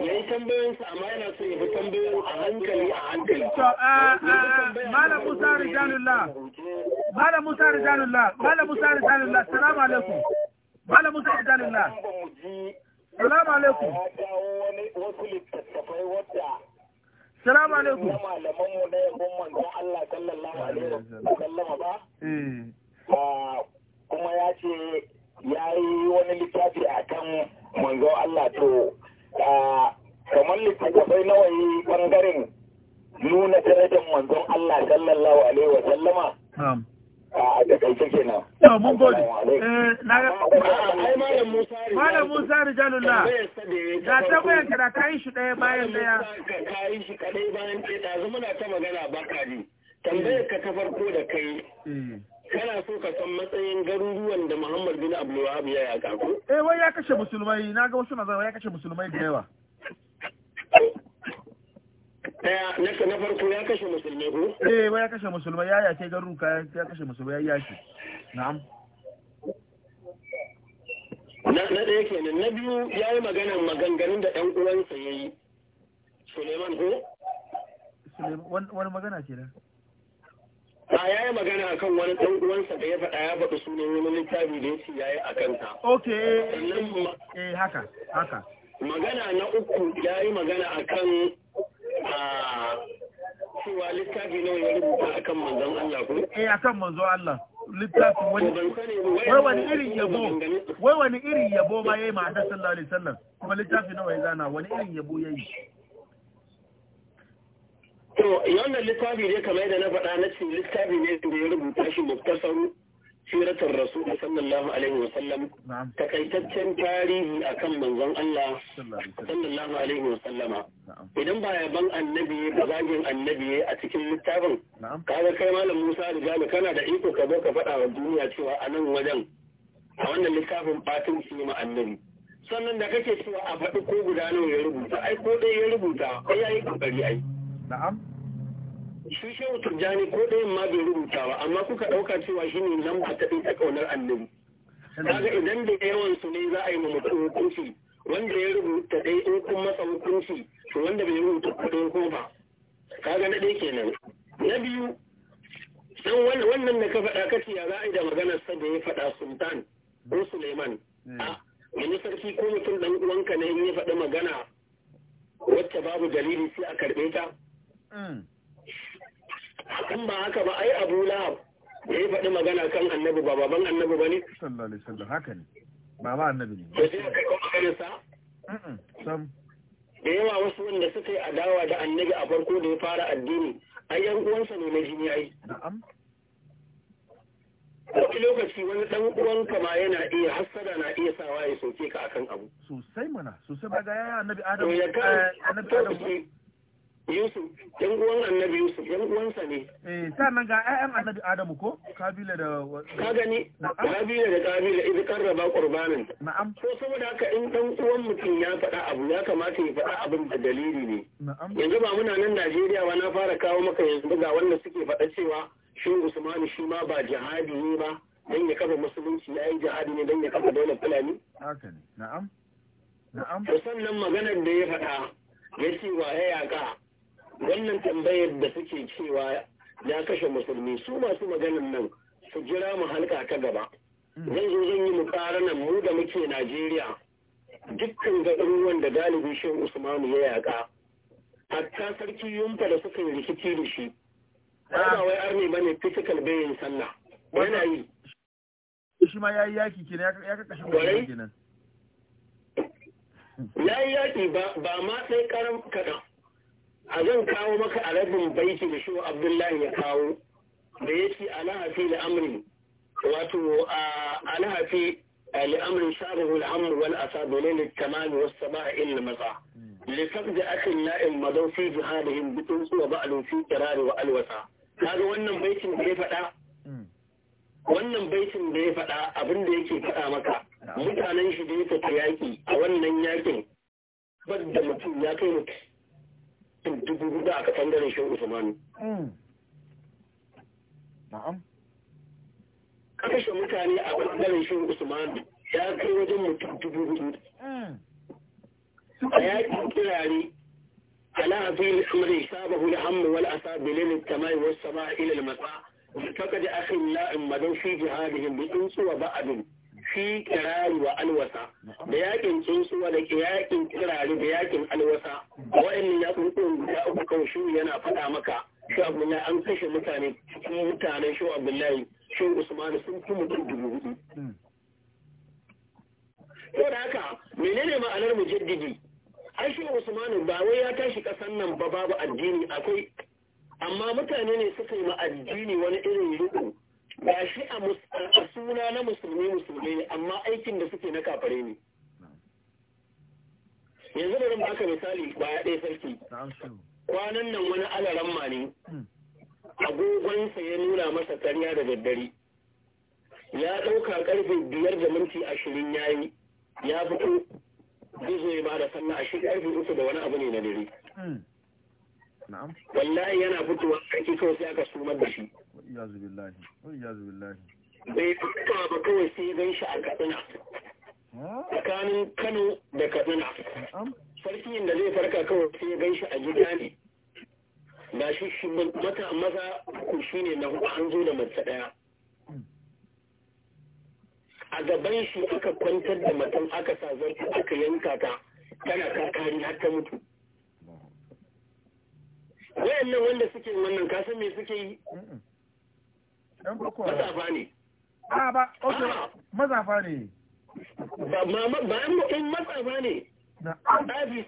ya yi tambayoyinsa amma yana so ya bi tambayoyin a hankali a hankali to ah, ah, malam musa rijalullah malam musa rijalullah malam musa rijalullah salamu alaikum malam musa rijalullah salamu alaikum wasu littattafai wadda Salamu alaikum. Kuma malaman mu da Allah ba. Kuma ya ce ya yi wani littafi a kan manzo Allah to kamar littattafai nawa yi bangaren nuna darajar manzon Allah sallallahu alaihi wa sallama. a takaice kenan to mun gode eh na ga malam Musa malam Musa rijalullah da ta koyan ka da kai shi ɗaya bayan daya kai shi kaɗai bayan ɗaya. da zuma na ta magana bakari tambayar ka ta farko da kai hmm. kana so ka san matsayin garuruwan da Muhammad bin Abdul Wahab ya yaka ko eh wai ya kashe musulmai na ga wasu na ya kashe musulmai da yawa Daya na farko ya kashe musulmai ko? Eh ya kashe musulmai ya yace garuka ya kashe musulmai ya yace. Na'am. Na ɗaya kenan na biyu ya yi magana maganganun da ɗan uwansa ya yi. Suleiman ko? Wani magana ce nan. A ya yi magana a kan wani ɗan uwansa da ya faɗa ya faɗi sunan wani littafi da ya ce ya yi a kanta. Ok, eh haka, haka. Magana na uku ya yi magana a kan cewa littafi ya rubuta akan manzon Allah ko? Eh akan manzon Allah. Littafi wani irin yabo wai wani irin yabo ma yayi ma Annabi sallallahu alaihi kuma littafi nawa ya zana wani irin yabo yi. To, yawan littafi ne kamar yadda na faɗa na cikin littafi ne da ya rubuta shi muktasaru siratar rasul sallallahu alaihi wa sallam takaitaccen tarihi akan manzon Allah sallallahu alaihi wa sallama idan ba yaban annabi ba zagin annabi a cikin littafin kaga kai malam Musa Rijalu kana da iko ka zo ka faɗa wa duniya cewa a nan wajen a wannan littafin fatin shi ma annabi sannan da kake cewa a faɗi ko guda nawa ya rubuta ai ko ɗaya ya rubuta ai yi ƙoƙari ai na'am shi shehu turjani ko ɗayan ma bai rubuta ba amma kuka ɗauka cewa shi ne nan ba ta ɗin ƙaunar annabi kaga idan da yawan su ne za a yi ma hukunci wanda ya rubuta ɗaya in kun masa hukunci to wanda bai rubuta kuɗin ko ba kaga na ɗaya kenan na biyu dan wannan da ka faɗa ce ya za a yi da maganar sa da ya faɗa sultan ko suleiman hmm. a ah, wani sarki ko mutum ɗan uwanka ne in ya faɗi magana wacce babu dalili sai a karɓe ta hmm. in ba haka ba ai abu lahab ya ya faɗi magana kan annabi ba baban annabi ba ne? sallallahu alaihi haka ne ba annabi ne ba sai kuma kare sa? sam da yawa wasu wanda suka yi adawa da annabi a farko da ya fara addini ai yan uwansa ne na jini ai na'am wani lokaci wani dan uwan kama yana iya hassada na iya sawa ya soke ka akan abu sosai mana sosai ba ga yaya annabi adam eh, annabi adam Yusuf, ‘yan uwan annabi Yusuf, ‘yan uwansa ne. Eh, ko? Kabila da... Ka gani, kabila da kabila, idan karraba ƙurbanin. Na'am. Ko saboda haka in ɗan uwan mutum ya faɗa abu, ya kamata ya faɗa abin da dalili ne. Na'am. Yanzu ba muna nan Najeriya ba na fara kawo maka yanzu ga wanda suke faɗa cewa shi Usman shi ma ba jihadi ne ba, don ya kafa musulunci ya yi jihadi ne don ya kafa daular Fulani. Haka ne, na'am. Na'am. Sannan maganar da ya faɗa ya ce wa ya yaƙa wannan tambayar da suke cewa ya kashe musulmi su masu maganin nan su jira mu halka ta gaba hmm. zan zo zan yi mu nan mu da muke najeriya dukkan garuruwan da galibi shi usmanu ya yaƙa hatta sarki yunfa da suka rikici da shi ba wai arni bane physical bayin sallah yana yi shi ma yayi yaki kina ya kashe musulmi kenan yayi yaki ba ma sai karam kaɗan a zan kawo maka a rabin baiti da shi abdullahi ya kawo da ya ce alahafi da amri wato alahafi لأمر شعره الأمر والأسى بليل التمام والسماء إلا مسعى لفقد أخي النائم مضوا في جهادهم ba'alun fi في wa alwasa kaga wannan baitin da ya faɗa wannan baitin da ya faɗa abin da yake faɗa maka mutanen shi da ya tafi yaƙi a wannan yaƙin ba da mutum ya kai mutum dubu hudu a shehu usmanu hmm. na'am kashe mutane a bangaren shehu usmanu ya kai wajen mutum dubu hudu hmm. a yakin kirare ala azil amri sabahu al-hamm wal asab lil al-tamay was sama' ila al-masa' فقد أخي الله مدوا في جهادهم بإنس وبعد fi kirari wa alwasa da yakin tsuntsuwa da yakin kirari da yakin alwasa wa'annan ya tsuntsu guda uku kaushu yana faɗa maka shu abdullahi an kashe mutane cikin mutanen shu abdullahi shi usman sun fi mutum dubu hudu hmm. da haka menene ma'anar mujaddidi ai shi usman ba wai ya tashi kasan nan ba babu addini akwai amma mutane ne suka yi ma addini wani irin riko ba a suna na musulmi musulmi ne amma aikin da suke na kafare ne yanzu bari baka misali ba ya ɗaya sarki kwanan nan wani alaran ma ne agogonsa ya nuna masa karya da daddare ya ɗauka ƙarfe biyar da minti ashirin ya yi ya fito gizo ya bada sallah shi ƙarfe uku da wani abu ne na dare wallahi yana fitowa kaki kawai sai aka sumar da shi iyazu billahi wa iyazu billahi bai fita ba kawai sai gan shi a kaduna tsakanin kano da kaduna sarkin da zai farka kawai sai gan shi a gida ne ga shi shi mata maza ku shi ne na an zo da mace daya a gaban shi aka kwantar da matan aka sa zarfi aka yanka ta tana kakari har ta mutu wayannan wanda suke wannan kasan me suke yi Mazafa ne. A ba, ok, mazafa ah. mazafa ne.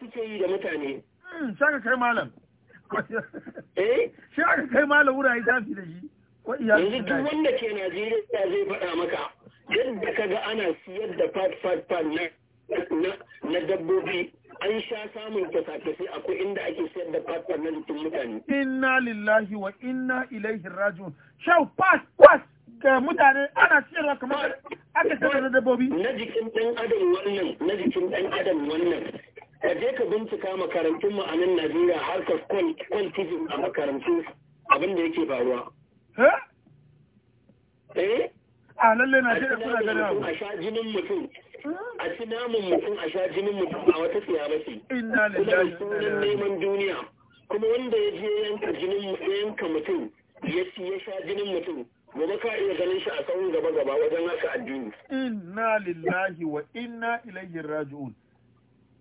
suke yi da mutane. Hmm, Shaka kai eh? da ke Najeriya zai faɗa maka. Yadda ka ga ana siyar da fat fat fat na dabbobi an sha samun kyasa akwai inda ake sayar da passport na jikin mutane. Inna lillahi wa inna ilaihi rajiun. Shau pas pass ga mutane ana siyarwa kamar ake sayar da dabbobi. Na jikin ɗan adam wannan, na jikin ɗan adam wannan. Ka je ka bincika makarantun mu a nan Najeriya harkar kwantizm a makarantu abin da yake faruwa. Eh? A lalle Najeriya suna gada. A sha jinin mutum. a ci namun mutum a sha jinin mutum a wata ba mace kuma sunan neman duniya kuma wanda ya je yanka jinin yanka mutum ya ci ya sha jinin mutum gobe ka iya ganin shi a tsawon gaba gaba wajen haka addini inna lillahi wa inna ilayhi raji'un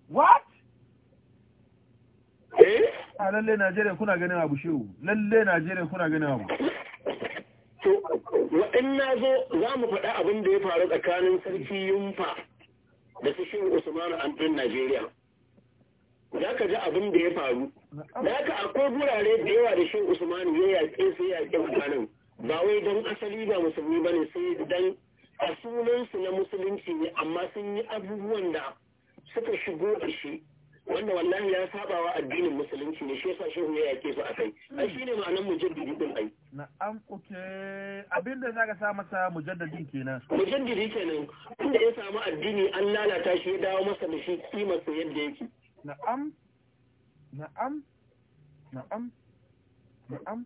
what eh a lalle najeriya kuna ganin abu shehu lalle najeriya kuna ganin abu to in na zo za mu faɗa abin da ya faru tsakanin sarki yunfa da su shi an amfin najeriya za ka ji abin da ya faru da haka akwai gurare da yawa da shi usman ya yaƙe su ya yaƙe mutanen ba wai don asali ba musulmi ba ne sai dan a sunansu na musulunci ne amma sun yi abubuwan da suka shigo da shi wanda wallahi ya saba wa addinin musulunci ne shi yasa shehu ya yake su a ai hmm. ne ma'anar mujaddidi din ai na'am okay abinda zaka sa masa mujaddidi kenan mujaddidi kenan inda ya samu addini an lalata shi ya dawo masa da shi kimar sa yadda yake na'am na'am na'am na'am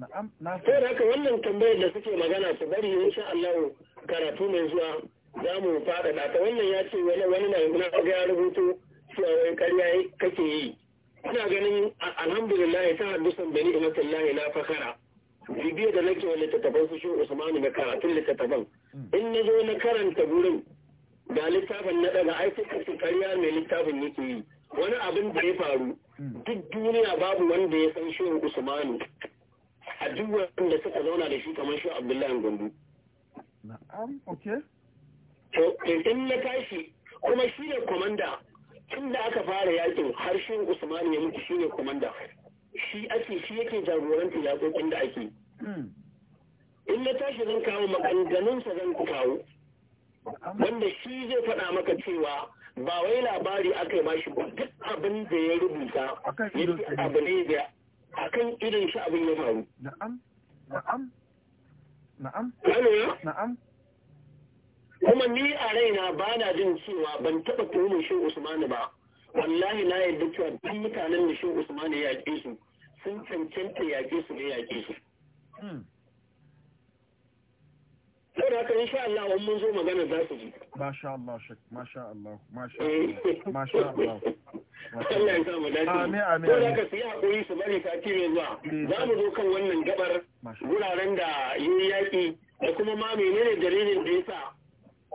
na'am na sai da haka wannan tambayar da suke magana su bari insha Allah karatu mai zuwa za mu faɗaɗa ta wannan ya ce wani na yanzu na ga rubutu cewa wai karya kake yi ina ganin alhamdulillah ta san bani ilatallahi na fakara bibiyar da nake wa littattafan su shi usmanu da karatun littattafan in na zo na karanta gurin da littafin na daga ai sai karya mai littafin yake yi wani abin da ya faru duk duniya babu wanda ya san shehu usmanu a duk wanda suka zauna da shi kamar shehu abdullahi gundu na'am okay to in na tashi kuma shi ne komanda tun da aka fara yakin harshen shi usman ya mutu shine komanda shi ake shi yake jagoranta yakokin da ake in na tashi zan kawo maganganunsa zan kawo wanda shi zai faɗa maka cewa ba wai labari aka yi ba ba duk abin da ya rubuta abu ne da akan irin shi abin ya faru na'am na'am na'am na'am kuma ni a raina ba na jin cewa ban taba tuhumin shin usmani ba wallahi na yadda cewa duk mutanen da shin usmani ya yaƙe su sun cancanta yaƙe su ne yaƙe su hmm. saboda haka sha Allah wani mun zo magana za su ji masha Allah masha Allah masha eh. Allah masha Allah Allah ya dace amin amin haka su yi hakuri su bari sati mai zuwa eh. za mu zo kan wannan gabar wuraren da yi yaƙi da kuma ma menene dalilin da yasa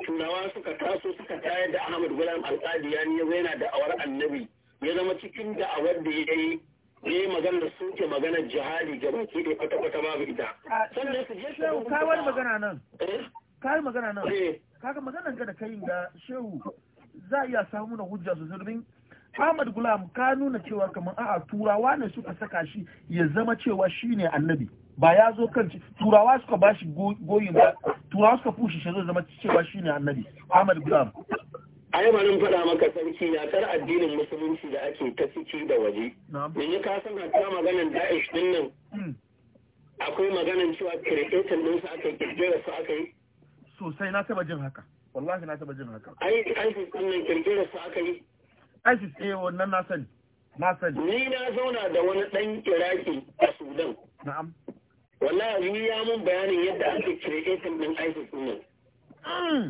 turawa suka taso suka tayar da ahmad gulam alƙadiyani ya yana da awar annabi ya zama cikin da'awar da ya yi ne maganar soke maganar jihadi ga baki da kwata-kwata babu ita ah, sannan su je su kawar magana nan eh? kawar magana nan eh. kaga maganar ga da kai ga shehu za a iya samu na hujja sosai domin Ahmad Gulam ka nuna cewa kamar a'a turawa ne suka saka shi ya zama cewa shine annabi. ba ya zo kan turawa suka ba shi goyin ba turawa suka fushi shi zai zama cewa shi ne annabi ahmad gulam ai ba nan faɗa maka sarki yakar addinin musulunci da ake ta ciki da waje yanzu ka san ka ta maganan da'ish din nan hmm. akwai maganan cewa kiretin din su aka kirkira su aka yi sosai na taba jin haka wallahi na taba jin haka ai isis din nan kirkira su aka yi isis eh wannan na sani na sani ni na zauna da wani dan iraki a sudan na'am wallahi yi ya mun bayanin yadda ake creating din ISIS din nan hmm.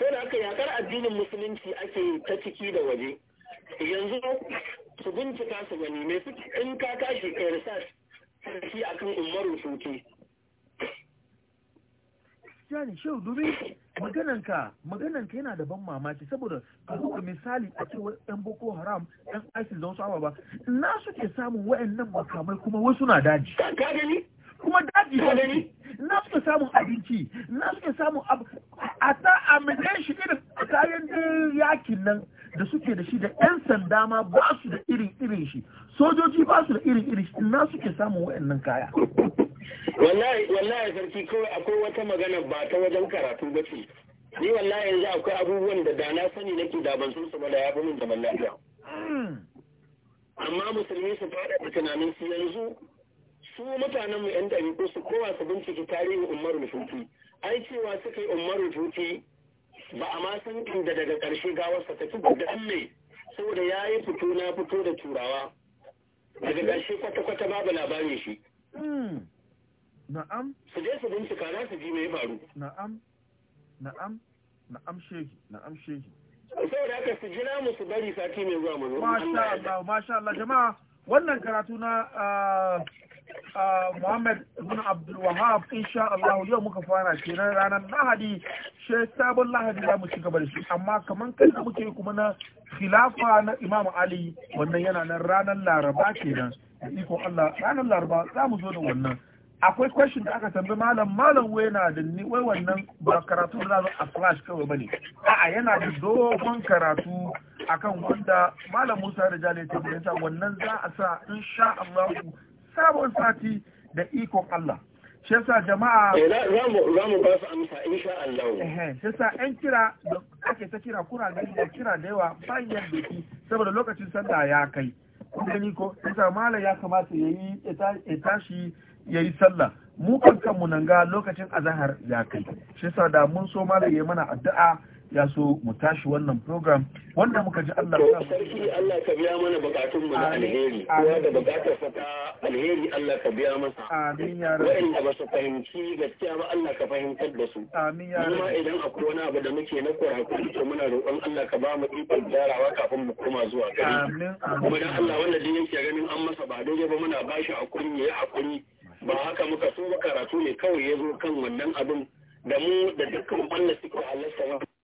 ko da aka yakar addinin musulunci ake ta ciki da waje yanzu su bincika su gani ne in ka kashi kai research shi akan umaru suke gaskiya ne shehu domin magananka yana da ban mamaki saboda ka zuwa misali a cewa yan boko haram yan isis don su ba na suke samun wa'annan makamai kuma wasu na daji ka gani kuma daji ne ni na suka samun abinci na suka samun a ta amince shi irin kayan yakin nan da suke da shi da yan sanda ma ba su da irin irin shi sojoji ba su da irin irin shi na suke samun wayannan kaya wallahi wallahi sarki kawai akwai wata magana ba ta wajen karatu ba ce ni wallahi yanzu akwai abubuwan da da na sani nake da ban sun su da ya fi min da lafiya hmm. amma musulmi su fada da tunanin su yanzu su mutanen mu yan ɗabi'u su kowa su bincike tarihin umaru futi ai cewa suka yi umaru futi ba a ma san inda daga ƙarshe gawarsa ta ci da ne saboda ya yi fito na fito da turawa daga ƙarshe kwata-kwata babu labarin shi hmm. na'am su je su bincika na su ji mai faru na'am na'am na'am shehi na'am shehi saboda haka su jira mu su bari sati mai zuwa mu zo masha Allah masha Allah jama'a wannan karatu na ah, Uh, Muhammad bin Abdul Wahab insha Allah yau muka fara kenan ranar Lahadi shi sabon Lahadi za mu ci gaba da shi amma kaman kai da muke kuma na khilafa na Imam Ali wannan yana nan ranar Laraba kenan iko Allah ranar Laraba za mu zo da wannan akwai question da aka tambayi malam malam wai na da ni wai wannan ba karatu da zo a flash kawai bane a'a yana da dogon karatu akan wanda malam Musa da Jale ta wannan za a sa insha Allah sabon sati da ikon Allah Shesa jama'a eh, za mu ba su amsa insha Allah eh ‘yan kira da ake ta kira gani da kira da yawa bayan biki saboda lokacin sanda ya kai kun gani ko shesa mala ya kamata yayi ya tashi yayi sallah mu kan kanmu nan ga lokacin azahar ya kai shi da mun so mala yayi mana addu'a ya so mu tashi wannan program wanda muka ji Allah ya sarki Allah ka biya mana bukatun mu na alheri kowa da bukatar sa ta alheri Allah ka biya masa amin ya rabbi ba su fahimci gaskiya ba Allah ka fahimtar da su amin ya rabbi kuma idan akwai wani abu da muke na kurakuri to muna roƙon Allah ka ba mu ikon gyarawa kafin mu koma zuwa gari amin kuma dan Allah wanda din yake ganin an masa ba daidai ba muna bashi ya a hakuri ba haka muka so ba karatu ne kawai ya zo kan wannan abin da mu da dukkan wanda suke halarta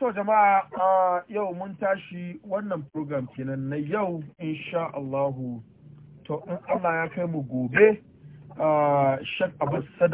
to jama'a yau mun tashi wannan program kenan na yau insha Allahu to in Allah ya kai mu gobe shak abu